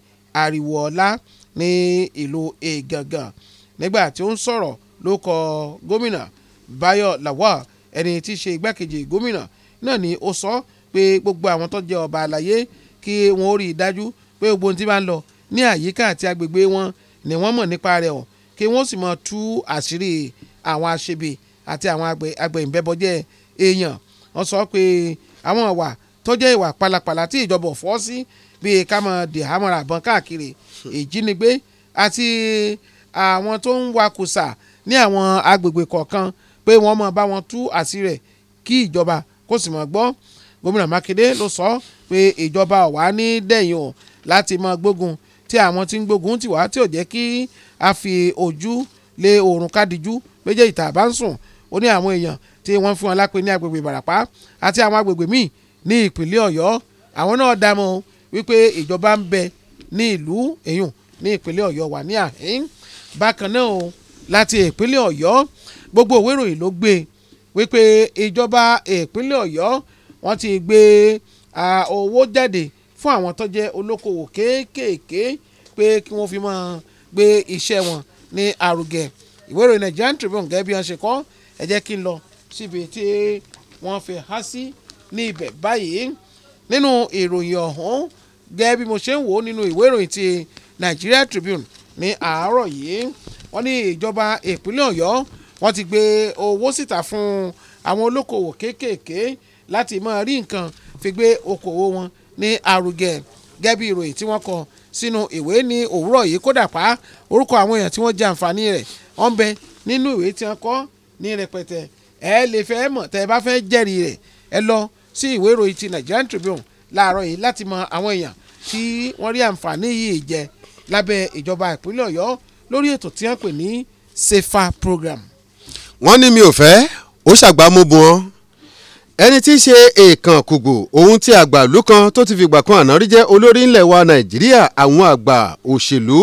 Speaker 10: ariwoọlá ní ìlú Ìgangan nígbà tí ó ń sọ̀rọ̀ ló kọ gómìnà Bayo Lawal ẹni tí í ṣe igbákejì gómìnà náà ni ó sọ pé gbogbo àwọn tó jẹ ọba àlàyé kí wọ́n rí i dájú pé gbogbo ohun tí bá ń lọ ní àyíká àti agbègbè wọn ni wọ́n mọ̀ nípa rẹ̀ ọ̀ kí wọ́n sì mọ̀ tú àṣírí àwọn aṣebi àti àwọn agbẹ̀yìnbẹ́bọjẹ́ èèyàn wọ́n sọ pé àwọn ìwà tó jẹ́ ìwà pálapàla tí ìjọba ò fọ́ sí bíi ká máa dìhámọ́ra àbọ̀n káàkiri ìjínigbé àti àwọn tó ń wakùsà ní àwọn agbègbè kọ̀ọ̀kan pé wọ́n mọ̀ bá wọn tú àti rẹ̀ kí ìjọba kó sì mọ̀ gbọ́ gómìnà Mákindé ló sọ pé ìjọba ọ̀wá ní dẹ̀yìn o láti mọ gbógun tí àwọn tí ń gbógun ti wá tí ò jẹ́ kí a fi ojú lé oòrùn kádìjú méjèèjì tá a bá ń sùn ó ní àwọn èèyàn tí wọ́n fún wọn lápè ní agbègbè Ìbàràpá àti àwọn agbègbè míì ní ìpínlẹ̀ Ọ̀yọ́ àwọn náà dá mọ́ wípé ìjọba ń bẹ ní ìlú èyùn ní ìpínlẹ̀ ọ̀yọ́ wà ní àhín bákan náà o láti ìpínlẹ̀ ọ̀yọ́ gbogbo òwe ìròyìn ló gbé wípé ìjọba ìpínlẹ̀ ọ̀yọ́ wọ́n ti gbé owó jáde fún àwọn tó jẹ́ olókoòwò kéékèèké pé kí wọ́n fi máa gbé iṣẹ́ wọn ní àrùgẹ ìwé ìròyìn Nigerian Tribune gẹ́gẹ́ bí wọ́n ṣe kọ ẹ jẹ́ kí n lọ síbi tí wọ́n fi há sí ní ibẹ̀ báyìí nínú ìròyìn ọ̀hún gẹ́gẹ́ bí mo ṣe ń wò ó nínú ìwé ìròyìn ti Nigeria Tribune ní àárọ̀ yìí wọ́n ní ìjọba ìpínlẹ̀ Ọ̀yọ́ wọ́n ti gbé owó síta fún àwọn olókoòwò kéékèèké láti máa rí nǹkan fi gbé okòwò wọn ní arugẹ gẹ́gẹ́ bí ìròyìn tí wọ́n kọ sínú ìwé ní òwúrọ̀ yìí kódà pa orúkọ àwọn èèyàn tí wọ́n jẹ àǹfààní rẹ̀ wọ́n bẹ nínú ìwé tí wọ́n kọ ní rẹpẹtẹ ẹ lè fẹ́ mọ̀ tẹ́ ẹ bá fẹ́ jẹ́rìí rẹ̀ ẹ lọ sí ìwé ìròyìn ti Nigerian Tribune láàárọ̀ yìí láti mọ àwọn èèyàn tí wọ́n rí àǹfààní yìí jẹ lábẹ́ ìjọba ìpínlẹ̀ ọ̀yọ́ lórí ètò tí wọ́n pè ní sefa program.
Speaker 9: wọ́n ní mi ò fẹ́ ó ṣàgbámúbu wọn ẹni tí í ṣe èèkàn kùgbò ohun tí àgbàlú kan tó ti fìgbà kan àná rí jẹ́ olórí ńlẹ̀ wa nàìjíríà àwọn àgbà òṣèlú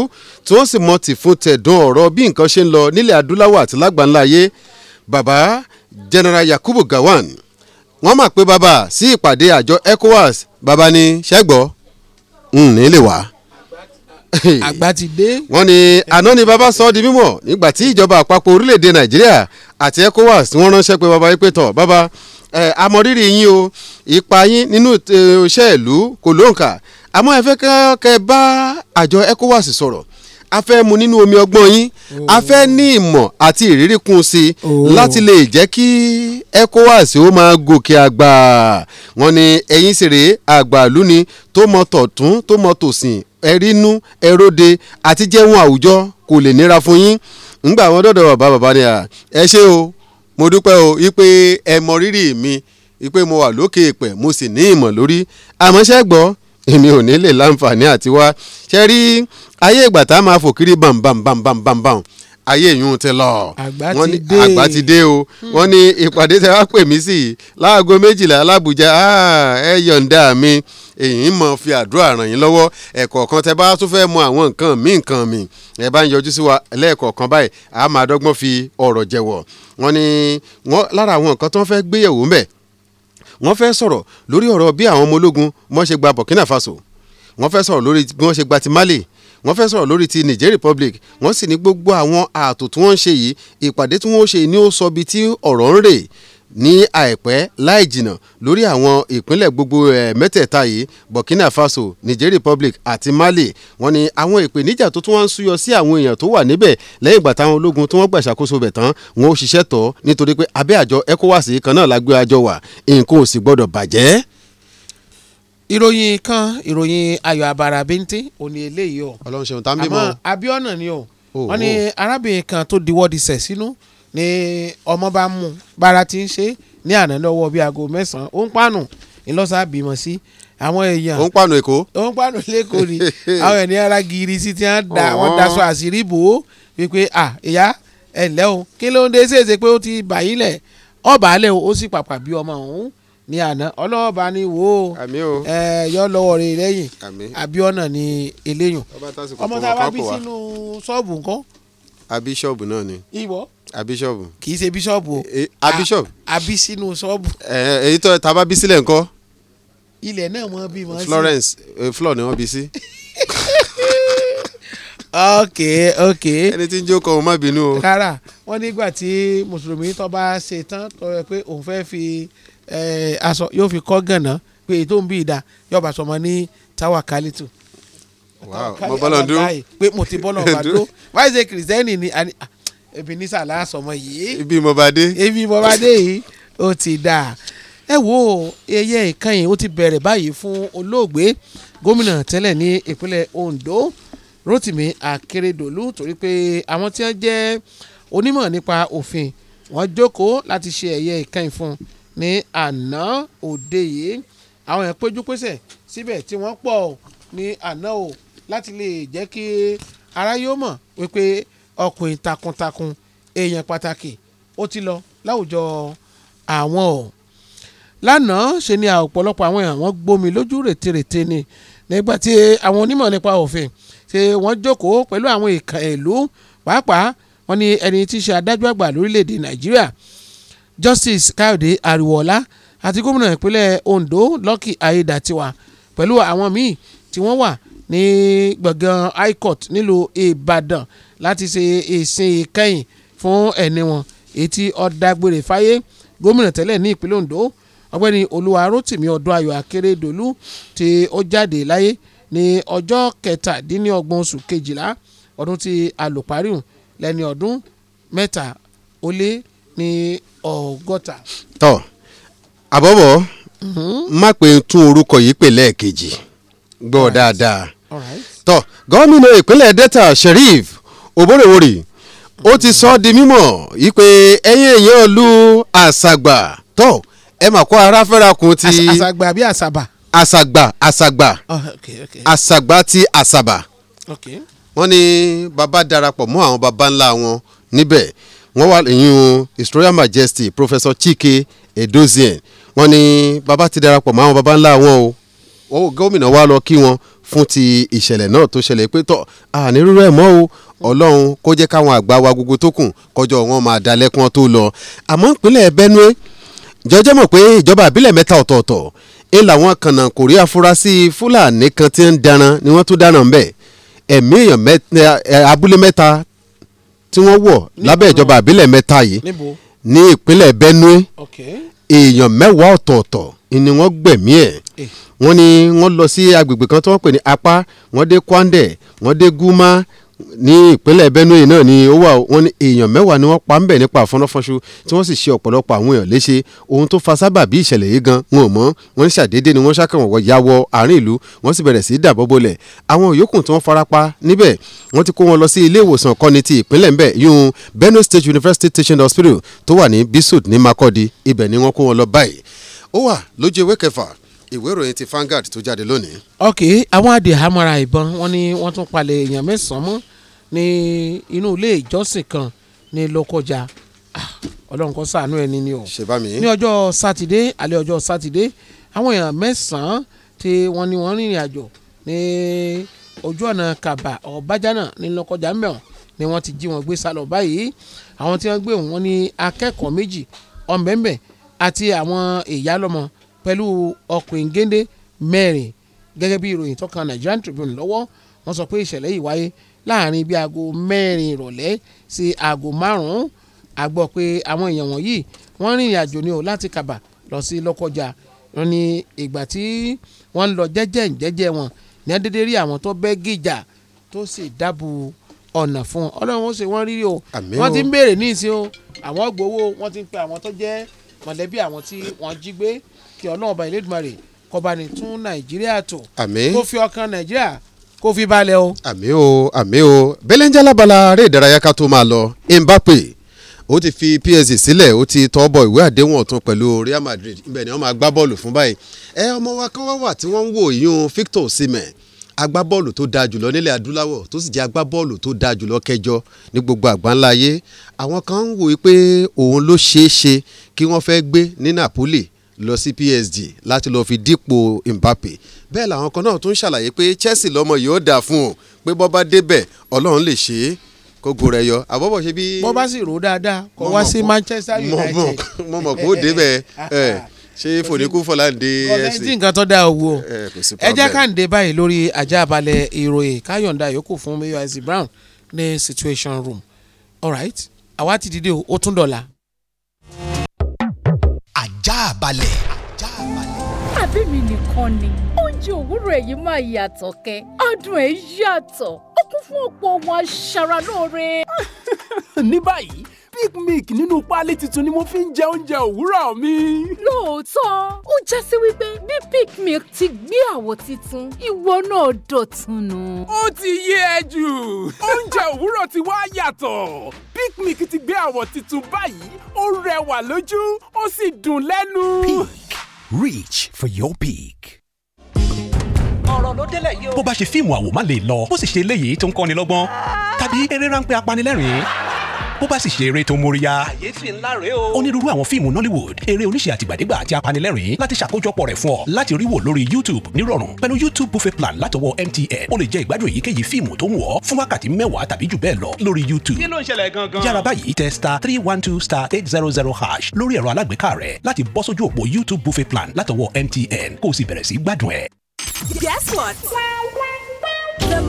Speaker 9: tí wọ́n sì mọ tìfún tẹ̀dùn ọ̀rọ̀ bí nǹkan ṣe ń lọ nílẹ̀ adúláwọ̀ àti lágbàńlá ayé baba general yakubu gawon wọ́n mà pé bàbá sí ìpàdé àjọ ECOWAS bàbá ní ṣẹ́gbọ́ ní lè wá. àgbà ti dé. wọ́n ní àná ni bàbá sọ ọ́ di mímọ̀ nígbà tí ìjọba àpapọ̀ orílẹ̀-èdè nàìjíríà àti ECOWAS wọ́n ránṣẹ́ pé bàbá yìí pé tọ̀ bàbá àmọ̀rírì yín o ipa yín nínú iṣẹ́ ìlú kò lóǹkà àmọ́ ẹ fẹ́ kẹ́ bá àjọ ECOWAS sọ̀rọ̀ a fẹ́ mu nínú omi ọgbọ́n yín a fẹ́ oh. ní ìmọ̀ àti ìrírí kún sí i oh. láti lè jẹ́ kí ECOWAS ó máa gòkè àgbà wọ́n ní ẹ̀yin sì rèé àgbàlú ni tó mọ tọ̀tún tó mọ tòsìn ẹ̀rínú ẹ̀ròde àti jẹ́wọ́n àwùjọ kò lè níra fún yín ńgbà wọn dọ̀dọ̀ bàbá bàbá ni à ẹ ṣé o mo dúpẹ́ o ipe ẹ rírì mi ipe mo wà lókè èèpẹ̀ mo sì ní ìmọ̀ lórí àmọ́ ṣẹ́ gbọ́ èmi ò ní lè láǹfààní àti wá ṣe rí ayé ìgbà tá a máa fò kiri bàǹbàǹbàǹbàǹbàǹ ayé ìyún ti lọ àgbà ti dé o hmm. wọ́n ní ìpàdé tẹ wá pè mí sí láago méjìlá lábùjá ẹ yọ̀ǹda mi èyí mọ̀ fi àdúrà ràn yín lọ́wọ́ ẹ̀kọ̀ọ̀kan tẹ bá tún fẹ́ mọ àwọn nǹkan míì nǹkan mi ẹ bá ń yọjú sí wa lẹ́ẹ̀kọ̀ọ̀kan báyìí a máa dọ́gbọ́n fi ọ̀rọ̀ jẹ̀wọ̀ wọ́n ní lára àwọn nǹkan tó ń fẹ́ gbéyẹ̀wò mẹ́ẹ̀ wọ́n fẹ́ sọ̀rọ̀ lórí ọ̀rọ̀ bí àwọn ọmọ ológun wọ́n ṣe gba Burkina Faso wọ́n fẹ́ sọ̀rọ̀ lórí bí wọ́n ṣe gba ti Mali wọ́n fẹ́ sọ̀rọ̀ lórí ti Niger Republic wọ́n sì ní gbogbo àwọn ààtò tí wọ́n ń ṣe yìí ìpàdé tí wọ́n ṣe ni ó sọ bí tí ọ̀rọ̀ ń rè ní àìpẹ́ láì jìnnà lórí àwọn ìpínlẹ̀ gbogbo ẹ̀ mẹ́tẹ̀ẹ̀ta yìí burkina faso niger republic àti mali wọ́n ní àwọn ìpèníjà tó tún wá ń súyọ sí àwọn èèyàn tó wà níbẹ̀ lẹ́yìn ìgbà táwọn ológun tí wọ́n gbà ṣàkóso bẹ̀ tán wọn ò ṣiṣẹ́ tọ́ nítorí pé abẹ́ àjọ ecowas kan náà la gbé àjọ wà nǹkan ò sì gbọ́dọ̀ bàjẹ́.
Speaker 10: ìròyìn kan ìròyìn ayọ̀ àbàrà bíntín òní eléyìí o ọlọ́run ṣeun ni ọmọ bá mú bára ti ń ṣe ní àná lọ́wọ́ bíi aago mẹ́sàn-án ó ń pàánù ńlọ́sà bímọ sí àwọn èèyàn ó ń pàánù èkó ó ń pàánù lẹ́kọ̀ọ́ ni àwọn ènìyàn ara gírí sí ti wọ́n daṣọ àṣírí bò ó wípé à ìyá ẹ̀ ǹlẹ́ o kí ló ń dé ṣèṣe pé ó ti bàyí lẹ̀ ọ̀bà alẹ́ o ó sì pàpà bí ọmọ òun ní àná ọlọ́ọ̀bá ni wò ó ẹ yọ lọ́wọ́ rẹ lẹ́yìn àbíọ́nà ni eléyìn ọmọ tá a bá bí sínú ṣọ́ọ̀bù nǹkan.
Speaker 9: àbí ṣọ́ọ̀bù náà ni. ìwọ abíṣọ́ọ̀bù. kì í ṣe bíṣọ́ọ̀bù o. abíṣọ́ọ̀bù. abí sínú ṣọ́ọ̀bù. èyí tó ta bá bí sílẹ̀ ńkọ́.
Speaker 10: ilẹ̀ náà wọ́n bí wọ́n sí. Florence
Speaker 9: eh, flor ni wọ́n bí sí. ok ok. ẹni tí ń jókòó ọmọ má bínú o.
Speaker 10: rárá wọ́n nígbà tí mùsùlùmí tó bá ṣe tán tó yẹ pé òun fẹ́ fi aṣọ yóò fi kọ́ gànà pé èyí tó ń bí ìdá yóò bá sọmọ ní tawakalitu mo bọ́lọ̀ dúró pé mo ti bọ́lọ̀ wá dúró wáyé ṣe kìrìsìtẹ́nì ni Ebenezer lásọmọ yìí. ibi mo bá dé. ibi mo bá dé yìí ó ti dà ẹ wo ẹyẹ ìkànnì ó ti bẹ̀rẹ̀ báyìí fún olóògbé gómìnà tẹ́lẹ̀ ní ìpínlẹ̀ Ondo Rotimi Akeredolu torí pé àwọn tí wọ́n jẹ́ onímọ̀ nípa òfin wọ́n jókòó láti ṣe ẹ̀yẹ ìkànnì fún ní àná òde yìí àwọn yẹn péjú pésẹ̀ síbẹ̀ tí wọ́n pọ̀ ní àná o láti lè jẹ́ kí aráyé ó mọ̀ wípé ọkùnrin takuntakun èèyàn pàtàkì ó ti lọ láwùjọ àwọn ọ̀ lánàá ṣe ni ọ̀pọ̀lọpọ̀ àwọn èèyàn wọ́n gbómi lójú rètérètè ni nígbà tí àwọn onímọ̀ nípa òfin ṣe wọ́n jókòó pẹ̀lú àwọn ìkà ìlú pàápàá wọ́n ní ẹni tí í ṣe adájọ́ àgbà lórílẹ̀‐èdè nàìjíríà Justice Káyọ̀dé Àríwọ̀lá àti gómìnà ìpínlẹ̀ Ondo Lucky Aiyedatiwa pẹ̀lú àwọn míì tí wọ́n wà ní gbọ̀ngàn High Court nílùú Ìbàdàn láti ṣe ìsìn ìkẹyìn fún ẹni wọn etí ọ̀dàgbére fáyé gómìnà tẹ́lẹ̀ ní ìpínlẹ̀ Ondo ọ̀gbẹ́ni Olúwarótìmí Ọdúnayọ̀ Akérèdọ́lù tí ó jáde láyé ní ọjọ́ kẹtàdínlọ́gbọ̀n oṣù kejìlá ọdún tí a lò parí hùn lẹ́ni ọdún mẹ́ta ó lé ní ọgọ́ta.
Speaker 9: tọ àbọ̀bọ̀ mm-hmm. má pe tún orúkọ yìí pè lẹ́ẹ̀kejì gbọ́ dáadáa tọ gómìnà ìpínlẹ̀ Delta Sheriff òbórèworè ó ti sọ ọ́ di mímọ̀ yìí pé ẹ̀yin èèyàn lu àṣàgbà tó ẹ mà kó ara fẹ́ra kun ti. àṣàgbà àbí àṣàbà. àṣàgbà àṣàgbà oh, àṣàgbà ti àṣàbà. wọ́n ní bàbá darapọ̀ mọ́ àwọn bàbá ńlá wọn níbẹ̀ wọ́n wà lẹ́yìn o his royal majesty professor chike edozien wọ́n ní bàbá ti darapọ̀ mọ́ àwọn bàbá ńlá wọn o ó gómìnà wa lọ kí wọn fún ti ìṣẹ̀lẹ̀ náà tó ṣẹlẹ̀ pé tọ́ ànírúurú ẹ̀ mọ́ o ọlọ́run kó jẹ́ káwọn àgbà wa gbogbo tó kù kọjọ wọn máa dalẹ̀ kí wọ́n tó lọ àmọ́ ìpínlẹ̀ Benue jọjọ́ mọ̀ pé ìjọba àbílẹ̀ mẹ́ta ọ̀tọ̀ọ̀tọ̀ ń làwọn kànáà kò rí afurasí Fúlàní kan tí ń daran ni wọ́n tún dáràn bẹ́ẹ̀ ẹ̀mí èèyàn abúlé mẹ́ta tí wọ́n wọ̀ lábẹ́ ìjọba àbílẹ̀ mẹ́ta yìí ní ìpínlẹ̀ Benue èèyàn mẹ́wàá ọ̀tọ̀ọ̀tọ̀ ni wọ́n gbẹ̀mí ẹ̀ eh. wọ́n ní wọ́n lọ sí agbègbè kan tí wọ́n pè ní apá wọ́n dé kwande wọ́n dé guma ní ìpínlẹ̀ benue náà ni ó wà wọ́n ní èèyàn mẹ́wàá ni wọ́n pa ń bẹ̀ nípa àfọ́nàfọ́nṣu tí wọ́n sì ṣe ọ̀pọ̀lọpọ̀ àwọn èèyàn léṣe ohun tó fa sábàbí ìṣẹ̀lẹ̀ yìí gan wọn ò mọ̀ wọ́n ní ṣàdédé ni wọ́n ṣàkàwọ̀ wọ ya wọ àárín ìlú wọ́n sì bẹ̀rẹ̀ sí í dàbọ̀ bolẹ̀ àwọn yòókù tí wọ́n farapa níbẹ̀ wọ́n ti kó wọn lọ sí ilé ìwòsàn kọ́ni ti ìpínlẹ̀ ńbẹ̀ yún benue state university teaching hospital tó wà ní bisut ní makurdi ibẹ̀ ni wọ́n kó wọn lọ báyìí ó wà lójú ìwé kẹfà ìwé ìròyìn ti Vanguard tó jáde lónìí.
Speaker 10: ok àwọn adìhámọ́ra ìbọn wọn ni wọ́n tún palẹ̀ èèyàn mẹ́sàn-án mọ́ ní inú ilé ìjọsìn kan ní Lókọ́jà ah, ọlọ́run kó ṣàánú ẹni ni o. ṣe bá mi. ní ọjọ́ sátidé alẹ́ ọjọ́ sátidé àwọn èèyàn mẹ́sàn-án tí wọ́n ní wọ́n rìnrìn àjò ní ojú ọ̀nà kàbà ọ̀bájánà ní Lókọ́jà mẹ́wọ̀n ni wọ́n ti jí wọn gbé sálọ báyìí àwọn tí wọ́n gbé wọn ní akẹ́kọ̀ọ́ méjì ọ̀mẹ́mẹ́ àti àwọn ìyálọ́mọ pẹ̀lú ọkùnrin géńdé mẹ́rin gẹ́gẹ́ bí ìròyìn tó kan Nigerian Tribune lọ́wọ́ wọ́n sọ pé ìṣẹ̀lẹ̀ yìí wáyé láàrin bíi aago mẹ́rin ìrọ̀lẹ́ sí aago márùn-ún a gbọ́ pé àwọn èèyàn wọ̀nyí wọ́n rìnrìn àjò ni o láti Kàbà lọ sí Lọ́kọ́jà wọn ni ìgbà tí wọ́n ń lọ jẹ́jẹ́ jẹ́jẹ́ wọn ní adédé rí àwọn tó bẹ́ gíjà tó sì dábù ọ̀nà fún ọlọ́run ó ṣe wọ́n rírí o wọ́n ti ń béèrè ní ìsìn o àwọn gbowó wọ́n ti ń pe àwọn tó jẹ́ mọ̀lẹ́bí àwọn tí wọ́n jí gbé kí ọlọ́run bá Elédùmarè kó ní tún nàìjíríà tò kó fi ọkàn nàìjíríà
Speaker 9: kó fi balẹ̀ o. àmín o àmín o bẹ́lẹ́njẹ́ lábala eré ìdárayá ká tó máa lọ Mbappe ó ti fi PSG sílẹ̀ ó ti tọ́ bọ ìwé àdéhùn ọ̀tún pẹ̀lú Real Madrid ibẹ̀ ni wọ́n máa gbá bọ́ọ̀lù fún báyìí ẹ ọmọ wa kan wà tí wọ́n ń wò yún Victor Osimhen agbábọ́ọ̀lù tó dáa jùlọ nílẹ̀ adúláwọ̀ tó sì jẹ́ agbábọ́ọ̀lù tó dáa jùlọ kẹjọ ní gbogbo àgbáńlá ayé àwọn kan ń wòye pé òun ló ṣeé ṣe kí wọ́n fẹ́ gbé ní Napoli lọ sí PSG láti lọ́ọ́ fi dípò Mbappe bẹ́ẹ̀ làwọn kan náà tún ṣàlàyé pé Chelsea lọ́mọ yìí ó dáa fún un pé bọ́ bá débẹ̀ Ọlọ́run lè ṣe é kógo rẹ yọ àbọ̀bọ̀ ṣe bí. bọ́ bá sì rò dáadáa kó wá sí
Speaker 10: Manchester United.
Speaker 9: mo mọ̀ kó débẹ̀ ẹ̀ ṣé fòdekú fọláǹde ẹsẹ kọmẹntì nǹkan tó dáa owó eh, ẹ
Speaker 10: jẹ́ báyìí lórí àjàbalẹ̀ ìròyìn káyọ̀ǹda yòókù fún mayor brown ní situation room alright àwa ti dìde ó tún dọ̀la. àjàbalẹ̀. àbí
Speaker 4: mi nìkan ni oúnjẹ òwúrọ̀ èyí máa yàtọ̀ kẹ́ adùn ẹ̀ yàtọ̀
Speaker 8: ó kún fún ọ̀pọ̀ ohun aṣaralóore. ní báyìí big milk nínú páálí tuntun ni mo fi ń jẹ oúnjẹ òwúrọ̀ mi. lóòótọ́ ó já sí wípé bí big milk ti gbé àwọ̀ titun ìwọ náà dọ̀tun nù. ó ti yé ẹ jù oúnjẹ òwúrọ̀ ti wá yàtọ̀ big ti gbé àwọ̀ titun báyìí ó rẹwà lójú ó sì dùn lẹ́nu. reach for your peak ọ̀rọ̀ ló délẹ̀ yìí o. bó bá ṣe fíìmù àwòmá lè lọ bó sì ṣe eléyìí tó ń kọ́ni lọ́gbọ́n ah. tàbí eré ráńpẹ́ apanilẹ́rìn-ín bó bá sì ṣe eré tó móríyá.
Speaker 12: àyèsí
Speaker 14: ńlá rèé
Speaker 8: o. onírúurú àwọn fíìmù Nollywood eré oníṣe àtìgbàdégbà àti apanilẹ́rìn láti ṣàkójọpọ̀ rẹ̀ fún ọ láti rí wò lórí YouTube nírọ̀rùn pẹ̀lú YouTube buffet plan látọwọ́ MTN o lè jẹ ìgbádùn èyíkéyìí fíìmù tó ń wọ̀ fún wákàtí mẹ́wàá tàbí jù bẹ́ẹ̀ lọ lórí
Speaker 14: YouTube. kí ló ń ṣẹlẹ̀ gangan? yára
Speaker 8: báyìí tẹ star three one two star eight zero zero hash lórí ẹ̀rọ alágbèéká rẹ láti bọ́ YouTube buffet plan látọwọ́ MTN kó o sì
Speaker 4: Guess what?